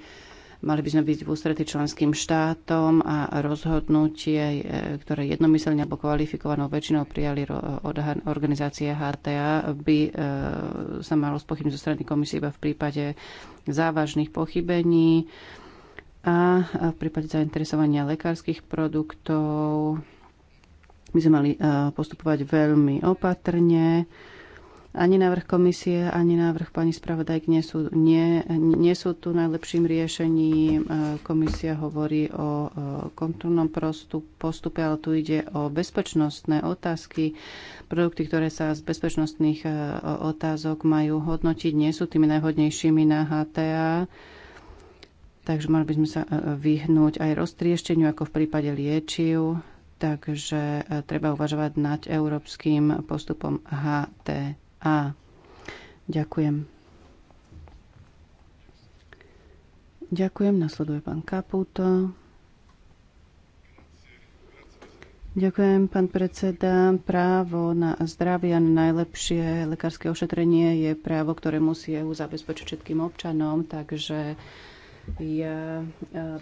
Mali by sme byť v ústretí členským štátom a rozhodnutie, ktoré jednomyselne alebo kvalifikovanou väčšinou prijali od organizácie HTA, by sa malo spochybniť zo strany komisie iba v prípade závažných pochybení a v prípade zainteresovania lekárskych produktov by sme mali e, postupovať veľmi opatrne. Ani návrh komisie, ani návrh pani spravodajk nie sú, nie, nie sú tu najlepším riešením. E, komisia hovorí o e, kontrolnom postupe, ale tu ide o bezpečnostné otázky. Produkty, ktoré sa z bezpečnostných otázok majú hodnotiť, nie sú tými najhodnejšími na HTA Takže mali by sme sa e, e, vyhnúť aj roztriešteniu, ako v prípade liečiv. Takže e, treba uvažovať nad európskym postupom HTA. Ďakujem. Ďakujem. Nasleduje pán Kaputo. Ďakujem, pán predseda. Právo na zdravie a najlepšie lekárske ošetrenie je právo, ktoré musí EU zabezpečiť všetkým občanom, takže ja e,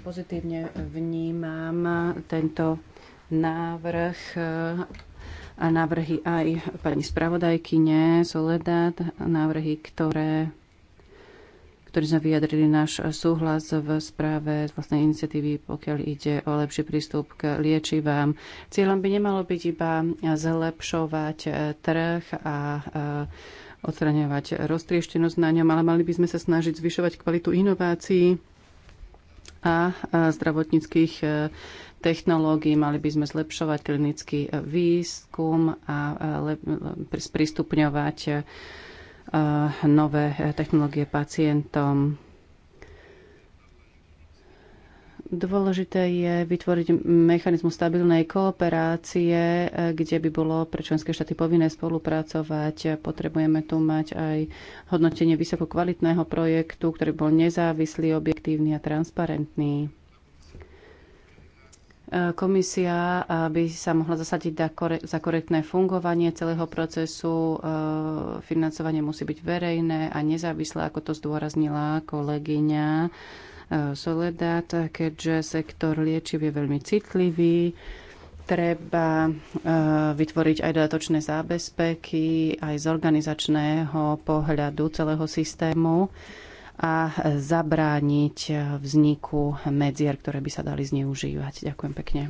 pozitívne vnímam tento návrh e, a návrhy aj pani spravodajkyne Soledad, návrhy, ktoré ktorí sme vyjadrili náš súhlas v správe z vlastnej iniciatívy, pokiaľ ide o lepší prístup k liečivám. Cieľom by nemalo byť iba zlepšovať trh a e, odstraňovať roztrieštenosť na ňom, ale mali by sme sa snažiť zvyšovať kvalitu inovácií a zdravotníckých e, technológií. Mali by sme zlepšovať klinický e, výskum a e, sprístupňovať nové technológie pacientom. Dôležité je vytvoriť mechanizmus stabilnej kooperácie, e, kde by bolo pre členské štáty povinné spolupracovať. Potrebujeme tu mať aj hodnotenie vysokokvalitného projektu, ktorý bol nezávislý, objektívny a transparentný. E, komisia by sa mohla zasadiť za korektné fungovanie celého procesu. E, financovanie musí byť verejné a nezávislé, ako to zdôraznila kolegyňa Soledad, keďže sektor liečiv je veľmi citlivý. Treba e, vytvoriť aj dodatočné zábezpeky, aj z organizačného pohľadu celého systému a zabrániť vzniku medzier, ktoré by sa dali zneužívať. Ďakujem pekne.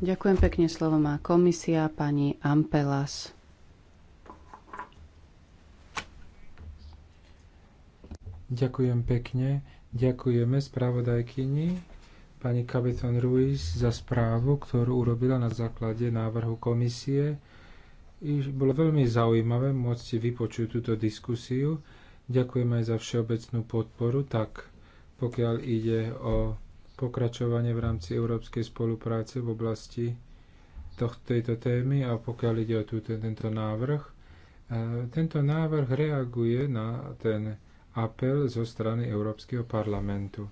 Ďakujem pekne, slovo má komisia pani Ampelas. Ďakujem pekne. Ďakujeme spravodajkyni pani Kapitán Ruiz za správu, ktorú urobila na základe návrhu komisie. I bolo veľmi zaujímavé môcť si vypočuť túto diskusiu. Ďakujem aj za všeobecnú podporu, tak pokiaľ ide o pokračovanie v rámci európskej spolupráce v oblasti tohto, tejto témy a pokiaľ ide o túto, tento návrh. E, tento návrh reaguje na ten apel zo strany Európskeho parlamentu.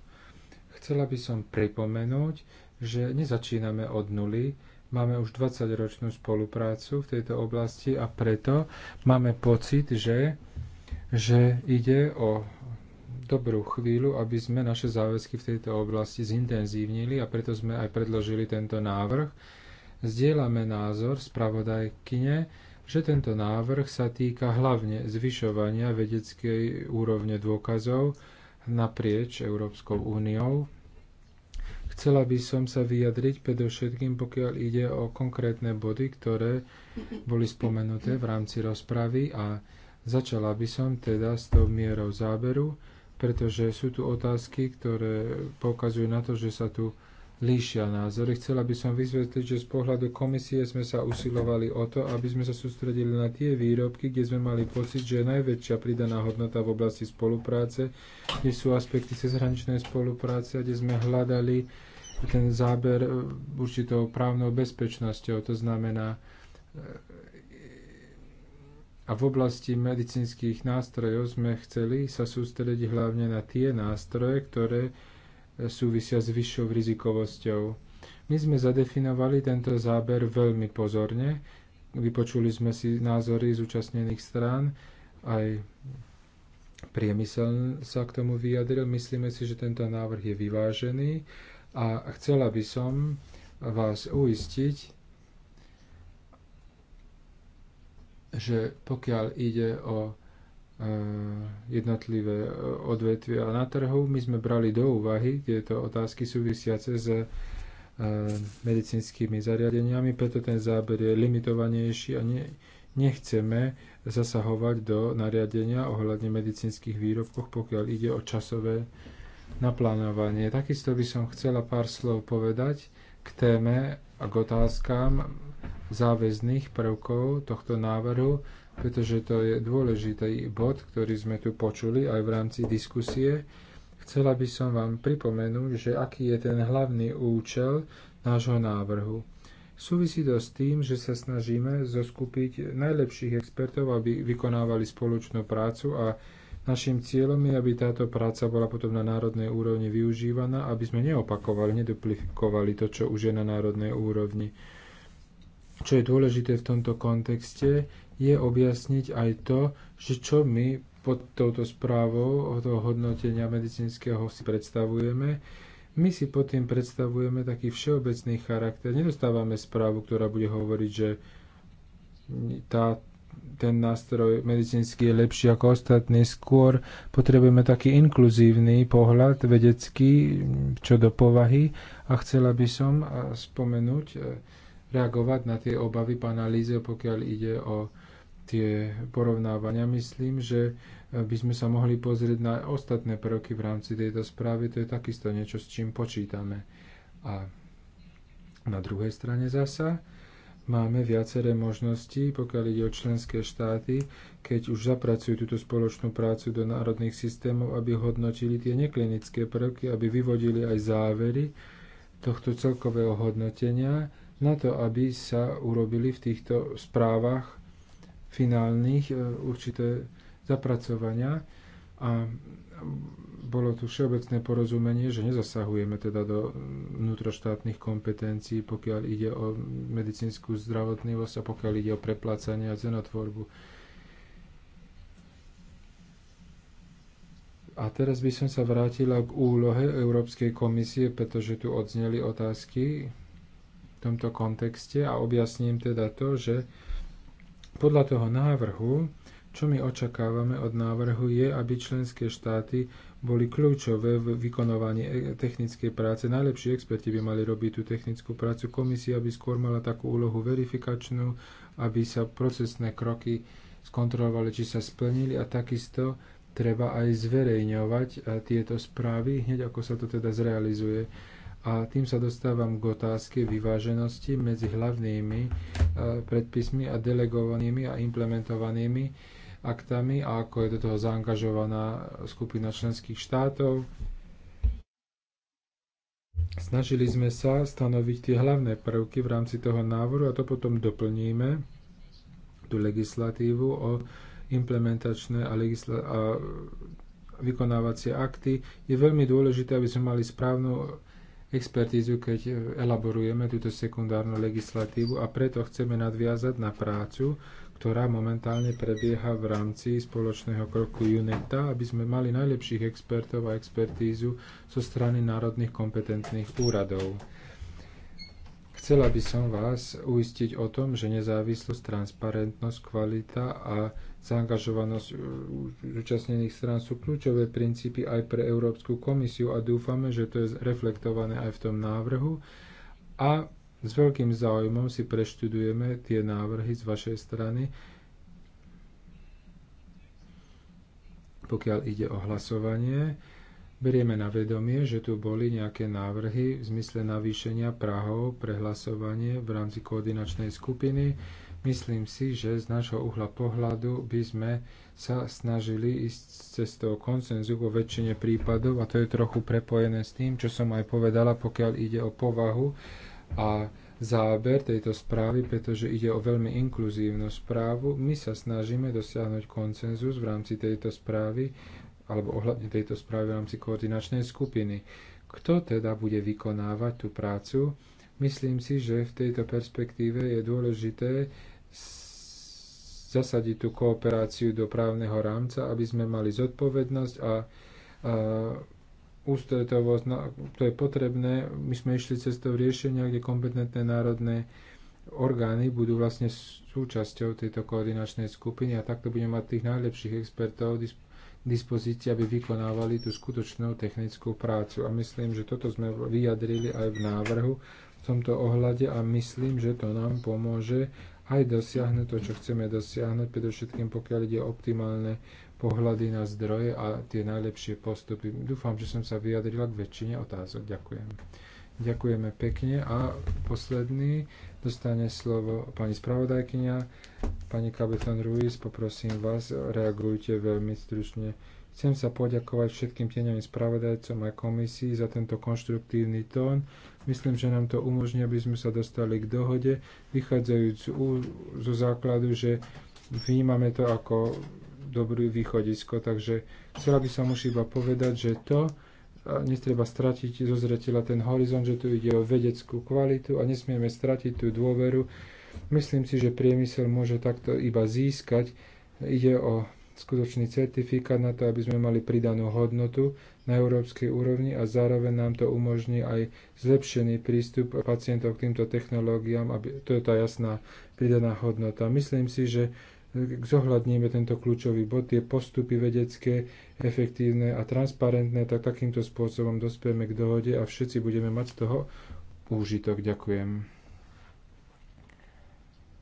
Chcela by som pripomenúť, že nezačíname od nuly, máme už 20-ročnú spoluprácu v tejto oblasti a preto máme pocit, že, že ide o dobrú chvíľu, aby sme naše záväzky v tejto oblasti zintenzívnili a preto sme aj predložili tento návrh. Zdieľame názor spravodajkyne, že tento návrh sa týka hlavne zvyšovania vedeckej úrovne dôkazov naprieč Európskou úniou. Chcela by som sa vyjadriť predovšetkým, pokiaľ ide o konkrétne body, ktoré boli spomenuté v rámci rozpravy a začala by som teda s tou mierou záberu, pretože sú tu otázky, ktoré poukazujú na to, že sa tu líšia názory. Chcela by som vysvetliť, že z pohľadu komisie sme sa usilovali o to, aby sme sa sústredili na tie výrobky, kde sme mali pocit, že je najväčšia pridaná hodnota v oblasti spolupráce, kde sú aspekty cezhraničnej spolupráce, kde sme hľadali ten záber eh, určitou právnou bezpečnosťou. To znamená, eh, a v oblasti medicínskych nástrojov sme chceli sa sústrediť hlavne na tie nástroje, ktoré súvisia s vyššou rizikovosťou. My sme zadefinovali tento záber veľmi pozorne. Vypočuli sme si názory zúčastnených strán, aj priemysel sa k tomu vyjadril. Myslíme si, že tento návrh je vyvážený a chcela by som vás uistiť, že pokiaľ ide o E, jednotlivé e, odvetvia na trhu. My sme brali do úvahy tieto otázky súvisiace s e, medicínskymi zariadeniami, preto ten záber je limitovanejší a nechceme zasahovať do nariadenia ohľadne medicínskych výrobkov, pokiaľ ide o časové naplánovanie. Takisto by som chcela pár slov povedať k téme a k otázkám záväzných prvkov tohto návrhu pretože to je dôležitý bod, ktorý sme tu počuli aj v rámci diskusie. Chcela by som vám pripomenúť, že aký je ten hlavný účel nášho návrhu. Súvisí to s tým, že sa snažíme zoskupiť najlepších expertov, aby vykonávali spoločnú prácu a našim cieľom je, aby táto práca bola potom na národnej úrovni využívaná, aby sme neopakovali, neduplikovali to, čo už je na národnej úrovni. Čo je dôležité v tomto kontexte, je objasniť aj to, že čo my pod touto správou o toho hodnotenia medicínskeho si predstavujeme. My si pod tým predstavujeme taký všeobecný charakter. Nedostávame správu, ktorá bude hovoriť, že tá, ten nástroj medicínsky je lepší ako ostatný. Skôr potrebujeme taký inkluzívny pohľad vedecký čo do povahy a chcela by som eh, spomenúť, eh, reagovať na tie obavy pána Líze, pokiaľ ide o tie porovnávania. Myslím, že by sme sa mohli pozrieť na ostatné prvky v rámci tejto správy. To je takisto niečo, s čím počítame. A na druhej strane zasa máme viaceré možnosti, pokiaľ ide o členské štáty, keď už zapracujú túto spoločnú prácu do národných systémov, aby hodnotili tie neklinické prvky, aby vyvodili aj závery tohto celkového hodnotenia, na to, aby sa urobili v týchto správach finálnych e, určité zapracovania a bolo tu všeobecné porozumenie, že nezasahujeme teda do vnútroštátnych kompetencií, pokiaľ ide o medicínsku zdravotnivosť a pokiaľ ide o preplácanie a cenotvorbu. A teraz by som sa vrátila k úlohe Európskej komisie, pretože tu odzneli otázky v tomto kontexte a objasním teda to, že podľa toho návrhu, čo my očakávame od návrhu, je, aby členské štáty boli kľúčové v vykonovaní e, technickej práce. Najlepší experti by mali robiť tú technickú prácu. Komisia by skôr mala takú úlohu verifikačnú, aby sa procesné kroky skontrolovali, či sa splnili a takisto treba aj zverejňovať e, tieto správy, hneď ako sa to teda zrealizuje. A tým sa dostávam k otázke vyváženosti medzi hlavnými e, predpismi a delegovanými a implementovanými aktami a ako je do toho zaangažovaná skupina členských štátov. Snažili sme sa stanoviť tie hlavné prvky v rámci toho návrhu a to potom doplníme tú legislatívu o implementačné a, legisla- a vykonávacie akty. Je veľmi dôležité, aby sme mali správnu expertízu, keď elaborujeme túto sekundárnu legislatívu a preto chceme nadviazať na prácu, ktorá momentálne prebieha v rámci spoločného kroku UNETA, aby sme mali najlepších expertov a expertízu zo strany národných kompetentných úradov. Chcela by som vás uistiť o tom, že nezávislosť, transparentnosť, kvalita a Zaangažovanosť e, zúčastnených strán sú kľúčové princípy aj pre Európsku komisiu a dúfame, že to je reflektované aj v tom návrhu. A s veľkým záujmom si preštudujeme tie návrhy z vašej strany, pokiaľ ide o hlasovanie. Berieme na vedomie, že tu boli nejaké návrhy v zmysle navýšenia Prahov pre hlasovanie v rámci koordinačnej skupiny Myslím si, že z nášho uhla pohľadu by sme sa snažili ísť toho konsenzu vo väčšine prípadov a to je trochu prepojené s tým, čo som aj povedala, pokiaľ ide o povahu a záber tejto správy, pretože ide o veľmi inkluzívnu správu. My sa snažíme dosiahnuť koncenzus v rámci tejto správy alebo ohľadne tejto správy v rámci koordinačnej skupiny. Kto teda bude vykonávať tú prácu? Myslím si, že v tejto perspektíve je dôležité zasadiť tú kooperáciu do právneho rámca, aby sme mali zodpovednosť a, a ústretovosť, no, to je potrebné. My sme išli cestou riešenia, kde kompetentné národné orgány budú vlastne súčasťou tejto koordinačnej skupiny a takto budeme mať tých najlepších expertov v dispozícii, aby vykonávali tú skutočnú technickú prácu. A myslím, že toto sme vyjadrili aj v návrhu v tomto ohľade a myslím, že to nám pomôže, aj dosiahnuť to, čo chceme dosiahnuť, predovšetkým pokiaľ ide o optimálne pohľady na zdroje a tie najlepšie postupy. Dúfam, že som sa vyjadrila k väčšine otázok. Ďakujem. Ďakujeme pekne a posledný dostane slovo pani spravodajkynia. Pani Kabeton Ruiz, poprosím vás, reagujte veľmi stručne Chcem sa poďakovať všetkým tieňovým spravodajcom aj komisii za tento konštruktívny tón. Myslím, že nám to umožní, aby sme sa dostali k dohode, vychádzajúc zo základu, že vnímame to ako dobrý východisko. Takže chcela by som už iba povedať, že to, netreba stratiť zo zretela ten horizont, že tu ide o vedeckú kvalitu a nesmieme stratiť tú dôveru. Myslím si, že priemysel môže takto iba získať. Ide o skutočný certifikát na to, aby sme mali pridanú hodnotu na európskej úrovni a zároveň nám to umožní aj zlepšený prístup pacientov k týmto technológiám, aby to je tá jasná pridaná hodnota. Myslím si, že zohľadníme tento kľúčový bod, tie postupy vedecké, efektívne a transparentné, tak takýmto spôsobom dospieme k dohode a všetci budeme mať z toho úžitok. Ďakujem.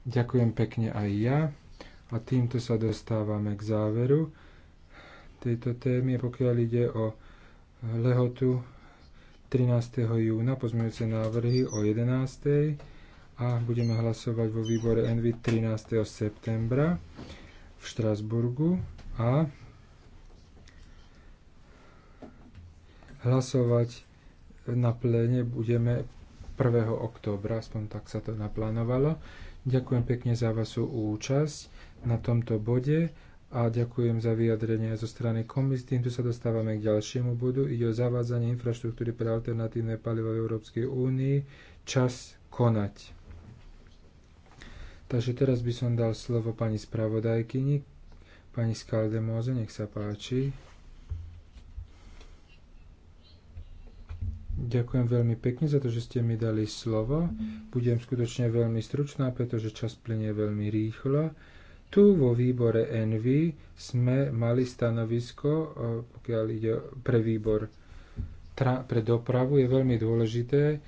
Ďakujem pekne aj ja. A týmto sa dostávame k záveru tejto témy, pokiaľ ide o lehotu 13. júna, pozmeňujúce návrhy o 11. a budeme hlasovať vo výbore ENVY 13. septembra v Štrasburgu a hlasovať na pléne budeme 1. októbra, aspoň tak sa to naplánovalo. Ďakujem pekne za vašu účasť na tomto bode a ďakujem za vyjadrenie zo strany komis. Týmto sa dostávame k ďalšiemu bodu. Ide o zavádzanie infraštruktúry pre alternatívne paliva v Európskej únii. Čas konať. Takže teraz by som dal slovo pani spravodajkyni, pani Skaldemóze, nech sa páči. Ďakujem veľmi pekne za to, že ste mi dali slovo. Budem skutočne veľmi stručná, pretože čas plinie veľmi rýchlo. Tu vo výbore Envy sme mali stanovisko, e, pokiaľ ide pre výbor pre dopravu, je veľmi dôležité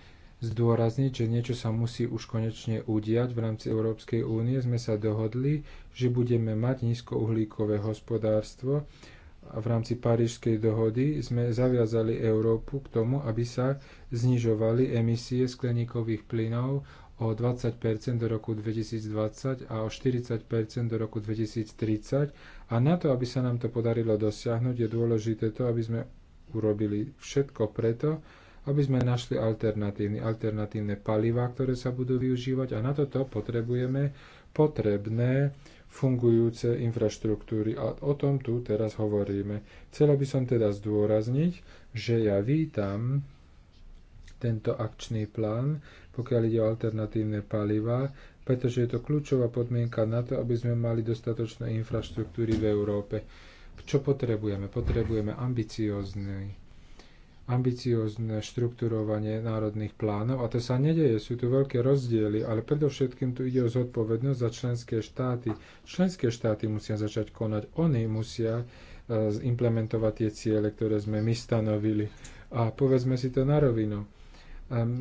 zdôrazniť, že niečo sa musí už konečne udiať v rámci Európskej únie. Sme sa dohodli, že budeme mať nízkouhlíkové hospodárstvo a v rámci Parížskej dohody sme zaviazali Európu k tomu, aby sa znižovali emisie skleníkových plynov o 20 do roku 2020 a o 40 do roku 2030. A na to, aby sa nám to podarilo dosiahnuť, je dôležité to, aby sme urobili všetko preto, aby sme našli alternatívne, alternatívne palivá, ktoré sa budú využívať a na toto potrebujeme potrebné fungujúce infraštruktúry. A o tom tu teraz hovoríme. Chcela by som teda zdôrazniť, že ja vítam tento akčný plán, pokiaľ ide o alternatívne palivá, pretože je to kľúčová podmienka na to, aby sme mali dostatočné infraštruktúry v Európe. Čo potrebujeme? Potrebujeme ambiciózne, ambiciózne štrukturovanie národných plánov a to sa nedeje, sú tu veľké rozdiely, ale predovšetkým tu ide o zodpovednosť za členské štáty. Členské štáty musia začať konať, oni musia e, implementovať tie ciele, ktoré sme my stanovili. A povedzme si to na rovinu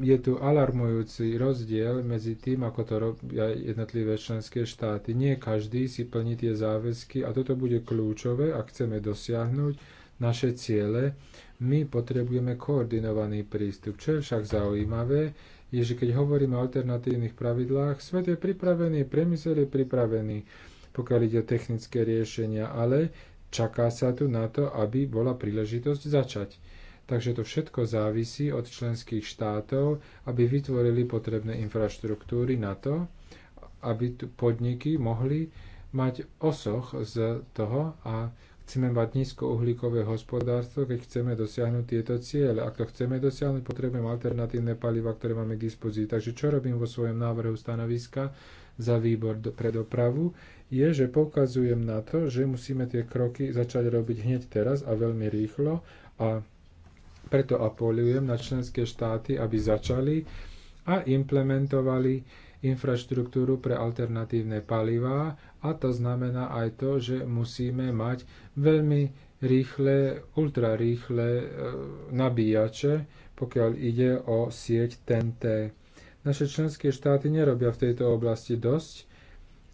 je tu alarmujúci rozdiel medzi tým, ako to robia jednotlivé členské štáty. Nie každý si plní tie záväzky a toto bude kľúčové, ak chceme dosiahnuť naše ciele. My potrebujeme koordinovaný prístup. Čo je však zaujímavé, je, že keď hovoríme o alternatívnych pravidlách, svet je pripravený, priemysel je pripravený, pokiaľ ide o technické riešenia, ale čaká sa tu na to, aby bola príležitosť začať. Takže to všetko závisí od členských štátov, aby vytvorili potrebné infraštruktúry na to, aby tu podniky mohli mať osoch z toho a chceme mať nízkouhlíkové hospodárstvo, keď chceme dosiahnuť tieto ciele. Ak to chceme dosiahnuť, potrebujeme alternatívne paliva, ktoré máme k dispozícii. Takže čo robím vo svojom návrhu stanoviska za výbor pre dopravu, je, že poukazujem na to, že musíme tie kroky začať robiť hneď teraz a veľmi rýchlo a preto apelujem na členské štáty, aby začali a implementovali infraštruktúru pre alternatívne palivá a to znamená aj to, že musíme mať veľmi rýchle, ultrarýchle e, nabíjače, pokiaľ ide o sieť TNT. Naše členské štáty nerobia v tejto oblasti dosť.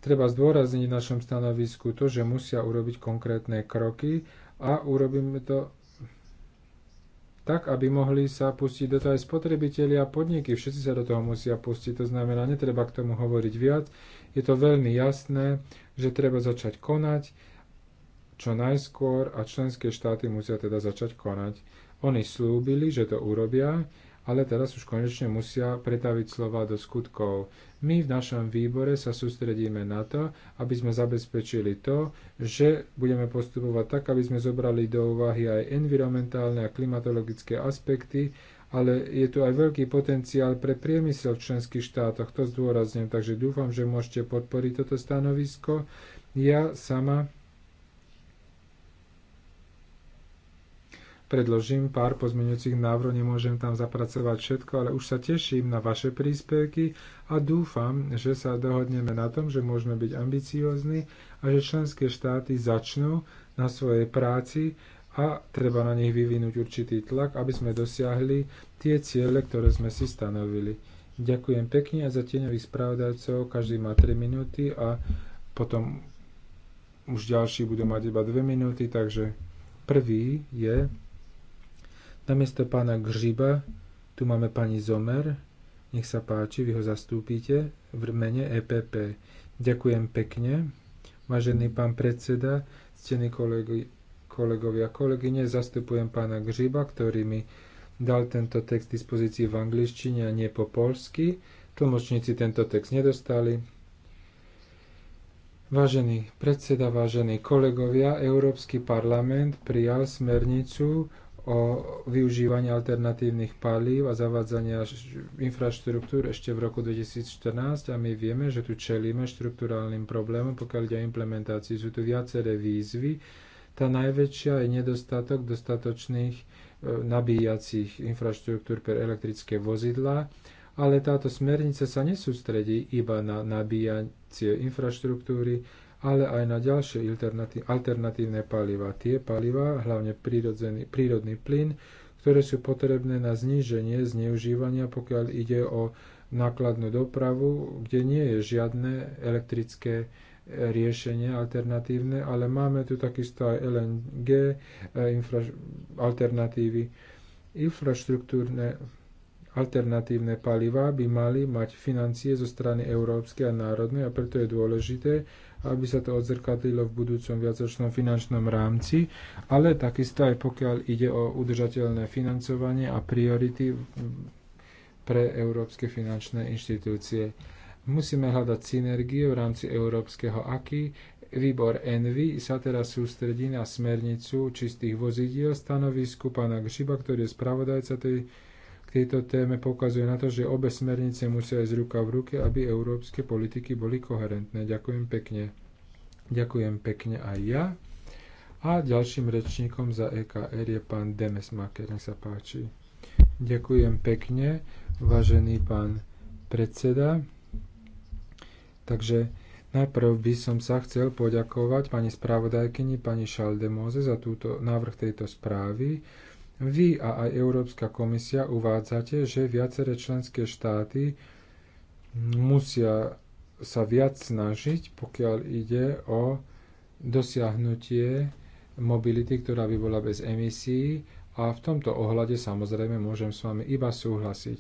Treba zdôrazniť v našom stanovisku to, že musia urobiť konkrétne kroky a urobíme to tak, aby mohli sa pustiť do toho aj spotrebitelia a podniky. Všetci sa do toho musia pustiť, to znamená, netreba k tomu hovoriť viac. Je to veľmi jasné, že treba začať konať čo najskôr a členské štáty musia teda začať konať. Oni slúbili, že to urobia, ale teraz už konečne musia pretaviť slova do skutkov. My v našom výbore sa sústredíme na to, aby sme zabezpečili to, že budeme postupovať tak, aby sme zobrali do úvahy aj environmentálne a klimatologické aspekty, ale je tu aj veľký potenciál pre priemysel v členských štátoch, to zdôrazňujem, takže dúfam, že môžete podporiť toto stanovisko. Ja sama predložím pár pozmeňujúcich návrhov, nemôžem tam zapracovať všetko, ale už sa teším na vaše príspevky a dúfam, že sa dohodneme na tom, že môžeme byť ambiciózni a že členské štáty začnú na svojej práci a treba na nich vyvinúť určitý tlak, aby sme dosiahli tie ciele, ktoré sme si stanovili. Ďakujem pekne a za tieňových spravodajcov každý má 3 minúty a potom už ďalší budú mať iba 2 minúty, takže prvý je namiesto pána Gřiba tu máme pani Zomer, nech sa páči, vy ho zastúpite v mene EPP. Ďakujem pekne. Vážený pán predseda, ctení kolegy, kolegovia a kolegyne, zastupujem pána Gžiba, ktorý mi dal tento text dispozícii v angličtine a nie po polsky. Tlmočníci tento text nedostali. Vážený predseda, vážení kolegovia, Európsky parlament prijal smernicu o využívaní alternatívnych palív a zavádzania infraštruktúr ešte v roku 2014 a my vieme, že tu čelíme štruktúrálnym problémom, pokiaľ ide o implementáciu. Sú tu viaceré výzvy. Tá najväčšia je nedostatok dostatočných e, nabíjacích infraštruktúr pre elektrické vozidlá, ale táto smernica sa nesústredí iba na nabíjacie infraštruktúry, ale aj na ďalšie alternatívne paliva. Tie paliva, hlavne prírodný plyn, ktoré sú potrebné na zníženie zneužívania, pokiaľ ide o nákladnú dopravu, kde nie je žiadne elektrické e, riešenie alternatívne, ale máme tu takisto aj LNG e, infra, alternatívy. Infraštruktúrne alternatívne palivá by mali mať financie zo strany európskej a národnej a preto je dôležité, aby sa to odzrkadlilo v budúcom viacročnom finančnom rámci, ale takisto aj pokiaľ ide o udržateľné financovanie a priority pre európske finančné inštitúcie. Musíme hľadať synergie v rámci európskeho AKI. Výbor ENVY sa teraz sústredí na smernicu čistých vozidiel stanovisku pána Gšiba, ktorý je spravodajca tej tejto téme pokazuje na to, že obe smernice musia ísť ruka v ruke, aby európske politiky boli koherentné. Ďakujem pekne. Ďakujem pekne aj ja. A ďalším rečníkom za EKR je pán Demesmaker. Nech sa páči. Ďakujem pekne, vážený pán predseda. Takže najprv by som sa chcel poďakovať pani spravodajkyni, pani Šaldemoze za túto návrh tejto správy vy a aj Európska komisia uvádzate, že viaceré členské štáty musia sa viac snažiť, pokiaľ ide o dosiahnutie mobility, ktorá by bola bez emisí a v tomto ohľade samozrejme môžem s vami iba súhlasiť.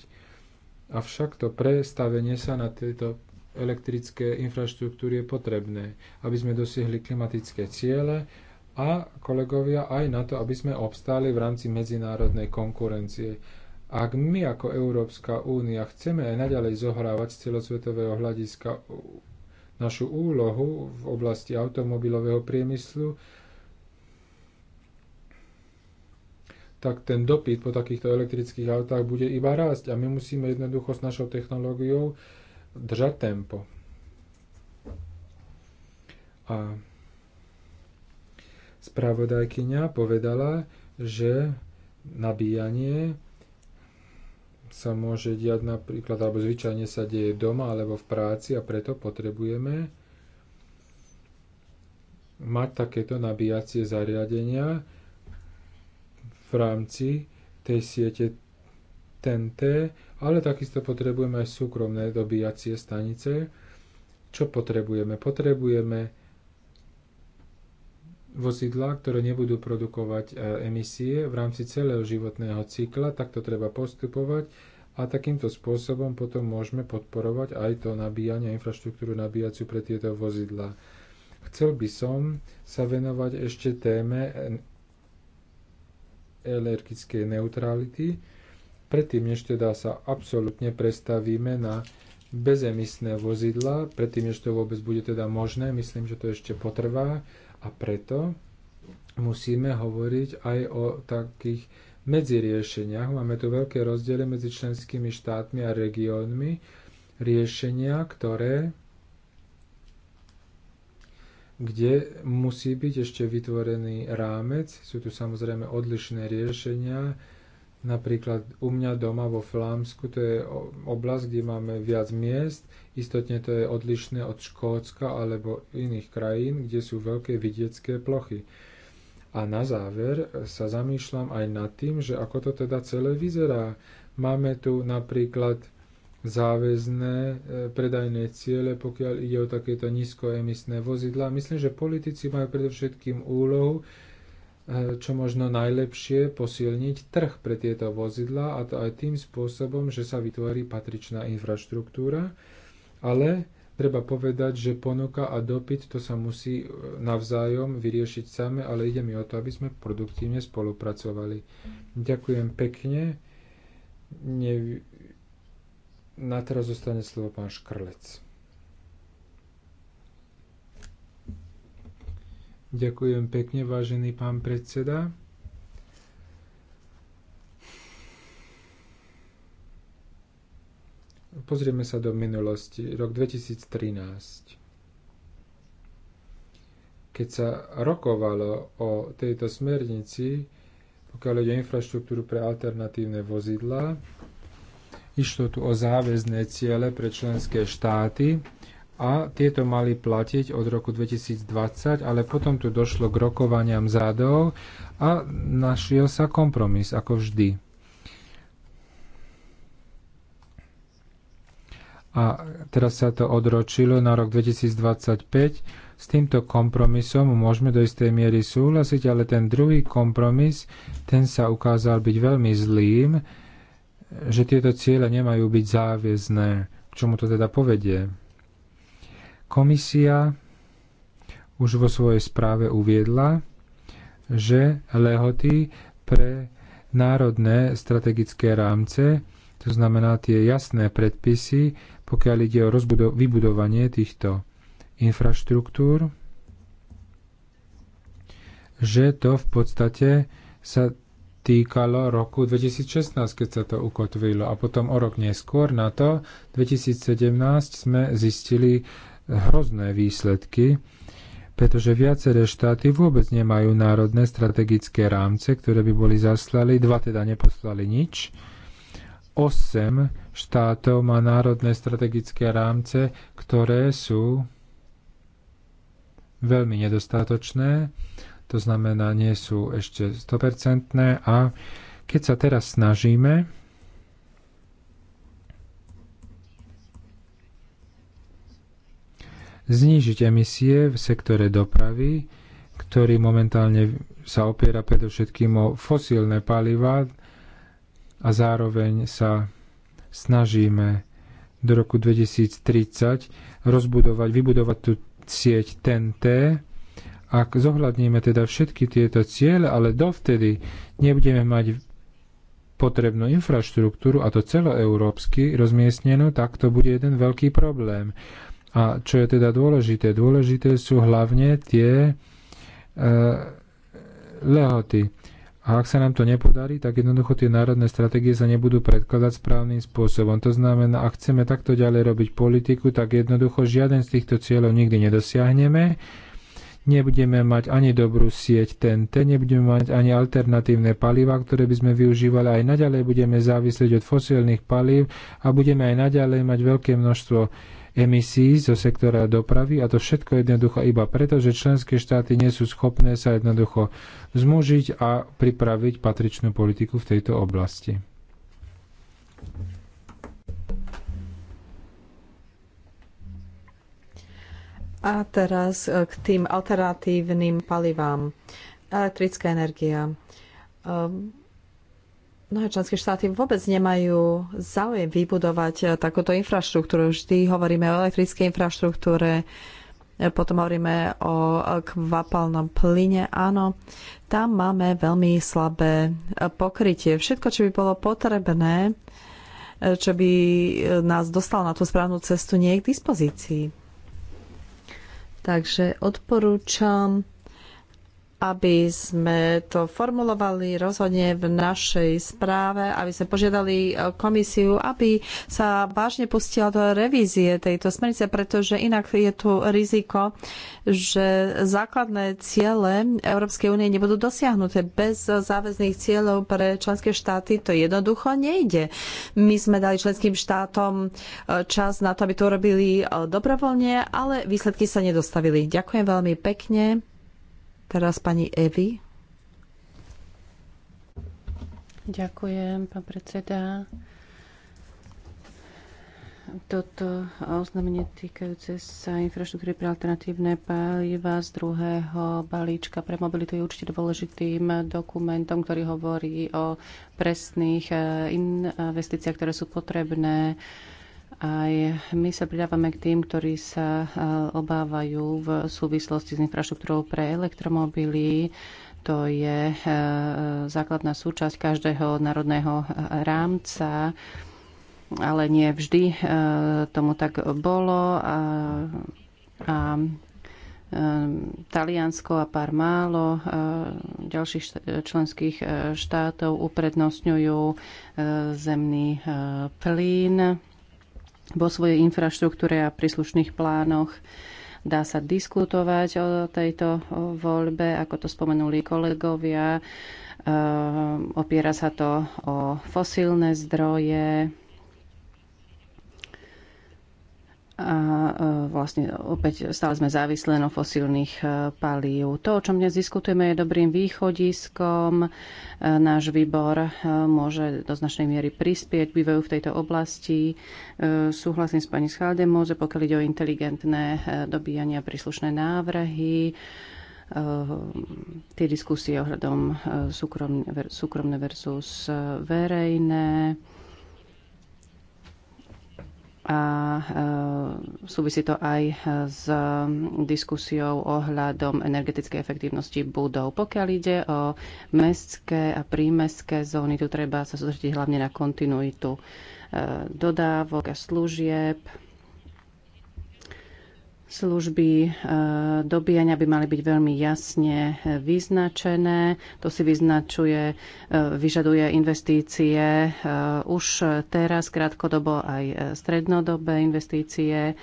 Avšak to prestavenie sa na tieto elektrické infraštruktúry je potrebné, aby sme dosiahli klimatické ciele a kolegovia aj na to, aby sme obstáli v rámci medzinárodnej konkurencie. Ak my ako Európska únia chceme aj naďalej zohrávať z celosvetového hľadiska našu úlohu v oblasti automobilového priemyslu, tak ten dopyt po takýchto elektrických autách bude iba rásť a my musíme jednoducho s našou technológiou držať tempo. A Spravodajkyňa povedala, že nabíjanie sa môže diať napríklad, alebo zvyčajne sa deje doma alebo v práci a preto potrebujeme mať takéto nabíjacie zariadenia v rámci tej siete TNT, ale takisto potrebujeme aj súkromné dobíjacie stanice. Čo potrebujeme? Potrebujeme vozidlá, ktoré nebudú produkovať e, emisie v rámci celého životného cykla, tak to treba postupovať a takýmto spôsobom potom môžeme podporovať aj to nabíjanie, infraštruktúru nabíjaciu pre tieto vozidlá. Chcel by som sa venovať ešte téme energetickej neutrality, predtým než teda sa absolútne prestavíme na bezemisné vozidla, predtým než to vôbec bude teda možné, myslím, že to ešte potrvá, a preto musíme hovoriť aj o takých medziriešeniach. Máme tu veľké rozdiely medzi členskými štátmi a regiónmi. Riešenia, ktoré kde musí byť ešte vytvorený rámec. Sú tu samozrejme odlišné riešenia, Napríklad u mňa doma vo Flámsku, to je oblasť, kde máme viac miest, istotne to je odlišné od Škótska alebo iných krajín, kde sú veľké vidiecké plochy. A na záver sa zamýšľam aj nad tým, že ako to teda celé vyzerá. Máme tu napríklad záväzné e, predajné ciele, pokiaľ ide o takéto nízkoemisné vozidla. Myslím, že politici majú predovšetkým úlohu, E, čo možno najlepšie posilniť trh pre tieto vozidlá a to aj tým spôsobom, že sa vytvorí patričná infraštruktúra, ale treba povedať, že ponuka a dopyt to sa musí e, navzájom vyriešiť same, ale ide mi o to, aby sme produktívne spolupracovali. Ďakujem pekne. Ne... Na teraz zostane slovo pán Škrlec. Ďakujem pekne, vážený pán predseda. Pozrieme sa do minulosti. Rok 2013. Keď sa rokovalo o tejto smernici, pokiaľ ide o infraštruktúru pre alternatívne vozidlá, išlo tu o záväzné ciele pre členské štáty, a tieto mali platiť od roku 2020, ale potom tu došlo k rokovaniam zádov a našiel sa kompromis, ako vždy. A teraz sa to odročilo na rok 2025. S týmto kompromisom môžeme do istej miery súhlasiť, ale ten druhý kompromis, ten sa ukázal byť veľmi zlým, že tieto ciele nemajú byť záväzné. K čomu to teda povedie? Komisia už vo svojej správe uviedla, že lehoty pre národné strategické rámce, to znamená tie jasné predpisy, pokiaľ ide o vybudovanie týchto infraštruktúr, že to v podstate sa týkalo roku 2016, keď sa to ukotvilo. A potom o rok neskôr, na to 2017, sme zistili hrozné výsledky, pretože viaceré štáty vôbec nemajú národné strategické rámce, ktoré by boli zaslali, dva teda neposlali nič. Osem štátov má národné strategické rámce, ktoré sú veľmi nedostatočné, to znamená, nie sú ešte 100% a keď sa teraz snažíme znížiť emisie v sektore dopravy, ktorý momentálne sa opiera predovšetkým o fosílne paliva a zároveň sa snažíme do roku 2030 rozbudovať, vybudovať tú sieť TNT. Ak zohľadníme teda všetky tieto ciele, ale dovtedy nebudeme mať potrebnú infraštruktúru, a to celoeurópsky rozmiestnenú, tak to bude jeden veľký problém. A čo je teda dôležité? Dôležité sú hlavne tie e, lehoty. A ak sa nám to nepodarí, tak jednoducho tie národné stratégie sa nebudú predkladať správnym spôsobom. To znamená, ak chceme takto ďalej robiť politiku, tak jednoducho žiaden z týchto cieľov nikdy nedosiahneme. Nebudeme mať ani dobrú sieť TNT, nebudeme mať ani alternatívne paliva, ktoré by sme využívali. Aj naďalej budeme závisieť od fosílnych palív a budeme aj naďalej mať veľké množstvo emisí zo sektora dopravy a to všetko jednoducho iba preto, že členské štáty nie sú schopné sa jednoducho zmužiť a pripraviť patričnú politiku v tejto oblasti. A teraz e, k tým alternatívnym palivám. Elektrická energia. Ehm, mnohé členské štáty vôbec nemajú záujem vybudovať eh, takúto infraštruktúru. Vždy hovoríme o elektrickej infraštruktúre, eh, potom hovoríme o eh, kvapalnom plyne. Áno, tam máme veľmi slabé pokrytie. Všetko, čo by bolo potrebné, čo by nás dostalo na tú správnu cestu, nie je k dispozícii. Takže odporúčam aby sme to formulovali rozhodne v našej správe, aby sme požiadali eh, komisiu, aby sa vážne pustila do revízie tejto smernice, pretože inak je tu riziko, že základné ciele Európskej únie nebudú dosiahnuté. Bez záväzných cieľov pre členské štáty to jednoducho nejde. My sme dali členským štátom eh, čas na to, aby to robili eh, dobrovoľne, ale výsledky sa nedostavili. Ďakujem veľmi pekne. Teraz pani Evi. Ďakujem, pán predseda. Toto oznámenie týkajúce sa infraštruktúry pre alternatívne paliva z druhého balíčka pre mobilitu je určite dôležitým dokumentom, ktorý hovorí o presných eh, investíciách, ktoré sú potrebné aj my sa pridávame k tým, ktorí sa obávajú v súvislosti s infraštruktúrou pre elektromobily. To je základná súčasť každého národného rámca ale nie vždy tomu tak bolo. A, a Taliansko a pár málo ďalších členských štátov uprednostňujú zemný plyn vo svojej infraštruktúre a príslušných plánoch. Dá sa diskutovať o tejto voľbe, ako to spomenuli kolegovia. Ehm, opiera sa to o fosílne zdroje, a e, vlastne opäť stále sme závislé na fosílnych e, palív. To, o čom dnes diskutujeme, je dobrým východiskom. E, náš výbor môže do značnej miery prispieť k v tejto oblasti. Súhlasím s pani Schaldemose, pokiaľ ide o inteligentné dobíjania príslušné návrhy tie diskusie ohľadom súkromné versus verejné a e, súvisí to aj e, s diskusiou ohľadom energetickej efektívnosti budov. Pokiaľ ide o mestské a prímestské zóny, tu treba sa sústrediť hlavne na kontinuitu e, dodávok a služieb, Služby e, dobíjania by mali byť veľmi jasne e, vyznačené. To si vyznačuje, e, vyžaduje investície už teraz, krátkodobo aj strednodobé investície.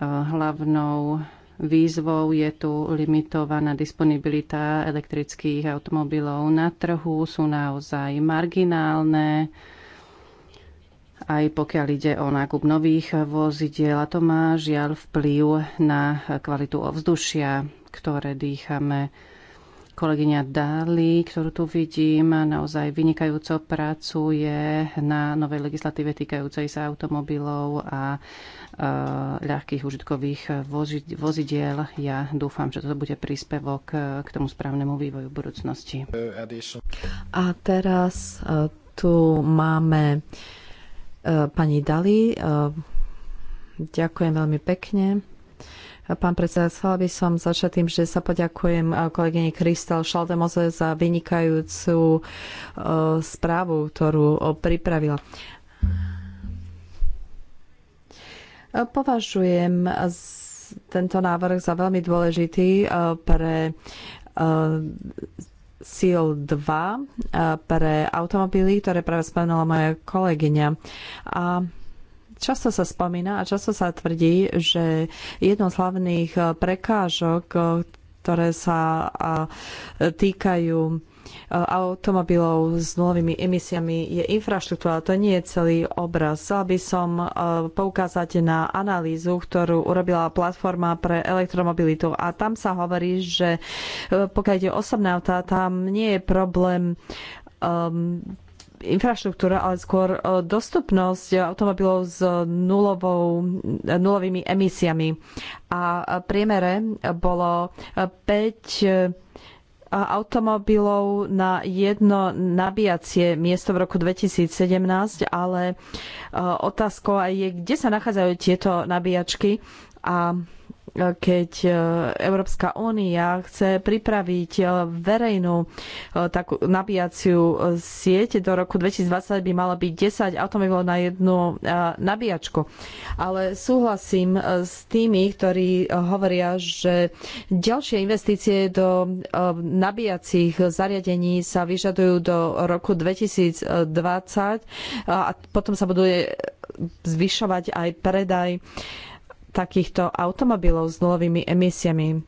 Hlavnou Výzvou je tu limitovaná disponibilita elektrických automobilov na trhu, sú naozaj marginálne aj pokiaľ ide o nákup nových vozidiel. A to má žiaľ vplyv na kvalitu ovzdušia, ktoré dýchame. Kolegyňa Dali, ktorú tu vidím, naozaj vynikajúco pracuje na novej legislatíve týkajúcej sa automobilov a e, ľahkých užitkových vozidiel. Ja dúfam, že toto bude príspevok e, k tomu správnemu vývoju v budúcnosti. A teraz e, tu máme E, pani Dali. E, ďakujem veľmi pekne. E, pán predseda, chcela by som začať tým, že sa poďakujem kolegyni Kristel Šaldemoze za vynikajúcu správu, ktorú pripravila. Považujem tento návrh za veľmi dôležitý pre SEAL 2 eh, pre automobily, ktoré práve spomenula moja kolegyňa. A často sa spomína a často sa tvrdí, že jednou z hlavných eh, prekážok, eh, ktoré sa týkajú automobilov s nulovými emisiami je infraštruktúra, ale to nie je celý obraz. Chcela by som e, poukázať na analýzu, ktorú urobila platforma pre elektromobilitu a tam sa hovorí, že e, pokiaľ ide osobné autá, tam nie je problém um, infraštruktúra, ale skôr e, dostupnosť automobilov s nulovou, nulovými emisiami. A priemere bolo 5 automobilov na jedno nabíjacie miesto v roku 2017, ale e, otázkou aj je, kde sa nachádzajú tieto nabíjačky a keď e, Európska únia chce pripraviť e, verejnú e, takú nabíjaciu sieť do roku 2020 by malo byť 10 automobilov na jednu nabíjačku. Ale súhlasím s tými, ktorí hovoria, že ďalšie investície do nabíjacích zariadení sa vyžadujú do roku 2020 a potom sa bude zvyšovať aj predaj takýchto automobilov s nulovými emisiami. E,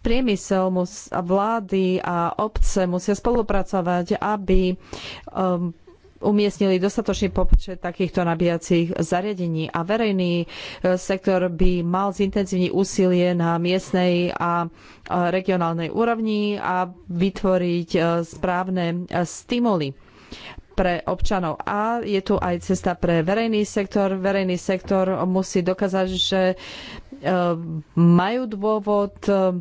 priemysel mus, a vlády a obce musia spolupracovať, aby um, umiestnili dostatočný počet takýchto nabíjacích zariadení a verejný e, sektor by mal zintenzívniť úsilie na miestnej a e, regionálnej úrovni a vytvoriť správne stimuly pre občanov. A je tu aj cesta pre verejný sektor. Verejný sektor musí dokázať, že eh, majú dôvod eh,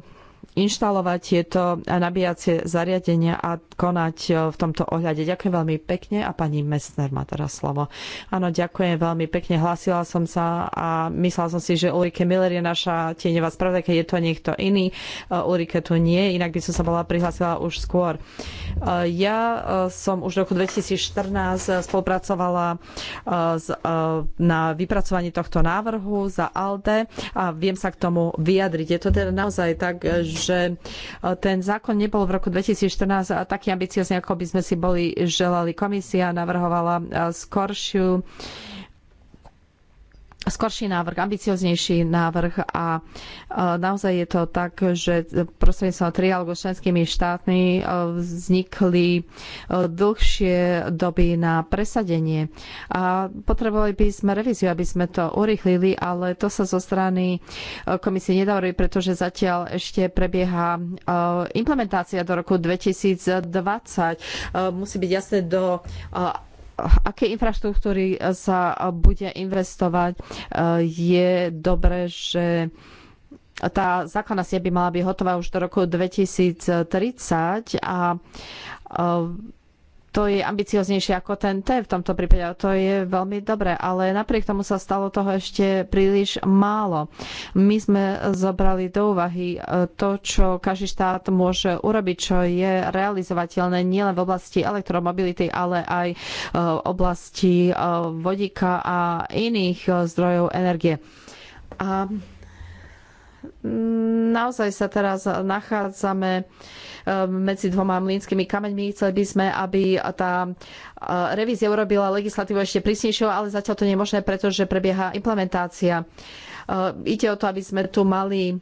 inštalovať tieto nabíjacie zariadenia a konať e, v tomto ohľade. Ďakujem veľmi pekne a pani Messner má teraz slovo. Áno, ďakujem veľmi pekne. Hlasila som sa a myslela som si, že Ulrike Miller je naša tieňová keď je to niekto iný. E, Ulrike tu nie, inak by som sa bola prihlásila už skôr. E, ja som už v roku 2014 spolupracovala na vypracovaní tohto návrhu za ALDE a viem sa k tomu vyjadriť. Je to teda naozaj tak, že že e, ten zákon nebol v roku 2014 taký ambiciozný, ako by sme si boli želali. Komisia navrhovala e, skoršiu skorší návrh, ambicioznejší návrh a e, naozaj je to tak, že prostredníctvom trialógu s členskými štátmi e, vznikli e, dlhšie doby na presadenie. A potrebovali by sme revíziu, aby sme to urychlili, ale to sa zo strany komisie nedávajú, pretože zatiaľ ešte prebieha implementácia do roku 2020. Musí byť jasné, do aké infraštruktúry sa bude investovať. E, je dobré, že tá základná sieť by mala byť hotová už do roku 2030 a e, to je ambicioznejšie ako ten T v tomto prípade, ale to je veľmi dobré, ale napriek tomu sa stalo toho ešte príliš málo. My sme zobrali do úvahy e, to, čo každý štát môže urobiť, čo je realizovateľné nielen v oblasti elektromobility, ale aj v e, oblasti e, vodíka a iných zdrojov energie. A naozaj sa teraz nachádzame e, medzi dvoma mlínskymi kameňmi. Chceli by sme, aby tá e, revízia urobila legislatívu ešte prísnejšou, ale zatiaľ to nie je možné, pretože prebieha implementácia. E, ide o to, aby sme tu mali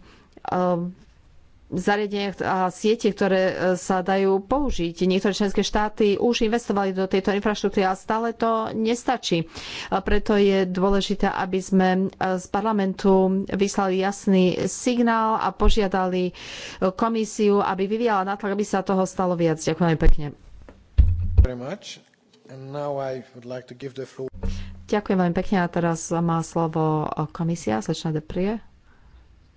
zariadeniach a siete, ktoré e, sa dajú použiť. Niektoré členské štáty už investovali do tejto infraštruktúry, ale stále to nestačí. Preto je dôležité, aby sme e, z parlamentu vyslali jasný signál a požiadali e, komisiu, aby vyvíjala nátlak, aby sa toho stalo viac. Ďakujem pekne. Ďakujem veľmi pekne a teraz má slovo komisia, slečna Deprie.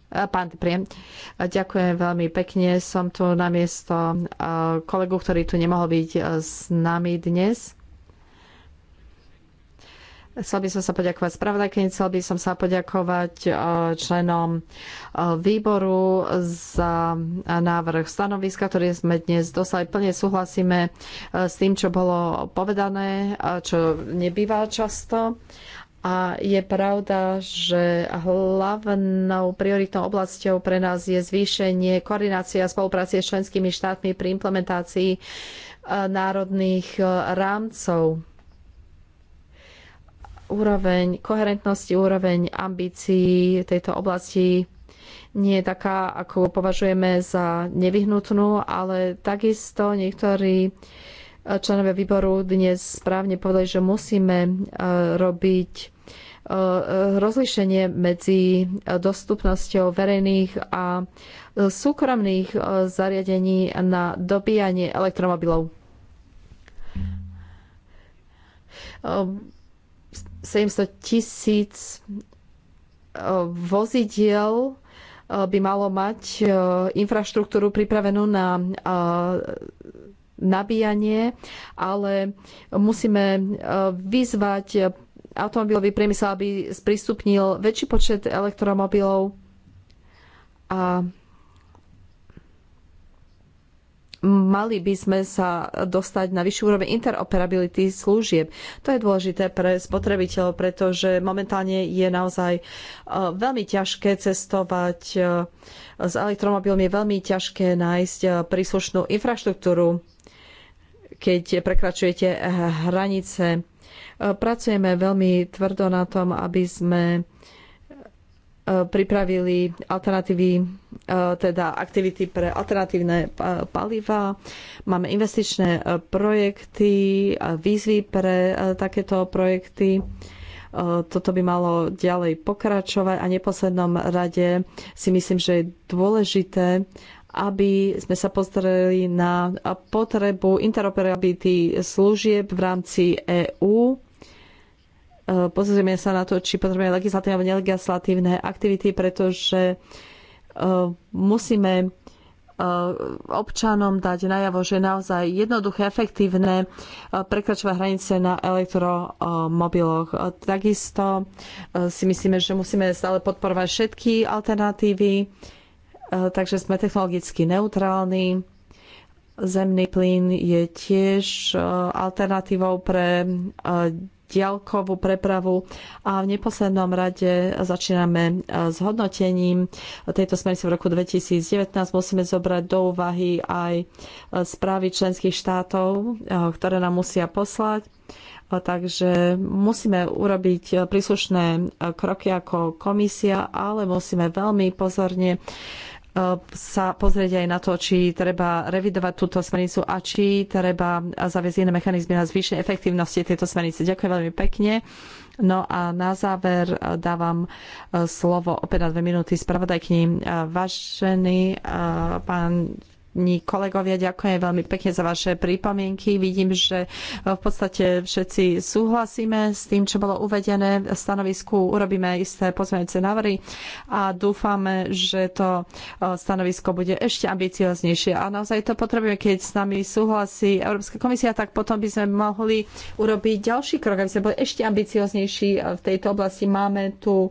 Eh, pán Priem, ďakujem veľmi pekne. Som tu na miesto eh, kolegu, ktorý tu nemohol byť eh, s nami dnes. Chcel by som sa poďakovať spravodajkyni, chcel by som sa poďakovať členom výboru za návrh stanoviska, ktoré sme dnes dostali. Plne súhlasíme s tým, čo bolo povedané, čo nebýva často. A je pravda, že hlavnou prioritnou oblasťou pre nás je zvýšenie koordinácie a spolupráce s členskými štátmi pri implementácii e, národných e, rámcov. Úroveň koherentnosti, úroveň ambícií tejto oblasti nie je taká, ako považujeme za nevyhnutnú, ale takisto niektorí členovia výboru dnes správne povedali, že musíme e, robiť e, rozlišenie medzi dostupnosťou verejných a e, súkromných zariadení na dobíjanie elektromobilov. 700 tisíc vozidiel by malo mať infraštruktúru pripravenú na nabíjanie, ale musíme e, vyzvať automobilový priemysel, aby sprístupnil väčší počet elektromobilov a mali by sme sa dostať na vyššiu úroveň interoperability služieb. To je dôležité pre spotrebiteľov, pretože momentálne je naozaj e, veľmi ťažké cestovať e, s elektromobilmi, je veľmi ťažké nájsť príslušnú infraštruktúru keď prekračujete hranice. Pracujeme veľmi tvrdo na tom, aby sme e, pripravili alternatívy, e, teda aktivity pre alternatívne e, paliva. Máme investičné projekty, výzvy pre takéto projekty. Toto by malo ďalej pokračovať a neposlednom rade si myslím, že je dôležité, aby sme sa pozreli na potrebu interoperability služieb v rámci EÚ. E, pozrieme sa na to, či potrebujeme legislatívne alebo nelegislatívne aktivity, pretože e, musíme e, občanom dať najavo, že naozaj jednoduché, efektívne prekračovať hranice na elektromobiloch. Takisto si myslíme, že musíme stále podporovať všetky alternatívy Eh, takže sme technologicky neutrálni. Zemný plyn je tiež eh, alternatívou pre eh, diaľkovú prepravu a v neposlednom rade začíname s hodnotením tejto smernice v roku 2019. Musíme zobrať do úvahy aj správy členských štátov, ktoré nám musia poslať. Takže musíme urobiť príslušné kroky ako komisia, ale musíme veľmi pozorne Eh, sa pozrieť aj na to, či treba revidovať túto smernicu a či treba zaviesť iné mechanizmy na zvýšenie efektívnosti tejto smernice. Ďakujem veľmi pekne. No a na záver eh, dávam eh, slovo opäť na dve minúty spravodajkni. Vážený pán vážení kolegovia, ďakujem veľmi pekne za vaše pripomienky. Vidím, že v podstate všetci súhlasíme s tým, čo bolo uvedené v stanovisku. Urobíme isté pozmeňujúce návrhy a dúfame, že to e, stanovisko bude ešte ambicioznejšie. A naozaj to potrebujeme, keď s nami súhlasí Európska komisia, tak potom by sme mohli urobiť ďalší krok, aby sme boli ešte ambicioznejší v tejto oblasti. Máme tu e,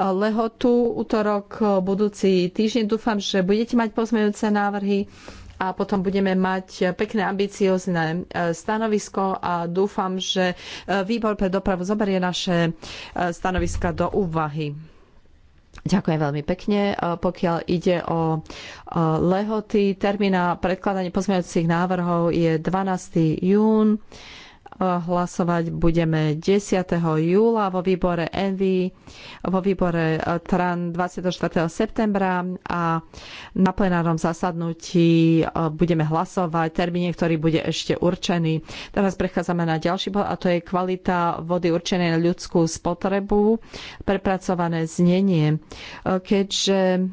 lehotu, útorok, e, budúci týždeň. Dúfam, že budete mať pozmeňujúce návrhy a potom budeme mať pekné ambiciozne e, stanovisko a dúfam, že e, výbor pre dopravu zoberie naše e, stanoviska do úvahy. Ďakujem veľmi pekne. Pokiaľ ide o lehoty, termín na pozmeňujúcich návrhov je 12. jún. Hlasovať budeme 10. júla vo výbore ENVY, vo výbore e, TRAN 24. septembra a na plenárnom zasadnutí e, budeme hlasovať termíne, ktorý bude ešte určený. Teraz prechádzame na ďalší bod a to je kvalita vody určenej na ľudskú spotrebu, prepracované znenie. E, keďže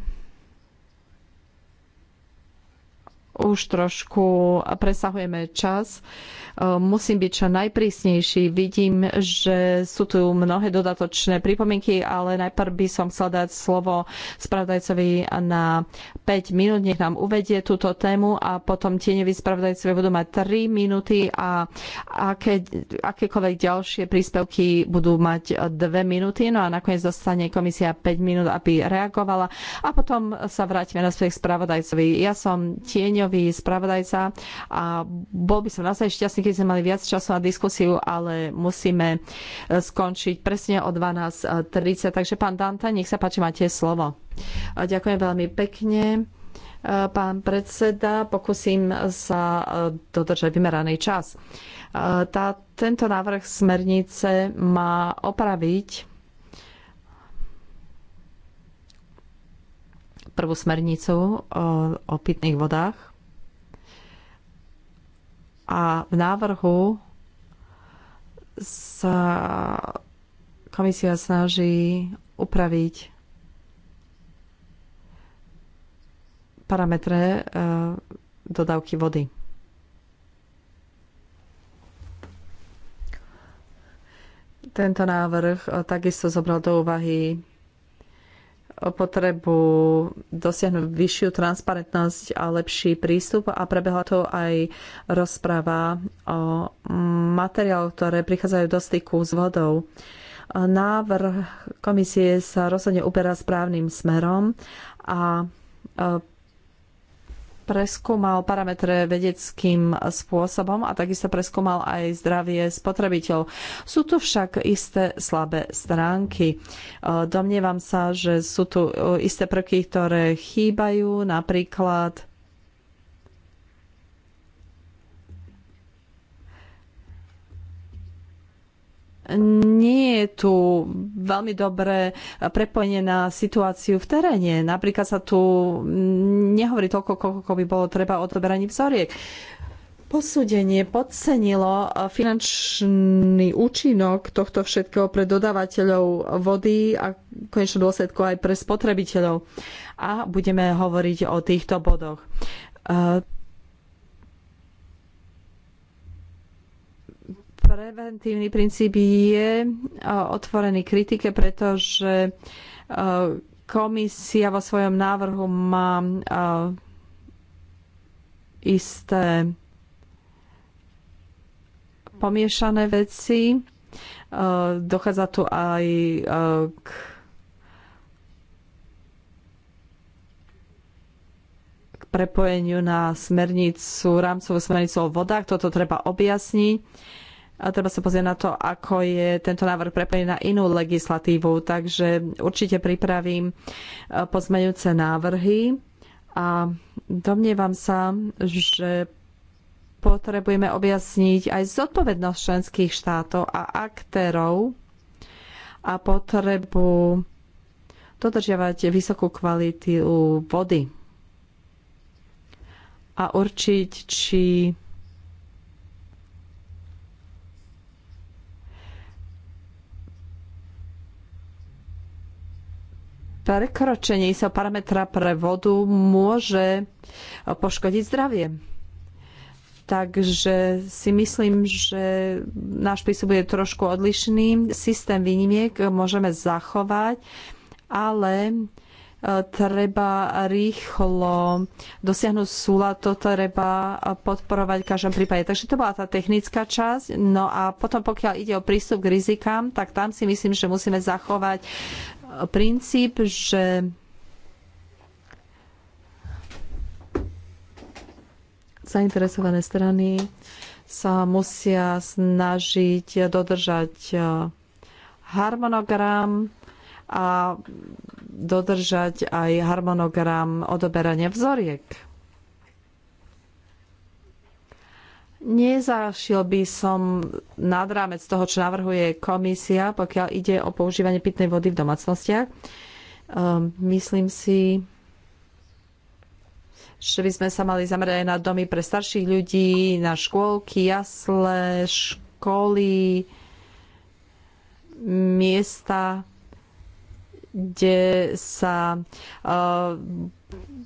už trošku presahujeme čas. Eh, musím byť čo najprísnejší. Vidím, že sú tu mnohé dodatočné pripomienky, ale najprv by som chcel dať slovo spravodajcovi na 5 minút, nech nám uvedie túto tému a potom tieňoví spravodajcovia budú mať 3 minúty a aké, akékoľvek ďalšie príspevky budú mať 2 minúty. No a nakoniec dostane komisia 5 minút, aby reagovala a potom sa vrátime naspäť k spravodajcovi. Ja som tieňový spravodajca a bol by som naozaj šťastný, keď sme mali viac času na diskusiu, ale musíme e, skončiť presne o 12.30. Takže pán Danta, nech sa páči, máte slovo. Ďakujem veľmi pekne. E, pán predseda, pokúsim sa e, dodržať vymeraný čas. Tá, tento návrh smernice má opraviť prvú smernicu o, o pitných vodách a v návrhu sa komisia snaží upraviť parametre e, dodávky vody. Tento návrh e, takisto zobral do úvahy potrebu dosiahnuť vyššiu transparentnosť a lepší prístup a prebehla to aj rozpráva o materiáloch, ktoré prichádzajú do styku s vodou. Návrh komisie sa rozhodne uberá správnym smerom a e, preskúmal parametre vedeckým spôsobom a takisto preskúmal aj zdravie spotrebiteľov. Sú tu však isté slabé stránky. E, domnievam sa, že sú tu e, isté prvky, ktoré chýbajú, napríklad nie je tu veľmi dobre prepojenie na situáciu v teréne. Napríklad sa tu nehovorí toľko, koľko by bolo treba odoberaní vzoriek. Posúdenie podcenilo finančný účinok tohto všetkého pre dodávateľov vody a konečnú dôsledku aj pre spotrebiteľov. A budeme hovoriť o týchto bodoch Preventívny princíp je e, otvorený kritike, pretože e, komisia vo svojom návrhu má e, isté pomiešané veci. Dochádza tu aj k prepojeniu na smernicu, rámcovú smernicu o vodách. Toto treba objasniť a treba sa pozrieť na to, ako je tento návrh prepojený na inú legislatívu. Takže určite pripravím e, pozmeňujúce návrhy a domnievam sa, že potrebujeme objasniť aj zodpovednosť členských štátov a aktérov a potrebu dodržiavať vysokú kvalitu vody a určiť, či prekročenie sa parametra pre vodu môže poškodiť zdravie. Takže si myslím, že náš prístup je trošku odlišný. Systém výnimiek môžeme zachovať, ale e, treba rýchlo dosiahnuť súlad, to treba podporovať v každom prípade. Takže to bola tá technická časť. No a potom, pokiaľ ide o prístup k rizikám, tak tam si myslím, že musíme zachovať princíp, že zainteresované strany sa musia snažiť dodržať e, harmonogram a dodržať aj harmonogram odoberania vzoriek. Nezašiel by som nad rámec toho, čo navrhuje komisia, pokiaľ ide o používanie pitnej vody v domácnostiach. Ehm, myslím si, že by sme sa mali zamerať aj na domy pre starších ľudí, na škôlky, jasle, školy, miesta, kde sa uh,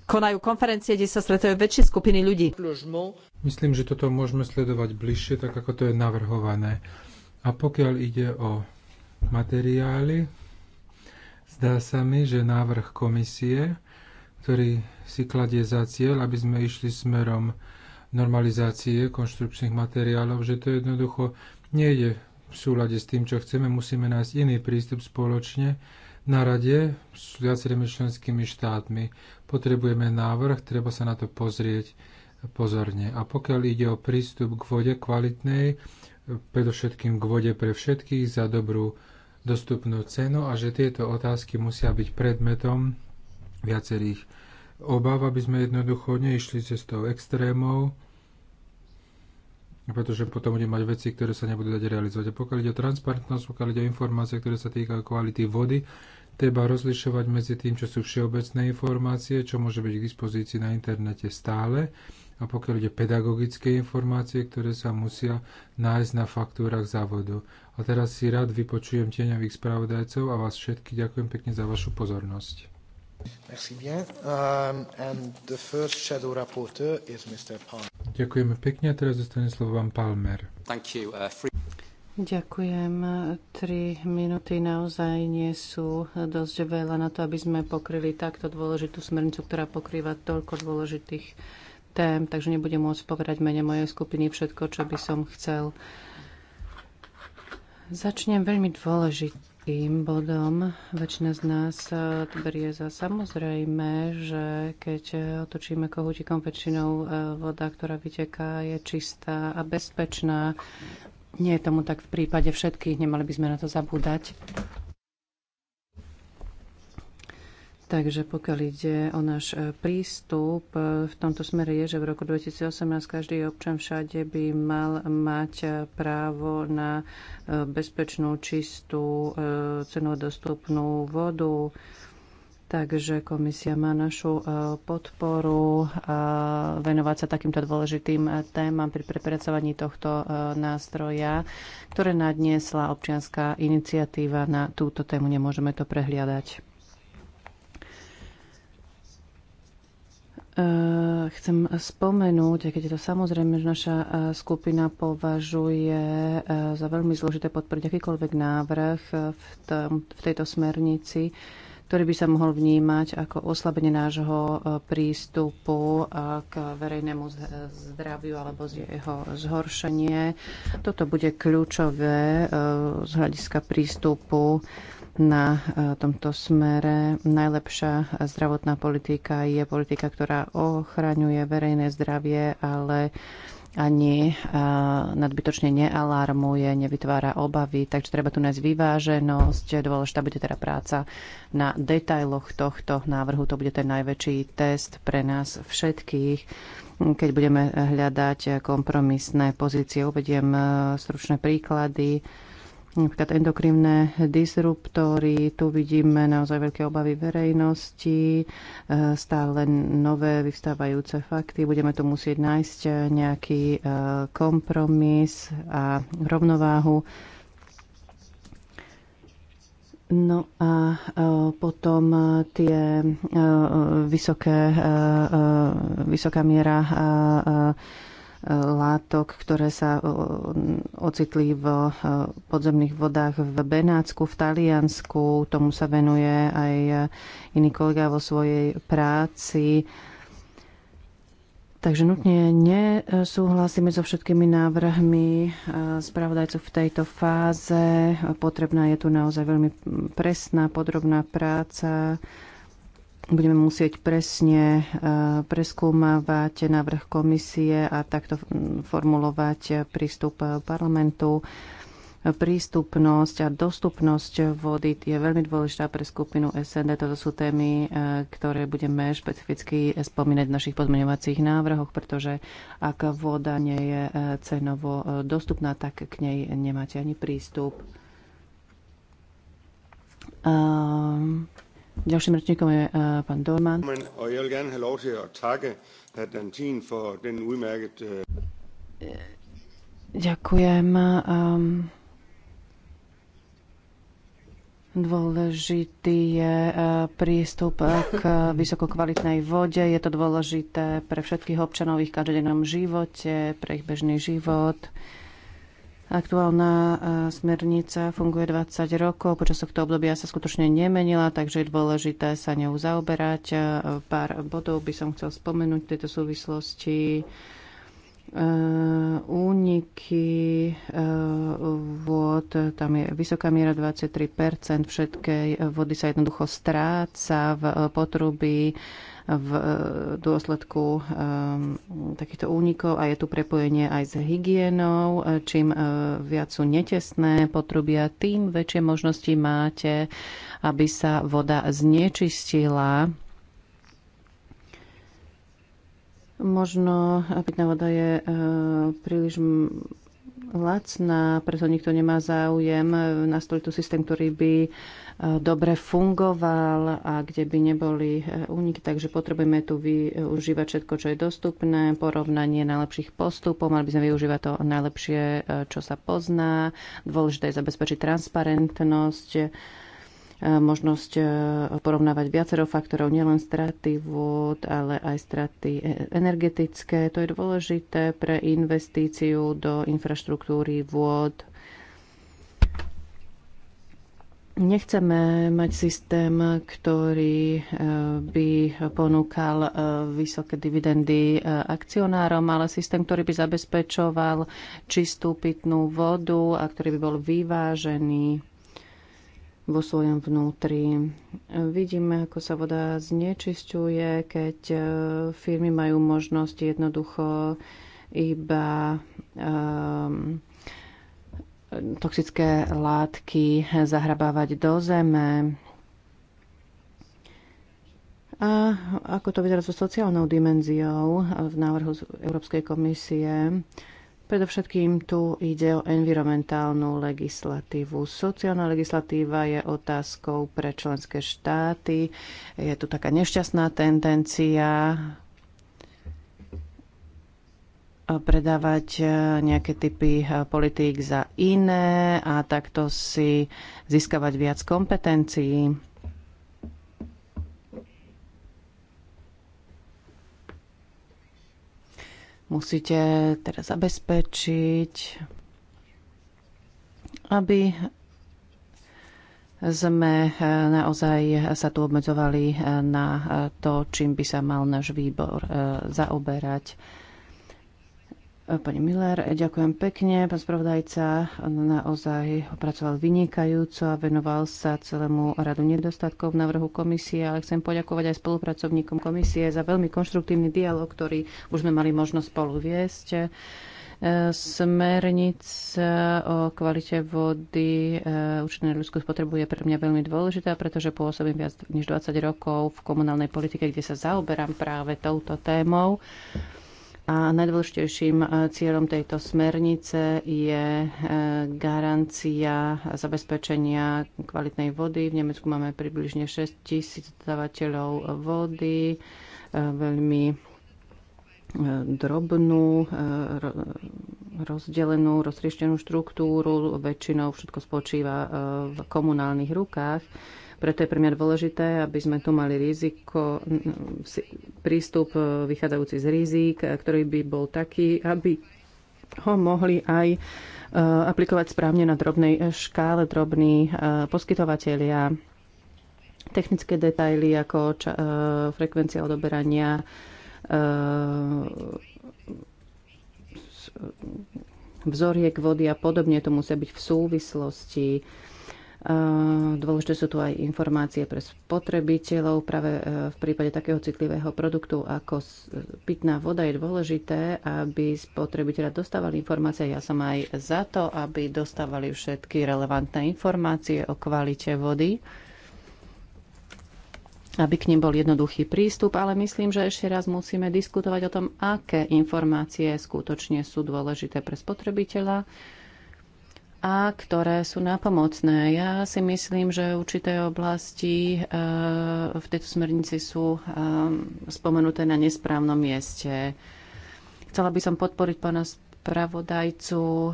konajú konferencie, kde sa stretajú väčšie skupiny ľudí. Myslím, že toto môžeme sledovať bližšie, tak ako to je navrhované. A pokiaľ ide o materiály, zdá sa mi, že návrh komisie, ktorý si kladie za cieľ, aby sme išli smerom normalizácie konštrukčných materiálov, že to jednoducho nie v súlade s tým, čo chceme. Musíme nájsť iný prístup spoločne na rade s viacerými členskými štátmi. Potrebujeme návrh, treba sa na to pozrieť pozorne. A pokiaľ ide o prístup k vode kvalitnej, predovšetkým k vode pre všetkých za dobrú dostupnú cenu a že tieto otázky musia byť predmetom viacerých obáv, aby sme jednoducho neišli cestou extrémov, pretože potom budeme mať veci, ktoré sa nebudú dať realizovať. A pokiaľ ide o transparentnosť, pokiaľ ide o informácie, ktoré sa týkajú kvality vody, treba rozlišovať medzi tým, čo sú všeobecné informácie, čo môže byť k dispozícii na internete stále a pokiaľ ide pedagogické informácie, ktoré sa musia nájsť na faktúrach závodu. A teraz si rád vypočujem tieňových spravodajcov a vás všetky ďakujem pekne za vašu pozornosť. Merci bien. Um, and the first shadow rapporteur is Mr. Palmer. Ďakujeme pekne a teraz zostane slovo vám Palmer. Thank you. Uh, free... Ďakujem. Tri minúty naozaj nie sú dosť veľa na to, aby sme pokryli takto dôležitú smernicu, ktorá pokrýva toľko dôležitých tém, takže nebudem môcť povedať mene mojej skupiny všetko, čo by som chcel. Začnem veľmi dôležitým bodom. Väčšina z nás eh, to berie za samozrejme, že keď otočíme kohútikom väčšinou eh, voda, ktorá vyteká, je čistá a bezpečná. Nie je tomu tak v prípade všetkých, nemali by sme na to zabúdať. Takže pokiaľ ide o náš e, prístup, e, v tomto smere je, že v roku 2018 každý občan všade by mal mať e, právo na bezpečnú, čistú, cenovo dostupnú vodu. Takže komisia má našu podporu venovať sa takýmto dôležitým témam pri prepracovaní tohto nástroja, ktoré nadniesla občianská iniciatíva na túto tému. Nemôžeme to prehliadať. Eh, chcem spomenúť, keď je to samozrejme, že naša eh, skupina považuje eh, za veľmi zložité podporiť akýkoľvek návrh v, tom, v tejto smernici, ktorý by sa mohol vnímať ako oslabenie nášho prístupu k verejnému zdraviu alebo z jeho zhoršenie. Toto bude kľúčové z hľadiska prístupu na e, tomto smere. Najlepšia zdravotná politika je politika, ktorá ochraňuje verejné zdravie, ale ani e, nadbytočne nealarmuje, nevytvára obavy, takže treba tu nájsť vyváženosť. Dôležitá bude teda práca na detailoch tohto návrhu. To bude ten najväčší test pre nás všetkých. Keď budeme hľadať kompromisné pozície, uvediem e, stručné príklady napríklad endokrinné disruptory. Tu vidíme naozaj veľké obavy verejnosti, e, stále nové vyvstávajúce fakty. Budeme tu musieť nájsť nejaký e, kompromis a rovnováhu. No a e, potom tie vysoké, vysoká miera látok, ktoré sa e, ocitli v e, podzemných vodách v Benátsku, v Taliansku. Tomu sa venuje aj e, iný kolega vo svojej práci. Takže nutne nesúhlasíme so všetkými návrhmi spravodajcov v tejto fáze. Potrebná je tu naozaj veľmi presná, podrobná práca budeme musieť presne e, preskúmavať návrh komisie a takto formulovať prístup parlamentu. Prístupnosť a dostupnosť vody je veľmi dôležitá pre skupinu SND. Toto sú témy, e, ktoré budeme špecificky spomínať v našich podmeňovacích návrhoch, pretože ak voda nie je e, cenovo dostupná, tak k nej nemáte ani prístup. Um Ďalším rečníkom je uh, pán Dorman. Og eh, eh, Ďakujem. Um, Dôležitý je prístup k vysokokvalitnej vode. Je to dôležité pre všetkých občanov v ich každodennom živote, pre ich bežný život. Aktuálna e, smernica funguje 20 rokov, počas tohto obdobia sa skutočne nemenila, takže je dôležité sa ňou zaoberať. E, pár bodov by som chcel spomenúť v tejto súvislosti. E, úniky vod, tam je vysoká miera 23%, všetkej vody sa jednoducho stráca v potrubí v e, dôsledku e, takýchto únikov a je tu prepojenie aj s hygienou. E, čím viac sú netesné potrubia, tým väčšie možnosti máte, aby sa voda znečistila. Možno pitná voda je príliš lacná, preto nikto nemá záujem nastoliť tu systém, ktorý by e, dobre fungoval a kde by neboli e, úniky. Takže potrebujeme tu využívať všetko, čo je dostupné, porovnanie najlepších postupov, mali by sme využívať to najlepšie, e, čo sa pozná. Dôležité je zabezpečiť transparentnosť E, možnosť e, porovnávať viacero faktorov, nielen straty vôd, ale aj straty e, energetické. To je dôležité pre investíciu do infraštruktúry vôd. Nechceme mať systém, ktorý by ponúkal vysoké dividendy akcionárom, ale systém, ktorý by zabezpečoval čistú pitnú vodu a ktorý by bol vyvážený vo svojom vnútri. Vidíme, ako sa voda znečisťuje, keď e, firmy majú možnosť jednoducho iba um, toxické látky zahrabávať do zeme. A ako to vyzerá so sociálnou dimenziou v návrhu Európskej komisie, Predovšetkým tu ide o environmentálnu legislatívu. Sociálna legislatíva je otázkou pre členské štáty. Je tu taká nešťastná tendencia predávať nejaké typy politík za iné a takto si získavať viac kompetencií. Musíte teraz zabezpečiť, aby sme eh, naozaj sa tu obmedzovali eh, na eh, to, čím by sa mal náš výbor zaoberať. Pani Miller, ďakujem pekne. Pán spravodajca naozaj pracoval vynikajúco a venoval sa celému radu nedostatkov v návrhu komisie, ale chcem poďakovať aj spolupracovníkom komisie za veľmi konštruktívny dialog, ktorý už sme mali možnosť spolu viesť. Smernica o kvalite vody eh, určené ľudskú spotrebu je pre mňa veľmi dôležitá, pretože pôsobím viac než 20 rokov v komunálnej politike, kde sa zaoberám práve touto témou. A najdôležitejším e, cieľom tejto smernice je e, garancia zabezpečenia kvalitnej vody. V Nemecku máme približne 6 tisíc dodávateľov vody, e, veľmi drobnú, rozdelenú, roztrieštenú štruktúru. Väčšinou všetko spočíva v komunálnych rukách. Preto je pre mňa dôležité, aby sme tu mali riziko, prístup eh, vychádzajúci z rizík, eh, ktorý by bol taký, aby ho mohli aj eh, aplikovať správne na drobnej škále, drobní poskytovateľia, technické detaily ako ča, frekvencia odoberania, vzoriek vody a podobne, to musia byť v súvislosti Eh, dôležité sú tu aj informácie pre spotrebiteľov. Práve eh, v prípade takého citlivého produktu ako eh, pitná voda je dôležité, aby spotrebiteľa dostávali informácie. Ja som aj za to, aby dostávali všetky relevantné informácie o kvalite vody aby k nim bol jednoduchý prístup, ale myslím, že ešte raz musíme diskutovať o tom, aké informácie skutočne sú dôležité pre spotrebiteľa a ktoré sú nápomocné. Ja si myslím, že určité oblasti eh, v tejto smernici sú eh, spomenuté na nesprávnom mieste. Chcela by som podporiť pána spravodajcu,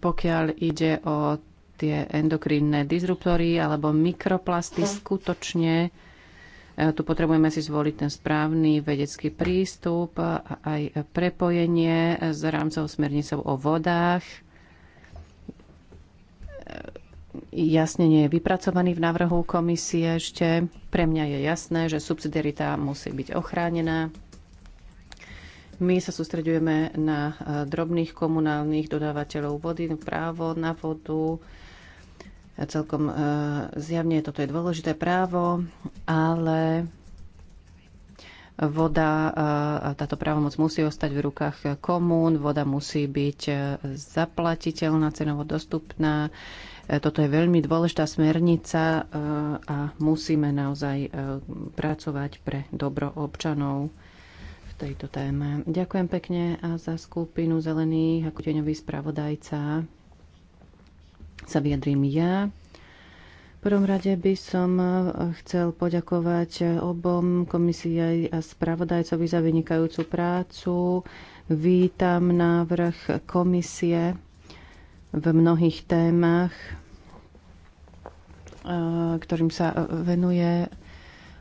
pokiaľ ide o tie endokrinné disruptory alebo mikroplasty. Mhm. Skutočne eh, tu potrebujeme si zvoliť ten správny vedecký prístup a aj prepojenie s rámcov smernicou o vodách jasne nie je vypracovaný v návrhu komisie ešte. Pre mňa je jasné, že subsidiarita musí byť ochránená. My sa sústredujeme na eh, drobných komunálnych dodávateľov vody, právo na vodu. Celkom eh, zjavne toto je dôležité právo, ale Voda, e, táto právomoc musí ostať v rukách komún, voda musí byť e, zaplatiteľná, cenovo dostupná. E, toto je veľmi dôležitá smernica a musíme naozaj pracovať pre dobro občanov v tejto téme. Ďakujem pekne za skupinu zelených ako tieňový spravodajca. Sa vyjadrím ja prvom rade by som eh, chcel poďakovať eh, obom komisie a spravodajcovi za vynikajúcu prácu. Vítam návrh komisie v mnohých témach, eh, ktorým sa venuje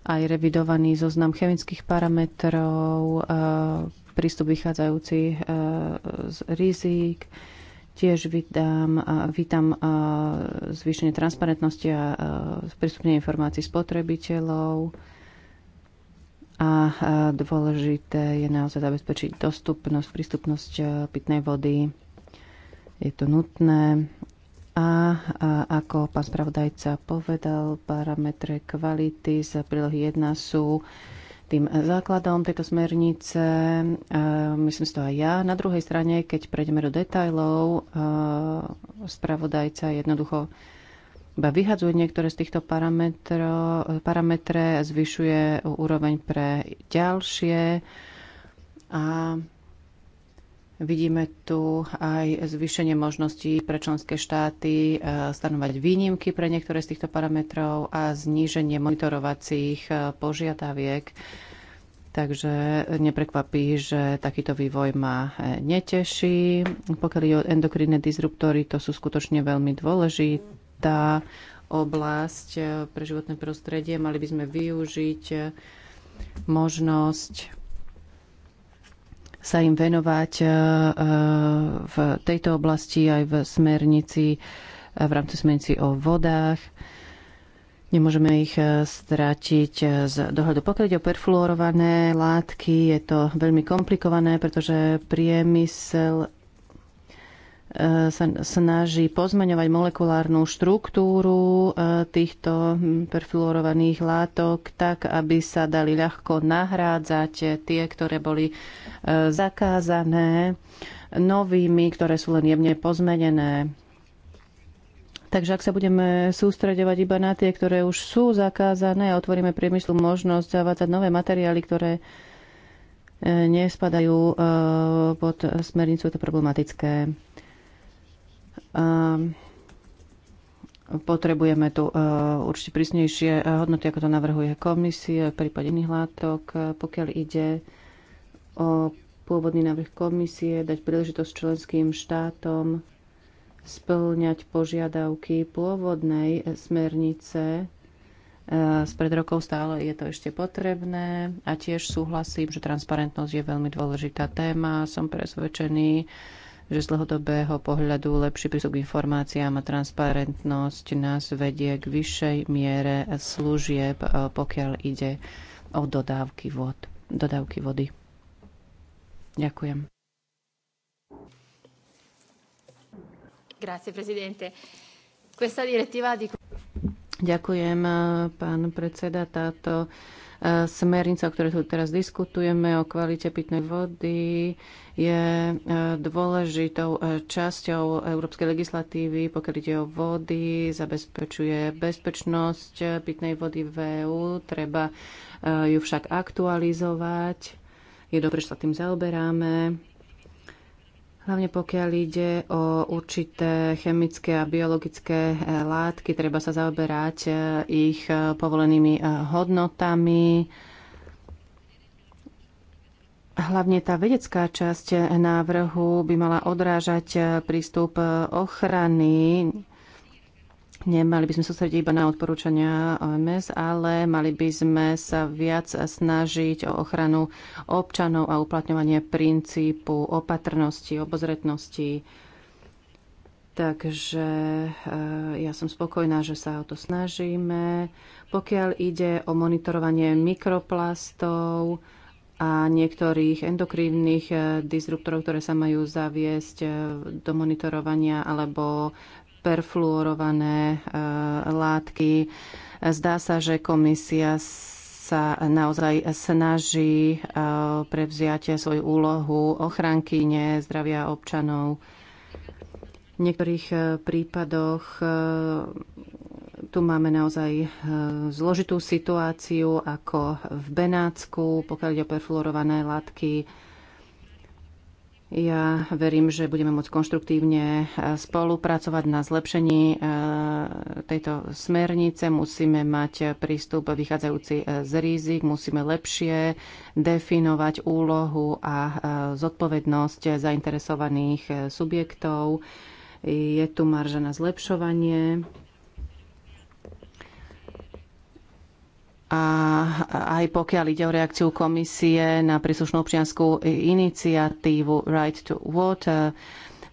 aj revidovaný zoznam chemických parametrov, prístup vychádzajúci z rizík, Tiež vydám, vítam zvýšenie transparentnosti a sprístupnenie informácií spotrebiteľov a dôležité je naozaj zabezpečiť dostupnosť, prístupnosť e, pitnej vody. Je to nutné. A, a ako pán spravodajca povedal, parametre kvality z prílohy 1 sú tým základom tejto smernice. Myslím si to aj ja. Na druhej strane, keď prejdeme do detajlov, spravodajca jednoducho iba vyhadzuje niektoré z týchto parametre, a zvyšuje úroveň pre ďalšie a Vidíme tu aj zvýšenie možností pre členské štáty e, stanovať výnimky pre niektoré z týchto parametrov a zníženie monitorovacích e, požiadaviek. Takže neprekvapí, že takýto vývoj ma e, neteší. Pokiaľ je o endokrinné disruptory, to sú skutočne veľmi dôležitá oblasť pre životné prostredie. Mali by sme využiť možnosť sa im venovať e, e, v tejto oblasti aj v smernici, e, v rámci smernici o vodách. Nemôžeme ich stratiť z dohľadu. Pokiaľ ide o perfluorované látky, je to veľmi komplikované, pretože priemysel E, sa snaží pozmeňovať molekulárnu štruktúru e, týchto perfluorovaných látok tak, aby sa dali ľahko nahrádzať tie, ktoré boli e, zakázané novými, ktoré sú len jemne pozmenené. Takže ak sa budeme sústredovať iba na tie, ktoré už sú zakázané a otvoríme priemyslu možnosť zavádzať nové materiály, ktoré nespadajú pod smernicu, je to problematické. Ehm, potrebujeme tu eh, určite prísnejšie eh, hodnoty, ako to navrhuje komisie, v prípade iných látok. Eh, pokiaľ ide o pôvodný návrh komisie, dať príležitosť členským štátom splňať požiadavky pôvodnej smernice spred rokov stále je to ešte potrebné a tiež súhlasím, že transparentnosť je veľmi dôležitá téma. Som presvedčený, že z dlhodobého pohľadu lepší prístup k informáciám a transparentnosť nás vedie k vyššej miere služieb, eh, pokiaľ ide o dodávky, vod, dodávky vody. Ďakujem. Grazie, presidente. Questa direttiva di... Ďakujem, eh, pán predseda. Táto Smernica, o ktorej tu teraz diskutujeme, o kvalite pitnej vody, je e, dôležitou e, časťou európskej legislatívy, pokiaľ ide o vody, zabezpečuje bezpečnosť e, pitnej vody v EÚ, treba ju však aktualizovať. Je dobre, že sa tým zaoberáme Hlavne pokiaľ ide o určité chemické a biologické eh, látky, treba sa zaoberať eh, ich eh, povolenými hodnotami. Hlavne tá vedecká časť návrhu by mala odrážať prístup ochrany Nemali by sme sústrediť iba na odporúčania OMS, ale mali by sme sa viac snažiť o ochranu občanov a uplatňovanie princípu opatrnosti, obozretnosti. Takže eh, ja som spokojná, že sa o to snažíme. Pokiaľ ide o monitorovanie mikroplastov, a niektorých endokrívnych eh, disruptorov, ktoré sa majú zaviesť eh, do monitorovania alebo perfluorované e, látky. Zdá sa, že komisia sa naozaj snaží e, prevziať svoju úlohu ochrankyne zdravia občanov. V niektorých e, prípadoch tu máme naozaj zložitú situáciu ako v Benátsku, pokiaľ ide o perfluorované látky ja verím, že budeme môcť konštruktívne e, spolupracovať na zlepšení e, tejto smernice. Musíme mať prístup vychádzajúci e, z rizik, musíme lepšie definovať úlohu a zodpovednosť zainteresovaných subjektov. Je tu marža na zlepšovanie a aj pokiaľ ide o reakciu komisie na príslušnú občianskú iniciatívu Right to Water,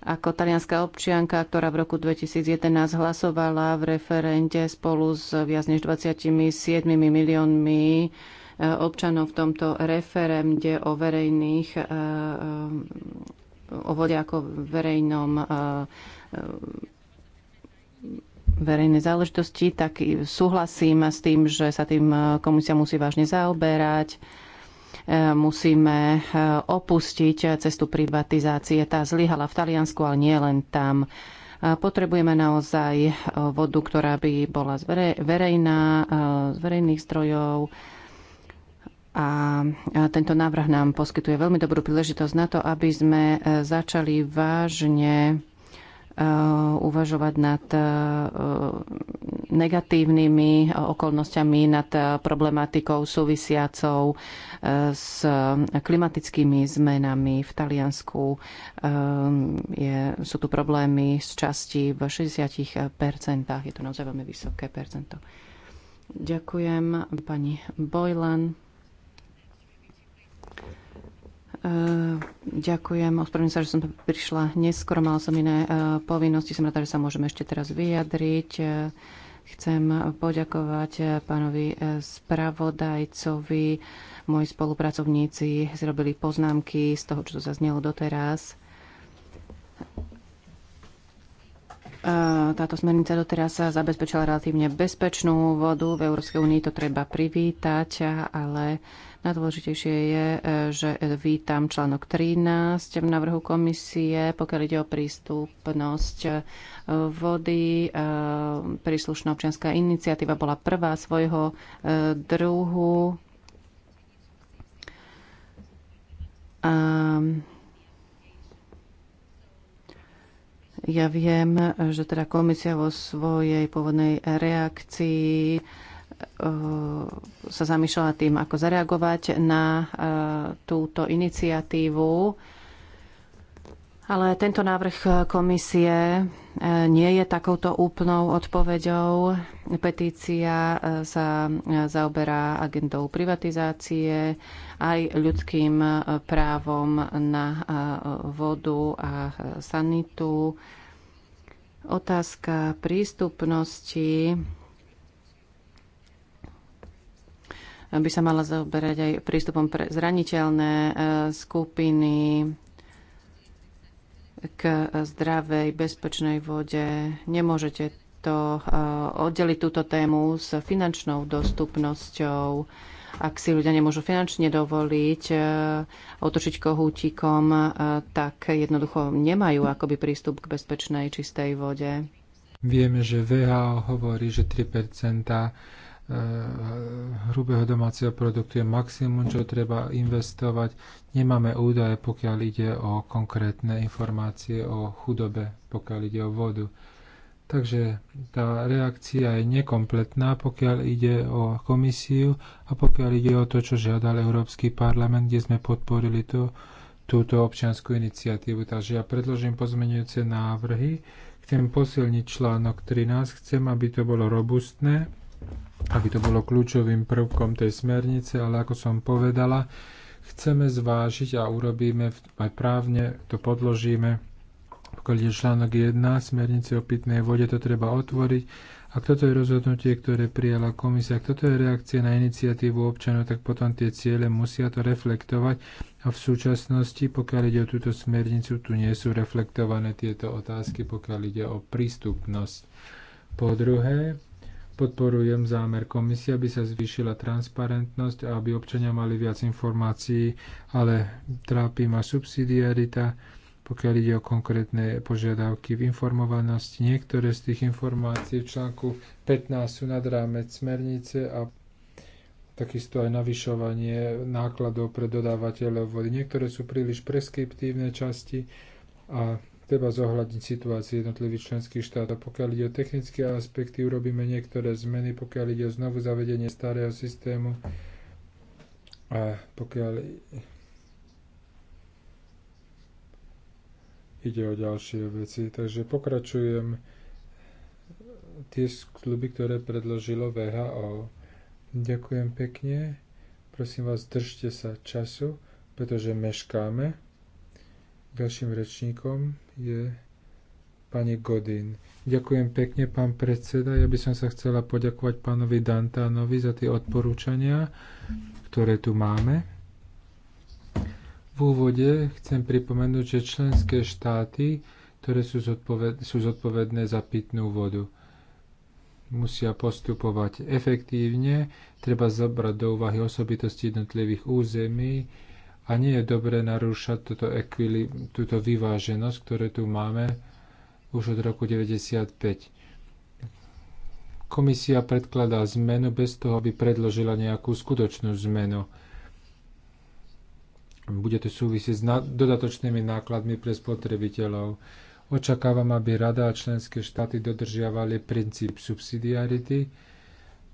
ako talianská občianka, ktorá v roku 2011 hlasovala v referende spolu s viac než 27 miliónmi e, občanov v tomto referende o verejných e, e, o vode ako verejnom verejné záležitosti, tak súhlasím s tým, že sa tým e, komisia musí vážne zaoberať. E, musíme e, opustiť cestu privatizácie. Tá zlyhala v Taliansku, ale nie len tam. Potrebujeme naozaj vodu, ktorá by bola verejná, z verejných zdrojov, a tento návrh nám poskytuje veľmi dobrú príležitosť na to, aby sme začali vážne Eh, uvažovať nad eh, negatívnymi okolnostiami, nad eh, problematikou súvisiacou s klimatickými zmenami v Taliansku. Je, sú tu problémy z časti v 60%. Je to naozaj veľmi vysoké percento. Ďakujem pani Bojlan. Eh, ďakujem. Ospravedlňujem sa, že som prišla neskoro. Mala som iné eh, povinnosti. Som rada, že sa môžeme ešte teraz vyjadriť. Eh, chcem poďakovať pánovi spravodajcovi. Moji spolupracovníci zrobili poznámky z toho, čo to zaznelo doteraz. Táto smernica doteraz sa zabezpečila relatívne bezpečnú vodu. V Európskej únii to treba privítať, ale Najdôležitejšie je, e, že vítam článok 13 v návrhu komisie, pokiaľ ide o prístupnosť e, vody. E, príslušná občianská iniciatíva bola prvá svojho druhu. A ja viem, že teda komisia vo svojej pôvodnej reakcii Eh, sa zamýšľala tým, ako zareagovať na eh, túto iniciatívu. Ale tento návrh komisie eh, nie je takouto úplnou odpoveďou. Petícia sa zaoberá agendou privatizácie aj ľudským právom na vodu a sanitu. Otázka prístupnosti by sa mala zaoberať aj prístupom pre zraniteľné e, skupiny k zdravej, bezpečnej vode. Nemôžete to e, oddeliť túto tému s finančnou dostupnosťou ak si ľudia nemôžu finančne dovoliť e, otočiť kohútikom, tak jednoducho nemajú akoby prístup k bezpečnej čistej vode. Vieme, že VHO hovorí, že 3 Eh, hrubého domáceho produktu je maximum, čo treba investovať. Nemáme údaje, pokiaľ ide o konkrétne informácie o chudobe, pokiaľ ide o vodu. Takže tá reakcia je nekompletná, pokiaľ ide o komisiu a pokiaľ ide o to, čo žiadal Európsky parlament, kde sme podporili tú, túto občianskú iniciatívu. Takže ja predložím pozmenujúce návrhy. Chcem posilniť článok 13, chcem, aby to bolo robustné, aby to bolo kľúčovým prvkom tej smernice, ale ako som povedala, chceme zvážiť a urobíme aj právne, to podložíme, pokiaľ je článok 1 smernice o pitnej vode, to treba otvoriť. Ak toto je rozhodnutie, ktoré prijala komisia, ak toto je reakcia na iniciatívu občanov, tak potom tie ciele musia to reflektovať a v súčasnosti, pokiaľ ide o túto smernicu, tu nie sú reflektované tieto otázky, pokiaľ ide o prístupnosť. Po druhé, Podporujem zámer komisie, aby sa zvýšila transparentnosť a aby občania mali viac informácií, ale trápi ma subsidiarita, pokiaľ ide o konkrétne požiadavky v informovanosti. Niektoré z tých informácií v článku 15 sú nad rámec smernice a takisto aj navyšovanie nákladov pre dodávateľov vody. Niektoré sú príliš preskriptívne časti a treba zohľadniť situáciu jednotlivých členských štátov. Pokiaľ ide o technické aspekty, urobíme niektoré zmeny, pokiaľ ide o znovu zavedenie starého systému a pokiaľ ide o ďalšie veci. Takže pokračujem tie kluby, ktoré predložilo VHO. Ďakujem pekne. Prosím vás, držte sa času, pretože meškáme. Ďalším rečníkom je pani Godin. Ďakujem pekne, pán predseda. Ja by som sa chcela poďakovať pánovi Dantánovi za tie odporúčania, ktoré tu máme. V úvode chcem pripomenúť, že členské štáty, ktoré sú, zodpoved- sú zodpovedné za pitnú vodu, musia postupovať efektívne, treba zobrať do úvahy osobitosti jednotlivých území, a nie je dobre narúšať túto, ekvili, túto vyváženosť, ktoré tu máme už od roku 1995. Komisia predkladá zmenu bez toho, aby predložila nejakú skutočnú zmenu. Bude to súvisieť s dodatočnými nákladmi pre spotrebiteľov. Očakávam, aby Rada a členské štáty dodržiavali princíp subsidiarity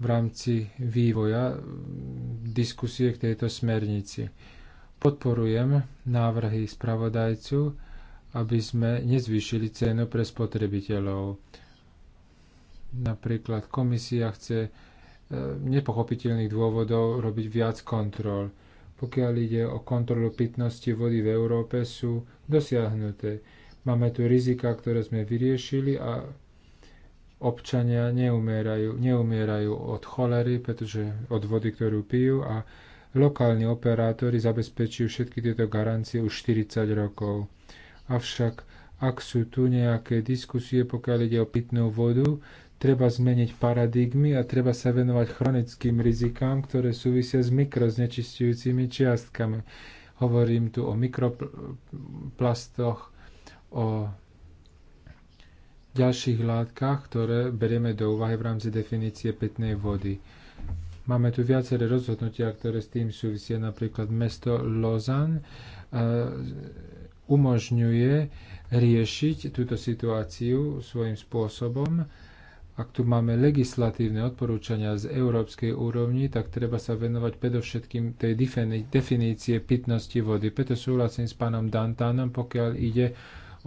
v rámci vývoja mm, diskusie k tejto smernici Podporujem návrhy spravodajcu, aby sme nezvýšili cenu pre spotrebiteľov. Napríklad komisia chce e, nepochopiteľných dôvodov robiť viac kontrol. Pokiaľ ide o kontrolu pitnosti vody v Európe, sú dosiahnuté. Máme tu rizika, ktoré sme vyriešili a občania neumierajú, neumierajú od cholery, pretože od vody, ktorú pijú a Lokálni operátori zabezpečujú všetky tieto garancie už 40 rokov. Avšak ak sú tu nejaké diskusie, pokiaľ ide o pitnú vodu, treba zmeniť paradigmy a treba sa venovať chronickým rizikám, ktoré súvisia s mikroznečistujúcimi čiastkami. Hovorím tu o mikroplastoch, o ďalších látkach, ktoré berieme do úvahy v rámci definície pitnej vody. Máme tu viaceré rozhodnutia, ktoré s tým súvisia. Napríklad mesto Lozan eh, umožňuje riešiť túto situáciu svojím spôsobom. Ak tu máme legislatívne odporúčania z európskej úrovni, tak treba sa venovať predovšetkým tej definície pitnosti vody. Preto súhlasím s pánom Dantánom, pokiaľ ide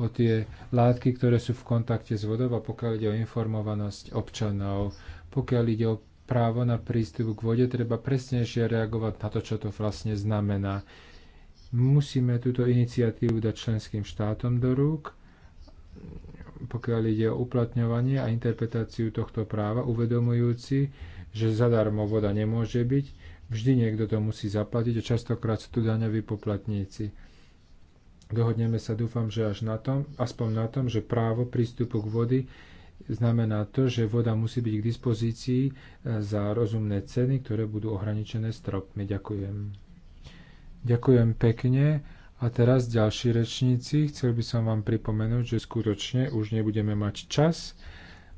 o tie látky, ktoré sú v kontakte s vodou a pokiaľ ide o informovanosť občanov, pokiaľ ide o právo na prístup k vode, treba presnejšie reagovať na to, čo to vlastne znamená. Musíme túto iniciatívu dať členským štátom do rúk, pokiaľ ide o uplatňovanie a interpretáciu tohto práva, uvedomujúci, že zadarmo voda nemôže byť, vždy niekto to musí zaplatiť a častokrát sú tu daňoví poplatníci. Dohodneme sa, dúfam, že až na tom, aspoň na tom, že právo prístupu k vody Znamená to, že voda musí byť k dispozícii e, za rozumné ceny, ktoré budú ohraničené stropmi. Ďakujem. Ďakujem pekne. A teraz ďalší rečníci. Chcel by som vám pripomenúť, že skutočne už nebudeme mať čas.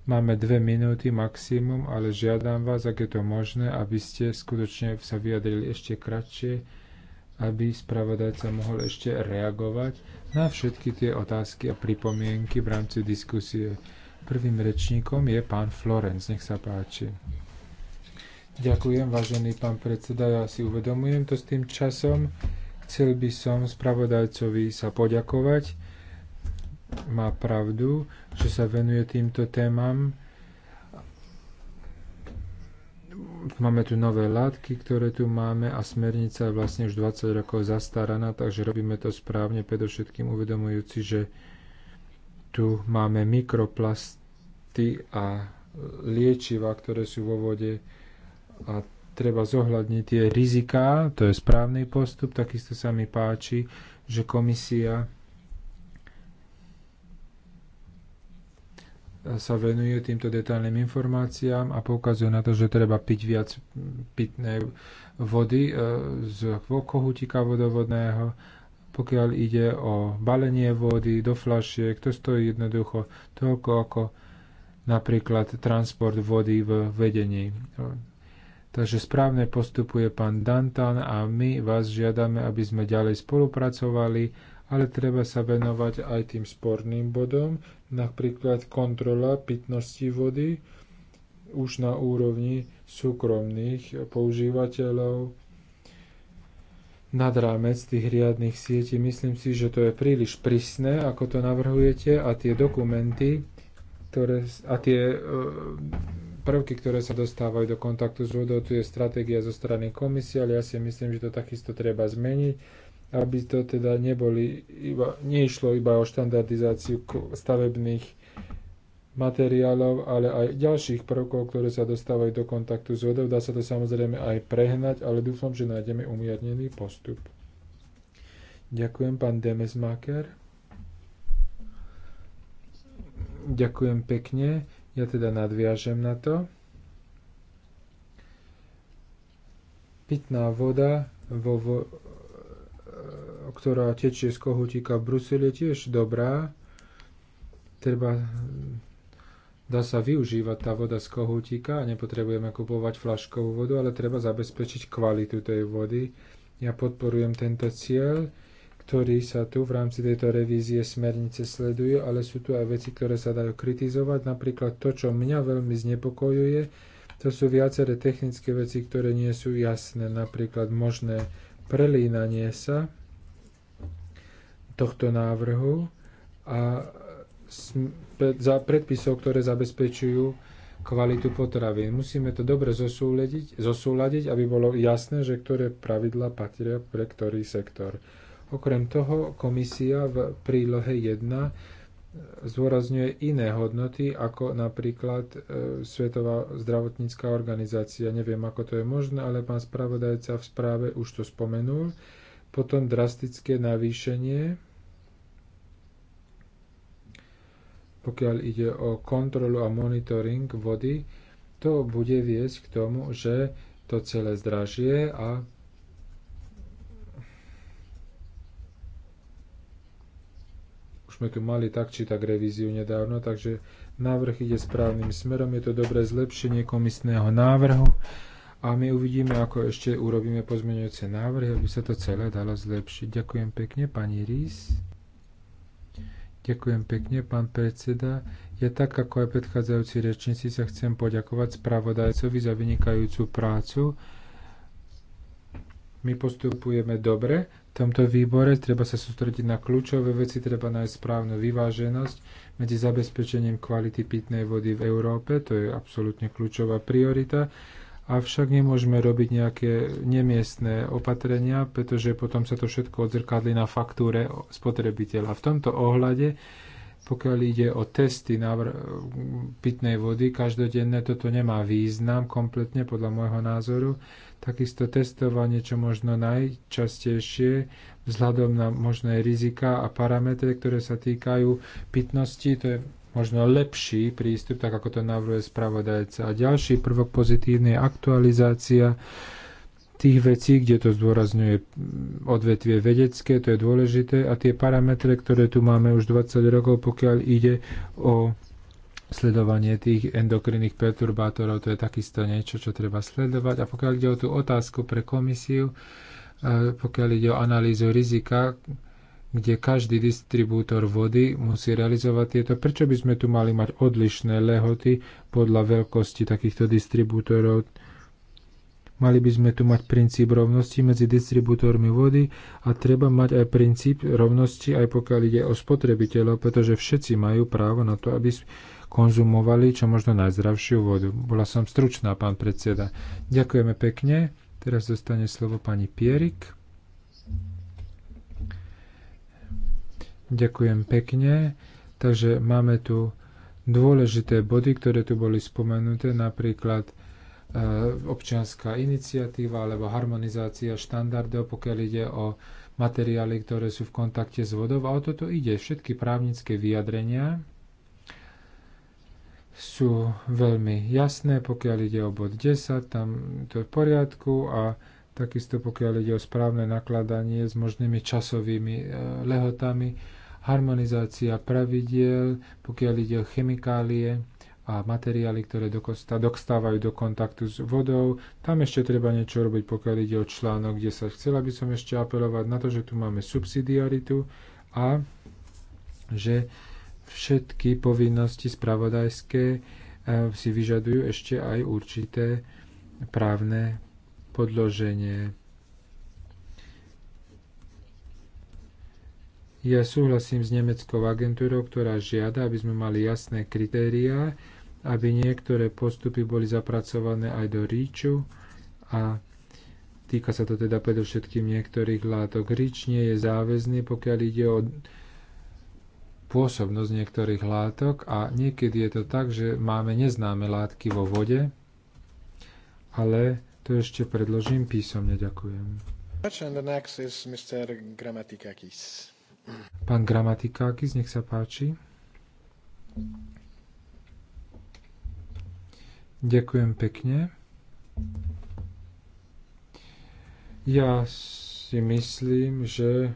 Máme dve minúty maximum, ale žiadam vás, ak je to možné, aby ste skutočne sa vyjadrili ešte kratšie, aby spravodajca mohol ešte reagovať na všetky tie otázky a pripomienky v rámci diskusie. Prvým rečníkom je pán Florenc. Nech sa páči. Ďakujem, vážený pán predseda. Ja si uvedomujem to s tým časom. Chcel by som spravodajcovi sa poďakovať. Má pravdu, že sa venuje týmto témam. Máme tu nové látky, ktoré tu máme a smernica je vlastne už 20 rokov zastaraná, takže robíme to správne, predovšetkým uvedomujúci, že tu máme mikroplasty a liečiva, ktoré sú vo vode a treba zohľadniť tie riziká, to je správny postup, takisto sa mi páči, že komisia sa venuje týmto detailným informáciám a poukazuje na to, že treba piť viac pitnej vody e, z kohutika vodovodného pokiaľ ide o balenie vody do flašiek, to stojí jednoducho toľko ako napríklad transport vody v vedení. Takže správne postupuje pán Dantan a my vás žiadame, aby sme ďalej spolupracovali, ale treba sa venovať aj tým sporným bodom, napríklad kontrola pitnosti vody už na úrovni súkromných používateľov, nad rámec tých riadnych sietí. Myslím si, že to je príliš prísne, ako to navrhujete a tie dokumenty ktoré, a tie e, prvky, ktoré sa dostávajú do kontaktu s vodou, tu je stratégia zo strany komisie, ale ja si myslím, že to takisto treba zmeniť, aby to teda neboli iba, neišlo iba o štandardizáciu stavebných materiálov, ale aj ďalších prvkov, ktoré sa dostávajú do kontaktu s vodou. Dá sa to samozrejme aj prehnať, ale dúfam, že nájdeme umiernený postup. Ďakujem, pán Demesmaker. Ďakujem pekne. Ja teda nadviažem na to. Pitná voda, vo, vo, ktorá tečie z kohutíka v Bruseli, je tiež dobrá treba Dá sa využívať tá voda z kohútika a nepotrebujeme kupovať flaškovú vodu, ale treba zabezpečiť kvalitu tej vody. Ja podporujem tento cieľ, ktorý sa tu v rámci tejto revízie smernice sleduje, ale sú tu aj veci, ktoré sa dajú kritizovať. Napríklad to, čo mňa veľmi znepokojuje, to sú viaceré technické veci, ktoré nie sú jasné. Napríklad možné prelínanie sa tohto návrhu a za predpisov, ktoré zabezpečujú kvalitu potravín. Musíme to dobre zosúľadiť, zosúľadiť, aby bolo jasné, že ktoré pravidla patria pre ktorý sektor. Okrem toho komisia v prílohe 1 e, zdôrazňuje iné hodnoty, ako napríklad e, Svetová zdravotnícká organizácia. Neviem, ako to je možné, ale pán spravodajca v správe už to spomenul. Potom drastické navýšenie pokiaľ ide o kontrolu a monitoring vody, to bude viesť k tomu, že to celé zdražie a už sme tu mali tak či tak revíziu nedávno, takže návrh ide správnym smerom, je to dobré zlepšenie komisného návrhu a my uvidíme, ako ešte urobíme pozmeňujúce návrhy, aby sa to celé dalo zlepšiť. Ďakujem pekne, pani Rís. Ďakujem pekne, pán predseda. Ja tak ako aj predchádzajúci rečníci sa chcem poďakovať spravodajcovi za vynikajúcu prácu. My postupujeme dobre v tomto výbore, treba sa sústrediť na kľúčové veci, treba nájsť správnu vyváženosť medzi zabezpečením kvality pitnej vody v Európe, to je absolútne kľúčová priorita, Avšak nemôžeme robiť nejaké nemiestné opatrenia, pretože potom sa to všetko odzrkadlí na faktúre spotrebiteľa. V tomto ohľade, pokiaľ ide o testy na pitnej vody, každodenné toto nemá význam kompletne podľa môjho názoru. Takisto testovanie, čo možno najčastejšie, vzhľadom na možné rizika a parametre, ktoré sa týkajú pitnosti, to je možno lepší prístup, tak ako to navrhuje spravodajca. A ďalší prvok pozitívny je aktualizácia tých vecí, kde to zdôrazňuje odvetvie vedecké, to je dôležité, a tie parametre, ktoré tu máme už 20 rokov, pokiaľ ide o sledovanie tých endokrinných perturbátorov, to je takisto niečo, čo treba sledovať. A pokiaľ ide o tú otázku pre komisiu, eh, pokiaľ ide o analýzu rizika, kde každý distribútor vody musí realizovať tieto. Prečo by sme tu mali mať odlišné lehoty podľa veľkosti takýchto distribútorov? Mali by sme tu mať princíp rovnosti medzi distribútormi vody a treba mať aj princíp rovnosti, aj pokiaľ ide o spotrebiteľov, pretože všetci majú právo na to, aby konzumovali čo možno najzdravšiu vodu. Bola som stručná, pán predseda. Ďakujeme pekne. Teraz dostane slovo pani Pierik. Ďakujem pekne. Takže máme tu dôležité body, ktoré tu boli spomenuté, napríklad e, občianská iniciatíva alebo harmonizácia štandardov, pokiaľ ide o materiály, ktoré sú v kontakte s vodou. A o toto ide. Všetky právnické vyjadrenia sú veľmi jasné, pokiaľ ide o bod 10, tam to je v poriadku a takisto pokiaľ ide o správne nakladanie s možnými časovými e, lehotami, harmonizácia pravidiel, pokiaľ ide o chemikálie a materiály, ktoré dostávajú do kontaktu s vodou. Tam ešte treba niečo robiť, pokiaľ ide o článok 10. Chcela by som ešte apelovať na to, že tu máme subsidiaritu a že všetky povinnosti spravodajské eh, si vyžadujú ešte aj určité právne podloženie. Ja súhlasím s nemeckou agentúrou, ktorá žiada, aby sme mali jasné kritériá, aby niektoré postupy boli zapracované aj do ríču a týka sa to teda predovšetkým niektorých látok. Ríč nie je záväzný, pokiaľ ide o pôsobnosť niektorých látok a niekedy je to tak, že máme neznáme látky vo vode, ale to ešte predložím písomne. Ďakujem. And the next is Mr. Pán Gramatikákis, nech sa páči. Ďakujem pekne. Ja si myslím, že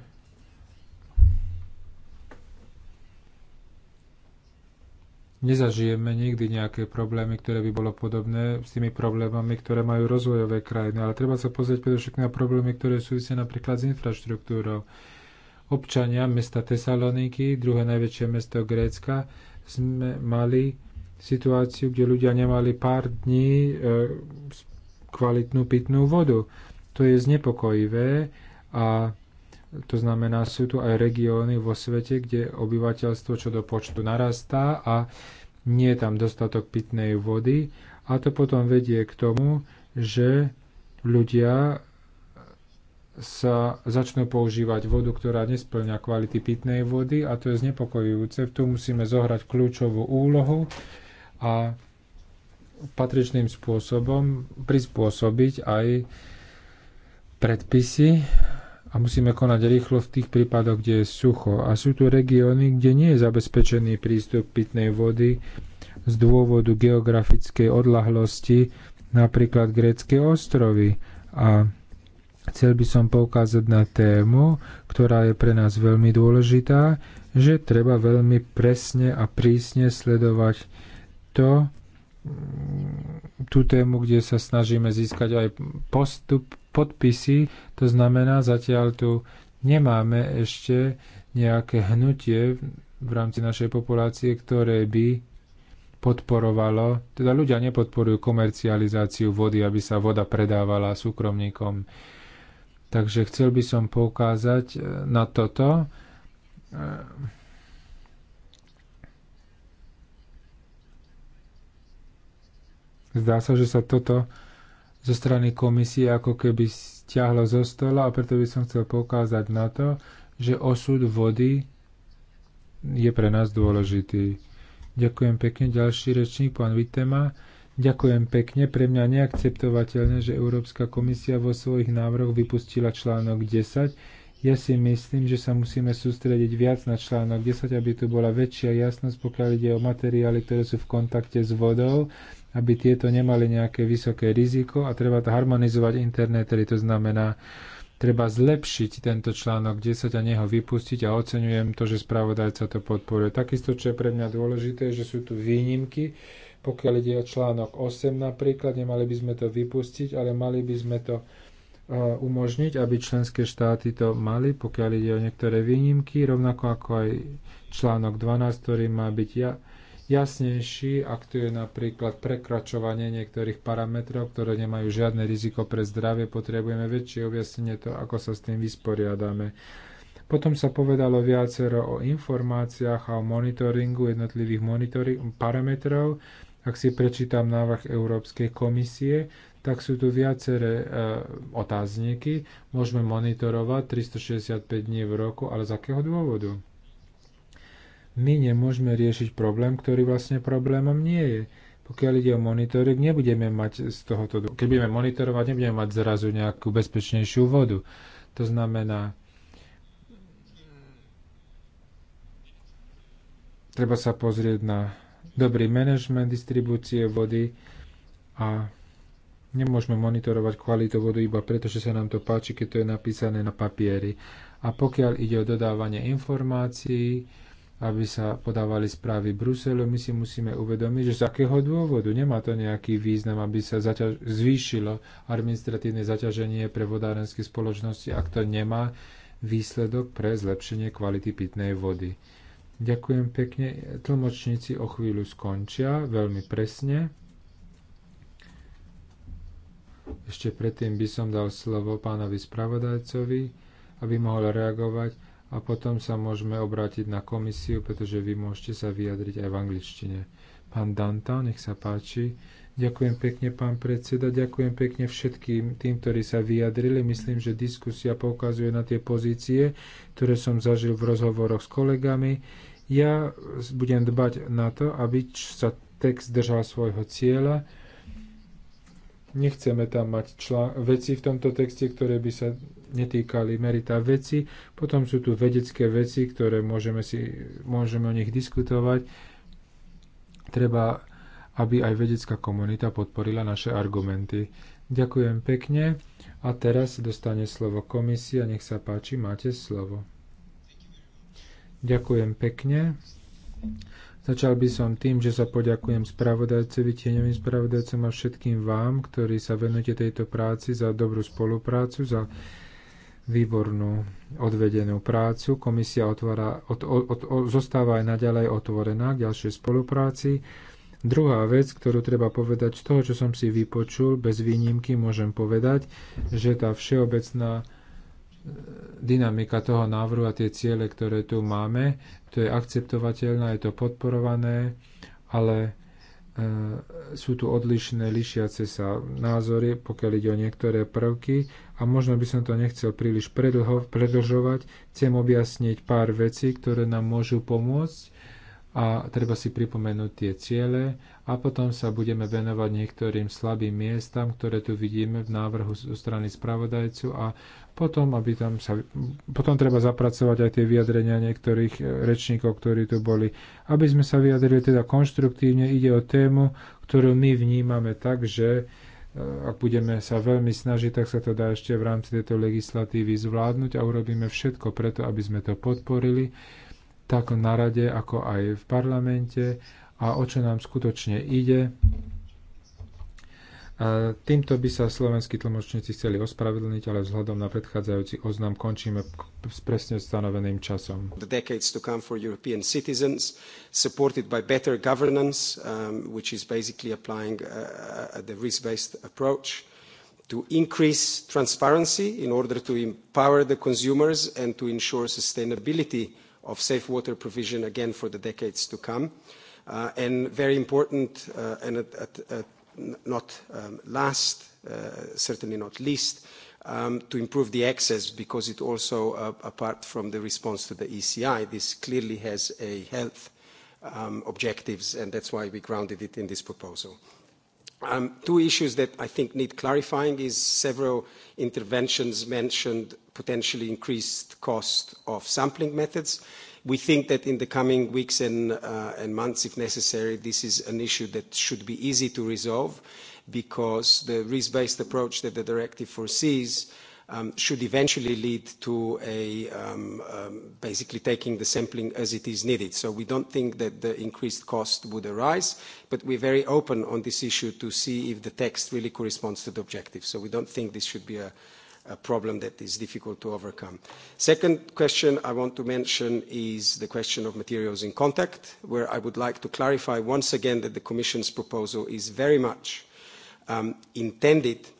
nezažijeme nikdy nejaké problémy, ktoré by bolo podobné s tými problémami, ktoré majú rozvojové krajiny. Ale treba sa pozrieť predovšetkým na problémy, ktoré súvisia napríklad s infraštruktúrou občania mesta Tesaloniky, druhé najväčšie mesto Grécka, sme mali situáciu, kde ľudia nemali pár dní e, kvalitnú pitnú vodu. To je znepokojivé a to znamená, sú tu aj regióny vo svete, kde obyvateľstvo čo do počtu narastá a nie je tam dostatok pitnej vody a to potom vedie k tomu, že ľudia sa začnú používať vodu, ktorá nesplňa kvality pitnej vody a to je znepokojujúce. Tu musíme zohrať kľúčovú úlohu a patričným spôsobom prispôsobiť aj predpisy a musíme konať rýchlo v tých prípadoch, kde je sucho. A sú tu regióny, kde nie je zabezpečený prístup pitnej vody z dôvodu geografickej odlahlosti, napríklad grécké ostrovy. A Chcel by som poukázať na tému, ktorá je pre nás veľmi dôležitá, že treba veľmi presne a prísne sledovať to, tú tému, kde sa snažíme získať aj postup, podpisy. To znamená, zatiaľ tu nemáme ešte nejaké hnutie v rámci našej populácie, ktoré by podporovalo, teda ľudia nepodporujú komercializáciu vody, aby sa voda predávala súkromníkom Takže chcel by som poukázať e, na toto. E, zdá sa, že sa toto zo strany komisie ako keby stiahlo zo stola a preto by som chcel poukázať na to, že osud vody je pre nás dôležitý. Ďakujem pekne. Ďalší rečník, pán Vitema. Ďakujem pekne. Pre mňa neakceptovateľné, že Európska komisia vo svojich návrhoch vypustila článok 10. Ja si myslím, že sa musíme sústrediť viac na článok 10, aby tu bola väčšia jasnosť, pokiaľ ide o materiály, ktoré sú v kontakte s vodou, aby tieto nemali nejaké vysoké riziko a treba harmonizovať internet, tedy to znamená, treba zlepšiť tento článok 10 a neho vypustiť a oceňujem to, že spravodajca to podporuje. Takisto, čo je pre mňa dôležité, že sú tu výnimky, pokiaľ ide o článok 8 napríklad, nemali by sme to vypustiť, ale mali by sme to e, umožniť, aby členské štáty to mali, pokiaľ ide o niektoré výnimky, rovnako ako aj článok 12, ktorý má byť ja, jasnejší, ak tu je napríklad prekračovanie niektorých parametrov, ktoré nemajú žiadne riziko pre zdravie, potrebujeme väčšie objasnenie to, ako sa s tým vysporiadame. Potom sa povedalo viacero o informáciách a o monitoringu jednotlivých monitoring parametrov. Ak si prečítam návrh Európskej komisie, tak sú tu viaceré e, otázniky. Môžeme monitorovať 365 dní v roku, ale z akého dôvodu? My nemôžeme riešiť problém, ktorý vlastne problémom nie je. Pokiaľ ide o monitoring, nebudeme mať z tohoto... Keď budeme monitorovať, nebudeme mať zrazu nejakú bezpečnejšiu vodu. To znamená, treba sa pozrieť na dobrý manažment distribúcie vody a nemôžeme monitorovať kvalitu vodu iba preto, že sa nám to páči, keď to je napísané na papieri. A pokiaľ ide o dodávanie informácií, aby sa podávali správy Bruselu, my si musíme uvedomiť, že z akého dôvodu nemá to nejaký význam, aby sa zaťaž- zvýšilo administratívne zaťaženie pre vodárenské spoločnosti, ak to nemá výsledok pre zlepšenie kvality pitnej vody. Ďakujem pekne. Tlmočníci o chvíľu skončia, veľmi presne. Ešte predtým by som dal slovo pánovi spravodajcovi, aby mohol reagovať a potom sa môžeme obrátiť na komisiu, pretože vy môžete sa vyjadriť aj v angličtine. Pán Danta, nech sa páči. Ďakujem pekne, pán predseda. Ďakujem pekne všetkým tým, ktorí sa vyjadrili. Myslím, že diskusia poukazuje na tie pozície, ktoré som zažil v rozhovoroch s kolegami. Ja budem dbať na to, aby sa text držal svojho cieľa. Nechceme tam mať veci v tomto texte, ktoré by sa netýkali merita veci. Potom sú tu vedecké veci, ktoré môžeme, si, môžeme o nich diskutovať. Treba, aby aj vedecká komunita podporila naše argumenty. Ďakujem pekne. A teraz dostane slovo komisia. Nech sa páči, máte slovo. Ďakujem pekne. Začal by som tým, že sa poďakujem spravodajcovi, tieňovým spravodajcom a všetkým vám, ktorí sa venujete tejto práci za dobrú spoluprácu, za výbornú odvedenú prácu. Komisia otvára, od, od, od, zostáva aj naďalej otvorená k ďalšej spolupráci. Druhá vec, ktorú treba povedať z toho, čo som si vypočul, bez výnimky môžem povedať, že tá všeobecná dynamika toho návrhu a tie ciele, ktoré tu máme, to je akceptovateľné, je to podporované, ale e, sú tu odlišné, lišiace sa názory, pokiaľ ide o niektoré prvky a možno by som to nechcel príliš predlho, predlžovať. Chcem objasniť pár vecí, ktoré nám môžu pomôcť a treba si pripomenúť tie ciele a potom sa budeme venovať niektorým slabým miestam, ktoré tu vidíme v návrhu zo strany spravodajcu a potom, aby tam sa, potom treba zapracovať aj tie vyjadrenia niektorých e, rečníkov, ktorí tu boli. Aby sme sa vyjadrili teda konštruktívne, ide o tému, ktorú my vnímame tak, že e, ak budeme sa veľmi snažiť, tak sa to dá ešte v rámci tejto legislatívy zvládnuť a urobíme všetko preto, aby sme to podporili tak na rade, ako aj v parlamente a o čo nám skutočne ide. A týmto by sa slovenskí tlmočníci chceli ospravedlniť, ale vzhľadom na predchádzajúci oznam končíme s presne stanoveným časom. The decades to come for European citizens, supported by better governance, um, which is basically applying uh, uh the risk-based approach, to increase transparency in order to empower the consumers and to ensure sustainability of safe water provision again for the decades to come. Uh, and very important, uh, and not um, last, uh, certainly not least, um, to improve the access because it also, apart from the response to the ECI, this clearly has a health um, objectives, and that's why we grounded it in this proposal. Um, two issues that I think need clarifying is several interventions mentioned potentially increased cost of sampling methods. We think that in the coming weeks and, uh, and months, if necessary, this is an issue that should be easy to resolve because the risk-based approach that the directive foresees um, should eventually lead to a um, um, basically taking the sampling as it is needed. So we don't think that the increased cost would arise, but we're very open on this issue to see if the text really corresponds to the objective. So we don't think this should be a, a problem that is difficult to overcome. Second question I want to mention is the question of materials in contact, where I would like to clarify once again that the Commission's proposal is very much um, intended –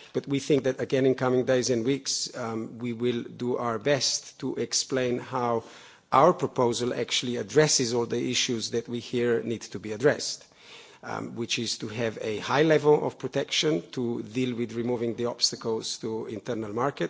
But we think that, again, in coming days and weeks, um, we will do our best to explain how our proposal actually addresses all the issues that we hear need to be addressed. Um, which is to have a high level of protection to deal with removing the obstacles to internal market,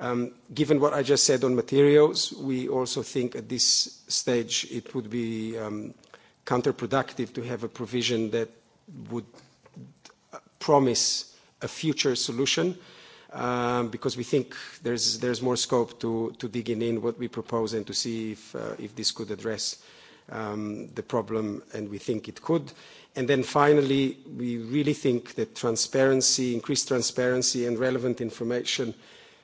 Um, given what I just said on materials, we also think at this stage it would be um, counterproductive to have a provision that would uh, promise a future solution um, because we think there's, there's more scope to, to digging in what we propose and to see if, uh, if this could address um, the problem, and we think it could. And then finally, we really think that transparency, increased transparency and relevant information